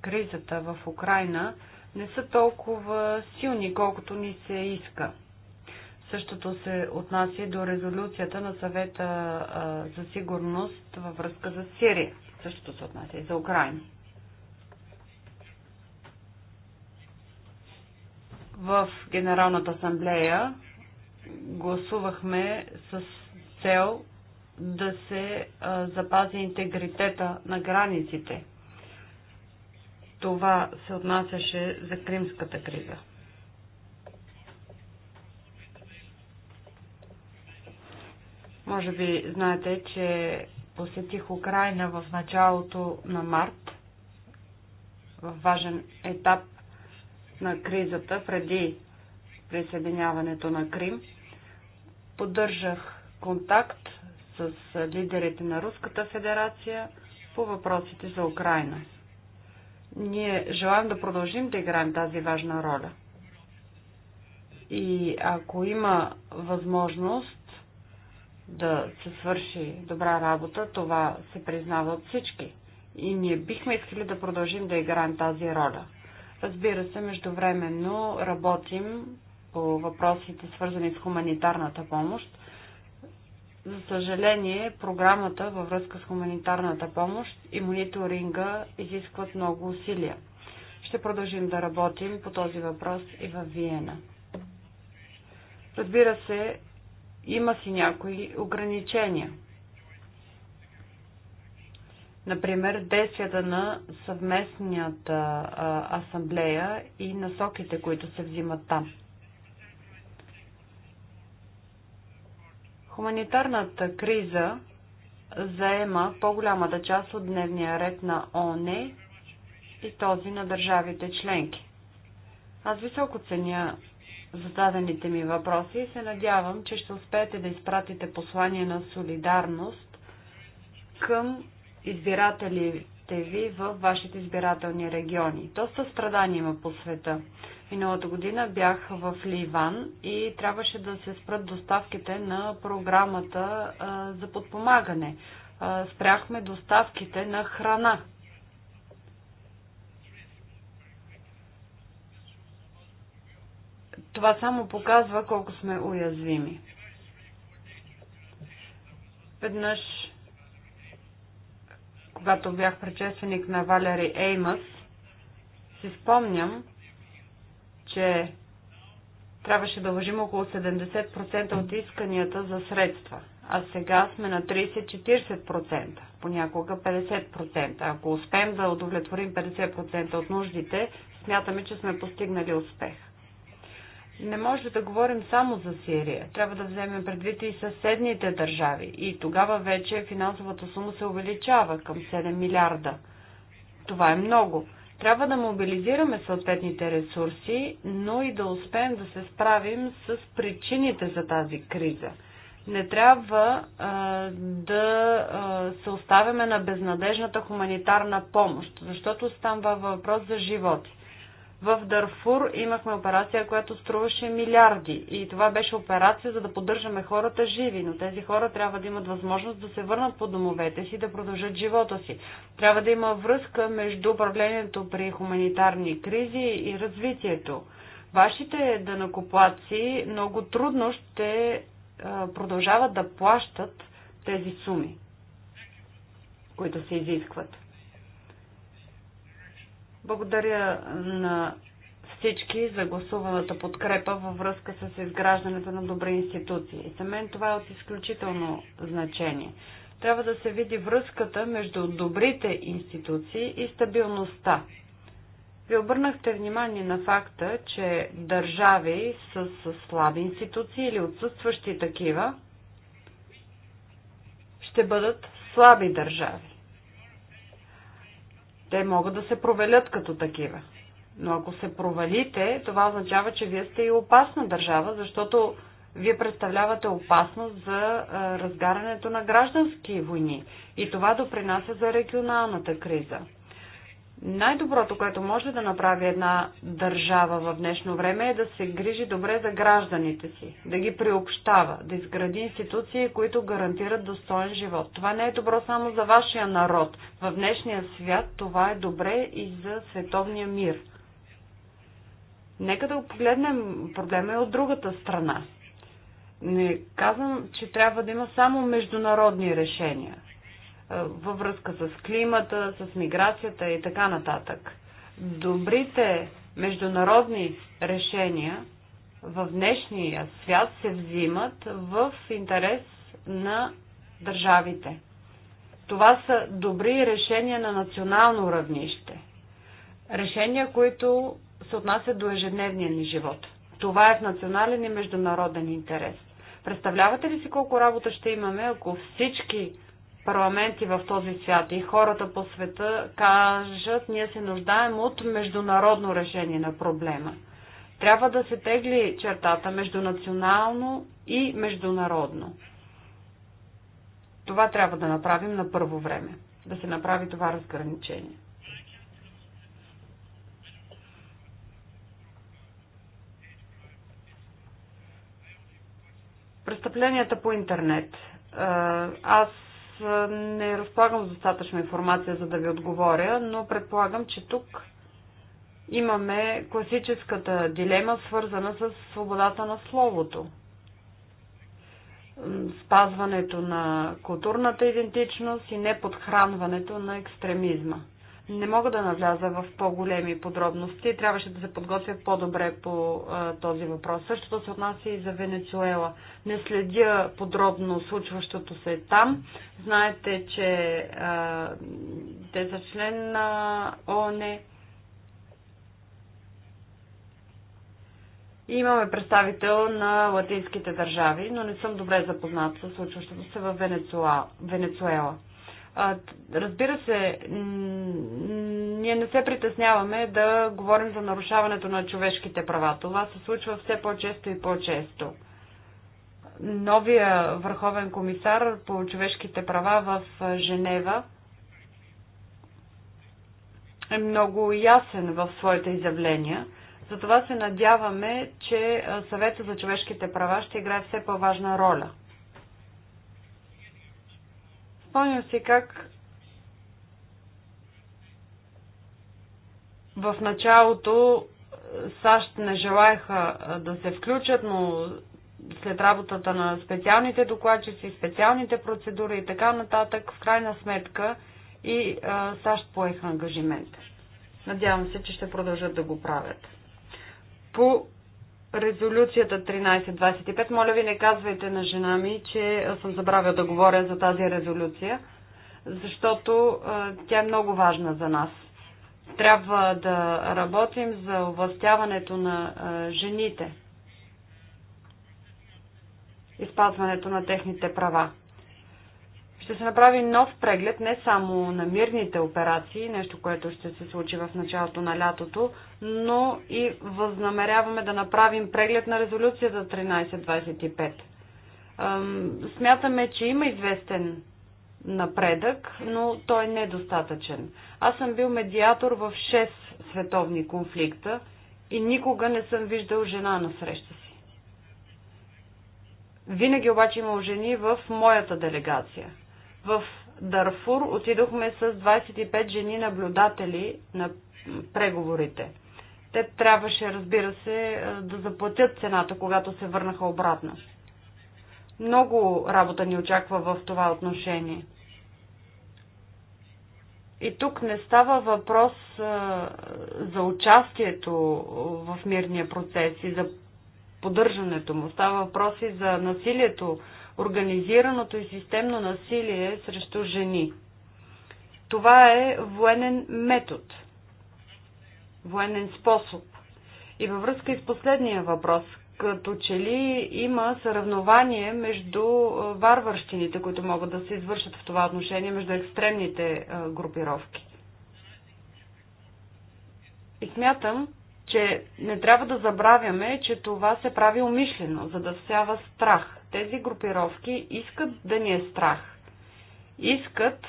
кризата в Украина не са толкова силни, колкото ни се иска. Същото се отнася до резолюцията на съвета за сигурност във връзка за Сирия. Същото се отнася и за Украина. В Генералната асамблея гласувахме с цел да се запази интегритета на границите. Това се отнасяше за кримската криза. Може би знаете, че посетих Украина в началото на март, в важен етап на кризата преди присъединяването на Крим. Поддържах контакт с лидерите на Руската федерация по въпросите за Украина. Ние желаем да продължим да играем тази важна роля. И ако има възможност, да се свърши добра работа, това се признава от всички. И ние бихме искали да продължим да играем тази роля. Разбира се, междувременно работим по въпросите, свързани с хуманитарната помощ. За съжаление, програмата във връзка с хуманитарната помощ и мониторинга изискват много усилия. Ще продължим да работим по този въпрос и във Виена. Разбира се, има си някои ограничения. Например, действията на съвместнията асамблея и насоките, които се взимат там. Хуманитарната криза заема по-голямата част от дневния ред на ООН и този на държавите членки. Аз високо ценя зададените ми въпроси и се надявам, че ще успеете да изпратите послание на солидарност към избирателите ви в вашите избирателни региони. Доста страдания има по света. Миналата година бях в Ливан и трябваше да се спрат доставките на програмата за подпомагане. спряхме доставките на храна Това само показва колко сме уязвими. Веднъж, когато бях предшественик на Валери Еймъс, си спомням, че трябваше да въжим около 70% от исканията за средства, а сега сме на 30-40%, понякога 50%. Ако успеем да удовлетворим 50% от нуждите, смятаме, че сме постигнали успех не може да говорим само за Сирия. Трябва да вземем предвид и съседните държави. И тогава вече финансовата сума се увеличава към 7 милиарда. Това е много. Трябва да мобилизираме съответните ресурси, но и да успеем да се справим с причините за тази криза. Не трябва а, да а, се оставяме на безнадежната хуманитарна помощ, защото става въпрос за животи. В Дарфур имахме операция, която струваше милиарди. И това беше операция, за да поддържаме хората живи. Но тези хора трябва да имат възможност да се върнат по домовете си, да продължат живота си. Трябва да има връзка между управлението при хуманитарни кризи и развитието. Вашите данакоплаци много трудно ще продължават да плащат тези суми, които се изискват. Благодаря на всички за гласуваната подкрепа във връзка с изграждането на добри институции. За мен това е от изключително значение. Трябва да се види връзката между добрите институции и стабилността. Ви обърнахте внимание на факта, че държави с слаби институции или отсъстващи такива ще бъдат слаби държави. Те могат да се провелят като такива. Но ако се провалите, това означава, че вие сте и опасна държава, защото вие представлявате опасност за разгарянето на граждански войни. И това допринася за регионалната криза. Най-доброто, което може да направи една държава в днешно време е да се грижи добре за гражданите си, да ги приобщава, да изгради институции, които гарантират достоен живот. Това не е добро само за вашия народ. В днешния свят това е добре и за световния мир. Нека да погледнем проблема и е от другата страна. Не казвам, че трябва да има само международни решения във връзка с климата, с миграцията и така нататък. Добрите международни решения в днешния свят се взимат в интерес на държавите. Това са добри решения на национално равнище. Решения, които се отнасят до ежедневния ни живот. Това е в национален и международен интерес. Представлявате ли си колко работа ще имаме, ако всички парламенти в този свят и хората по света кажат, ние се нуждаем от международно решение на проблема. Трябва да се тегли чертата между национално и международно. Това трябва да направим на първо време. Да се направи това разграничение. Престъпленията по интернет. Е, аз не разполагам с достатъчна информация, за да ви отговоря, но предполагам, че тук имаме класическата дилема, свързана с свободата на словото. Спазването на културната идентичност и неподхранването на екстремизма. Не мога да навляза в по-големи подробности. Трябваше да се подготвя по-добре по а, този въпрос. Същото се отнася и за Венецуела. Не следя подробно случващото се там. Знаете, че а, те са член на ООН. И имаме представител на латинските държави, но не съм добре запознат с случващото се в Венецуела. Разбира се, ние не се притесняваме да говорим за нарушаването на човешките права. Това се случва все по-често и по-често. Новия върховен комисар по човешките права в Женева е много ясен в своите изявления. Затова се надяваме, че съвета за човешките права ще играе все по-важна роля – Спомням си как в началото е, САЩ не желаяха е, да се включат, но след работата на специалните докладчици, специалните процедури и така нататък, в крайна сметка и е, САЩ поеха ангажимент. Надявам се, че ще продължат да го правят. По резолюцията 1325. Моля ви, не казвайте на жена ми, че съм забравил да говоря за тази резолюция, защото тя е много важна за нас. Трябва да работим за овластяването на жените изпазването на техните права. Ще се направи нов преглед не само на мирните операции, нещо, което ще се случи в началото на лятото, но и възнамеряваме да направим преглед на резолюцията 1325. Смятаме, че има известен напредък, но той не е достатъчен. Аз съм бил медиатор в 6 световни конфликта и никога не съм виждал жена на среща си. Винаги обаче имал жени в моята делегация – в Дарфур отидохме с 25 жени наблюдатели на преговорите. Те трябваше, разбира се, да заплатят цената, когато се върнаха обратно. Много работа ни очаква в това отношение. И тук не става въпрос за участието в мирния процес и за поддържането му. Става въпрос и за насилието, организираното и системно насилие срещу жени. Това е военен метод, военен способ. И във връзка и с последния въпрос, като че ли има съравнование между варварщините, които могат да се извършат в това отношение, между екстремните групировки. И смятам, че не трябва да забравяме, че това се прави умишлено, за да сява страх – тези групировки искат да ни е страх. Искат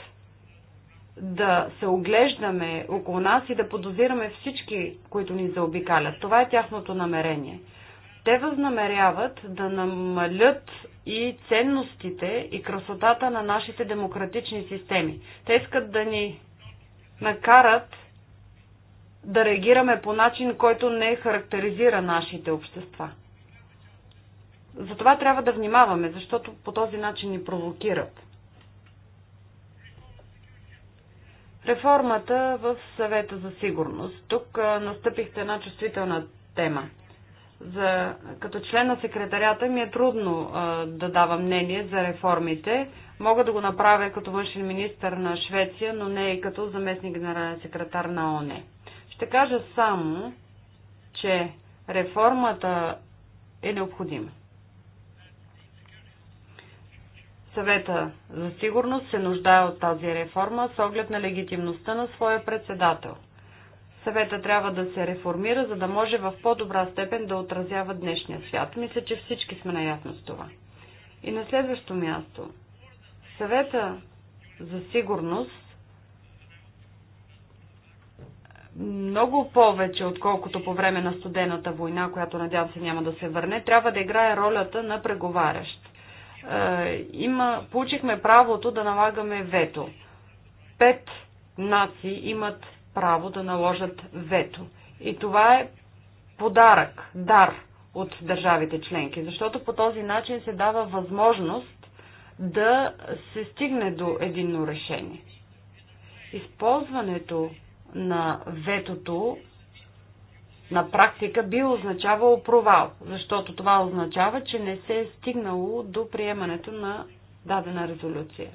да се оглеждаме около нас и да подозираме всички, които ни заобикалят. Това е тяхното намерение. Те възнамеряват да намалят и ценностите и красотата на нашите демократични системи. Те искат да ни накарат да реагираме по начин, който не характеризира нашите общества. Затова трябва да внимаваме, защото по този начин ни провокират. Реформата в съвета за сигурност. Тук настъпихте една чувствителна тема. За, като член на секретарята ми е трудно а, да давам мнение за реформите. Мога да го направя като външен министр на Швеция, но не и като заместник генерален секретар на ОНЕ. Ще кажа само, че реформата е необходима. Съвета за сигурност се нуждае от тази реформа с оглед на легитимността на своя председател. Съвета трябва да се реформира, за да може в по-добра степен да отразява днешния свят. Мисля, че всички сме наясно с това. И на следващо място. Съвета за сигурност много повече, отколкото по време на студената война, която надявам се няма да се върне, трябва да играе ролята на преговарящ. Е, има, получихме правото да налагаме вето. Пет нации имат право да наложат вето. И това е подарък, дар от държавите членки, защото по този начин се дава възможност да се стигне до единно решение. Използването на ветото на практика би означавало провал, защото това означава, че не се е стигнало до приемането на дадена резолюция.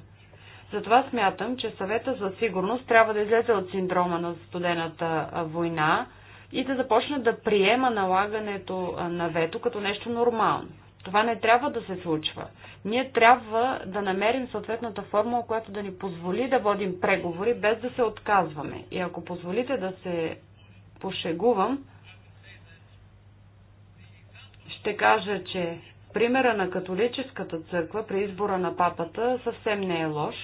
Затова смятам, че съвета за сигурност трябва да излезе от синдрома на студената война и да започне да приема налагането на вето като нещо нормално. Това не трябва да се случва. Ние трябва да намерим съответната формула, която да ни позволи да водим преговори без да се отказваме. И ако позволите да се пошегувам, ще кажа, че примера на католическата църква при избора на папата съвсем не е лош.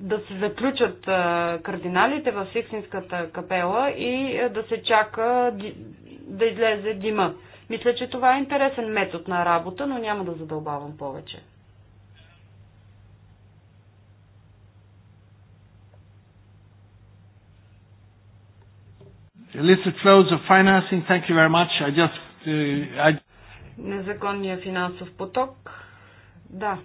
Да се заключат кардиналите в Сиксинската капела и да се чака да излезе дима. Мисля, че това е интересен метод на работа, но няма да задълбавам повече. illicit flows of financing. Thank you very much. I just е, Незаконния финансов поток. Да.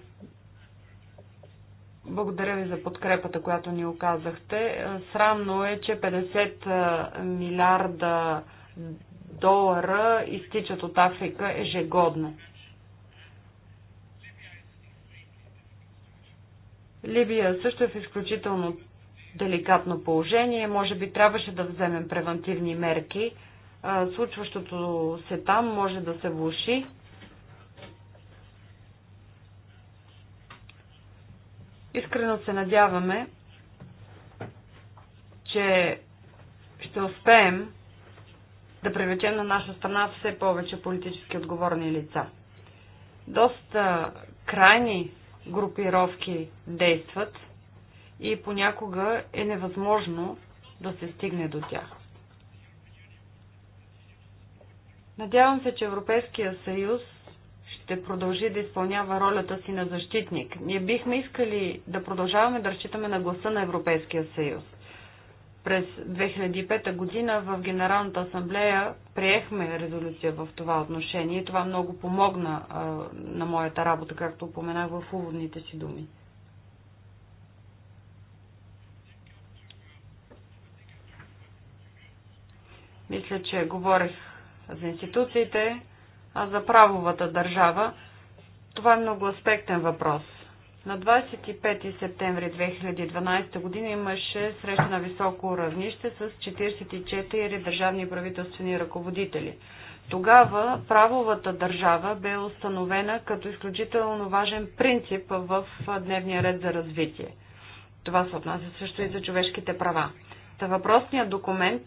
Благодаря ви за подкрепата, която ни оказахте. Е, срамно е, че 50 е, милиарда долара изтичат от Африка ежегодно. Либия също е в изключително деликатно положение. Може би трябваше да вземем превентивни мерки случващото се там може да се влуши. Искрено се надяваме, че ще успеем да привлечем на наша страна все повече политически отговорни лица. Доста крайни групировки действат и понякога е невъзможно да се стигне до тях. Надявам се, че Европейския съюз ще продължи да изпълнява ролята си на защитник. Ние бихме искали да продължаваме да разчитаме на гласа на Европейския съюз. През 2005 година в Генералната асамблея приехме резолюция в това отношение и това много помогна а, на моята работа, както упоменах в уводните си думи. Мисля, че говорех за институциите, а за правовата държава. Това е много аспектен въпрос. На 25 септември 2012 година имаше среща на високо равнище с 44 държавни правителствени ръководители. Тогава правовата държава бе установена като изключително важен принцип в дневния ред за развитие. Това се отнася също и за човешките права. Та въпросният документ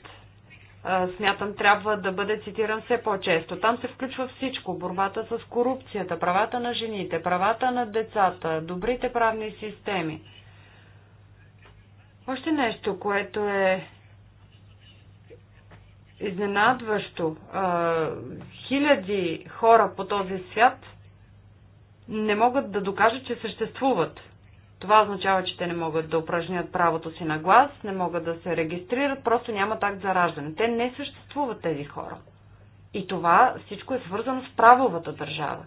смятам, трябва да бъде цитиран все по-често. Там се включва всичко. Борбата с корупцията, правата на жените, правата на децата, добрите правни системи. Още нещо, което е изненадващо. Хиляди хора по този свят не могат да докажат, че съществуват. Това означава, че те не могат да упражнят правото си на глас, не могат да се регистрират, просто няма так за раждане. Те не съществуват тези хора. И това всичко е свързано с правовата държава.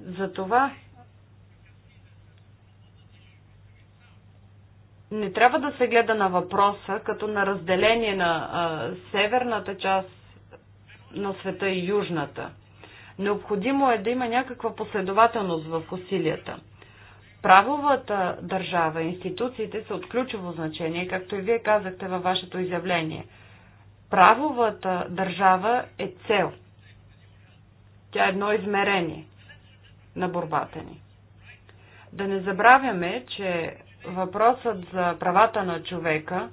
Затова не трябва да се гледа на въпроса като на разделение на а, северната част на света и южната. Необходимо е да има някаква последователност в усилията правовата държава, институциите са от ключово значение, както и вие казахте във вашето изявление. Правовата държава е цел. Тя е едно измерение на борбата ни. Да не забравяме, че въпросът за правата на човека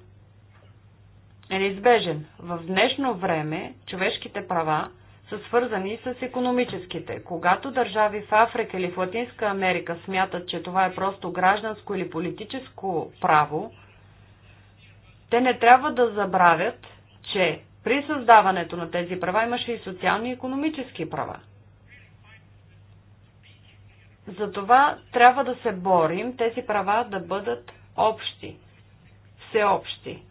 е неизбежен. В днешно време човешките права са свързани с економическите. Когато държави в Африка или в Латинска Америка смятат, че това е просто гражданско или политическо право, те не трябва да забравят, че при създаването на тези права имаше и социални и економически права. Затова трябва да се борим тези права да бъдат общи, всеобщи,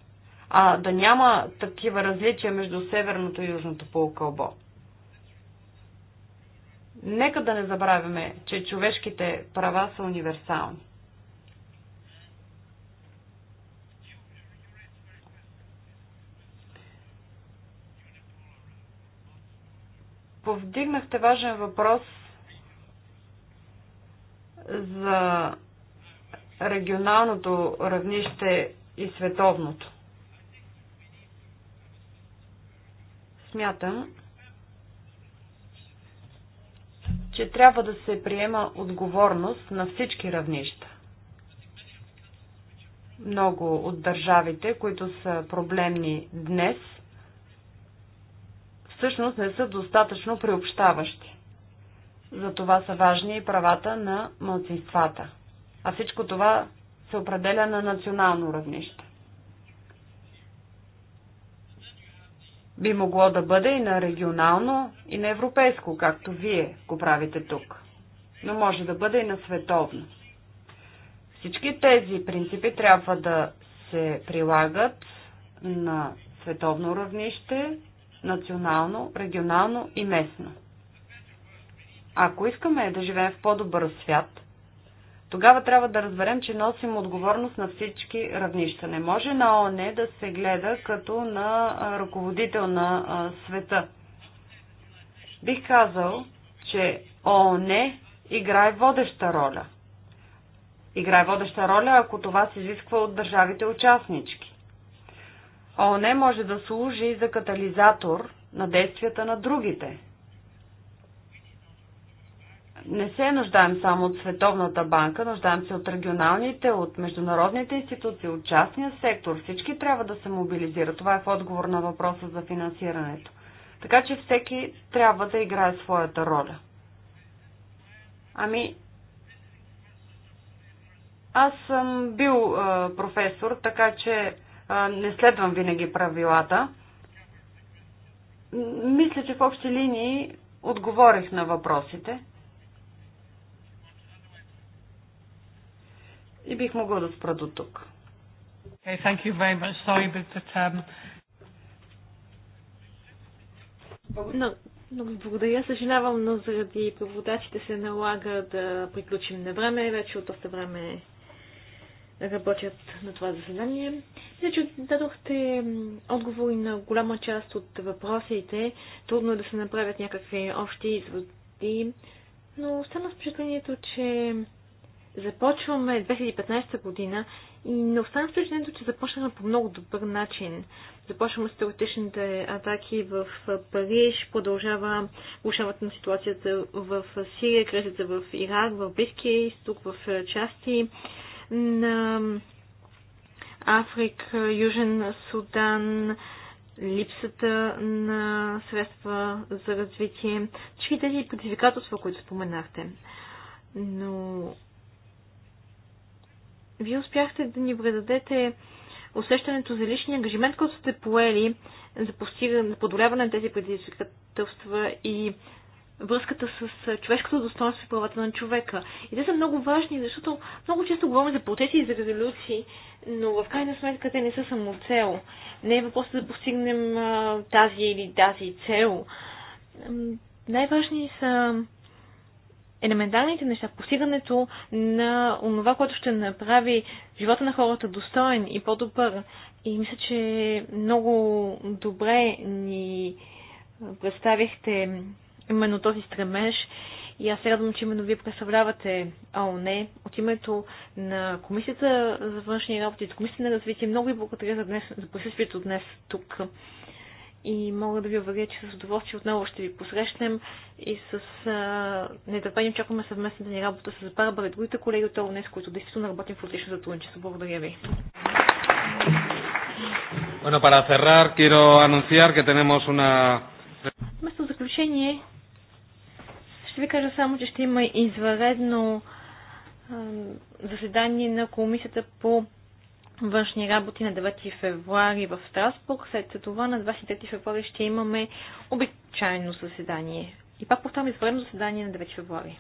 а да няма такива различия между северното и южното полукълбо. Нека да не забравяме, че човешките права са универсални. Повдигнахте важен въпрос за регионалното равнище и световното. Смятам, че трябва да се приема отговорност на всички равнища. Много от държавите, които са проблемни днес, всъщност не са достатъчно приобщаващи. За това са важни и правата на младсинствата. А всичко това се определя на национално равнище. би могло да бъде и на регионално, и на европейско, както вие го правите тук. Но може да бъде и на световно. Всички тези принципи трябва да се прилагат на световно равнище, национално, регионално и местно. Ако искаме да живеем в по-добър свят – тогава трябва да разберем, че носим отговорност на всички равнища. Не може на ООН да се гледа като на ръководител на света. Бих казал, че ООН играе водеща роля. Играе водеща роля, ако това се изисква от държавите участнички. ООН може да служи за катализатор на действията на другите – не се нуждаем само от Световната банка, нуждаем се от регионалните, от международните институции, от частния сектор. Всички трябва да се мобилизират. Това е в отговор на въпроса за финансирането. Така че всеки трябва да играе своята роля. Ами, аз съм бил е, професор, така че е, не следвам винаги правилата. Мисля, че в общи линии отговорих на въпросите. И бих могъл да спра до тук. Okay, thank you very much. Sorry, but, um... Но, но благодаря. Съжалявам, но заради преводачите се налага да приключим на време. Вече от доста време работят на това заседание. Вече дадохте отговори на голяма част от въпросите. Трудно е да се направят някакви общи изводи, но остана впечатлението, че Започваме 2015 година и не останах впечатлението, че започнахме по много добър начин. Започваме с теоретичните атаки в Париж, продължава влушаването на ситуацията в Сирия, кризата в Ирак, в Близкия изток, в части на Африка, Южен Судан, липсата на средства за развитие, всички тези предизвикателства, които споменахте. Но вие успяхте да ни предадете усещането за личния ангажимент, който сте поели за постигане, за подоляване на тези предизвикателства и връзката с човешкото достоинство и правата на човека. И те са много важни, защото много често говорим за процеси и за резолюции, но в крайна сметка те не са само цел. Не е въпросът да постигнем тази или тази цел. Най-важни са елементарните неща, постигането на онова, което ще направи живота на хората достоен и по-добър. И мисля, че много добре ни представихте именно този стремеж. И аз се радвам, че именно вие представлявате ООН от името на Комисията за външни работи, Комисията на развитие. Много ви благодаря за, днес, за присъствието днес тук и мога да ви уверя, че с удоволствие отново ще ви посрещнем и с а, нетърпение очакваме съвместната ни работа с Барбара и другите колеги от ОНЕС, които действително работим в отлично сътрудничество. Благодаря ви. Bueno, para cerrar, quiero anunciar que tenemos una... Вместо заключение, ще ви кажа само, че ще има извънредно заседание на Комисията по външни работи на 9 февруари в Страсбург. След това на 23 февруари ще имаме обичайно заседание. И пак повтарям извънредно заседание на 9 февруари.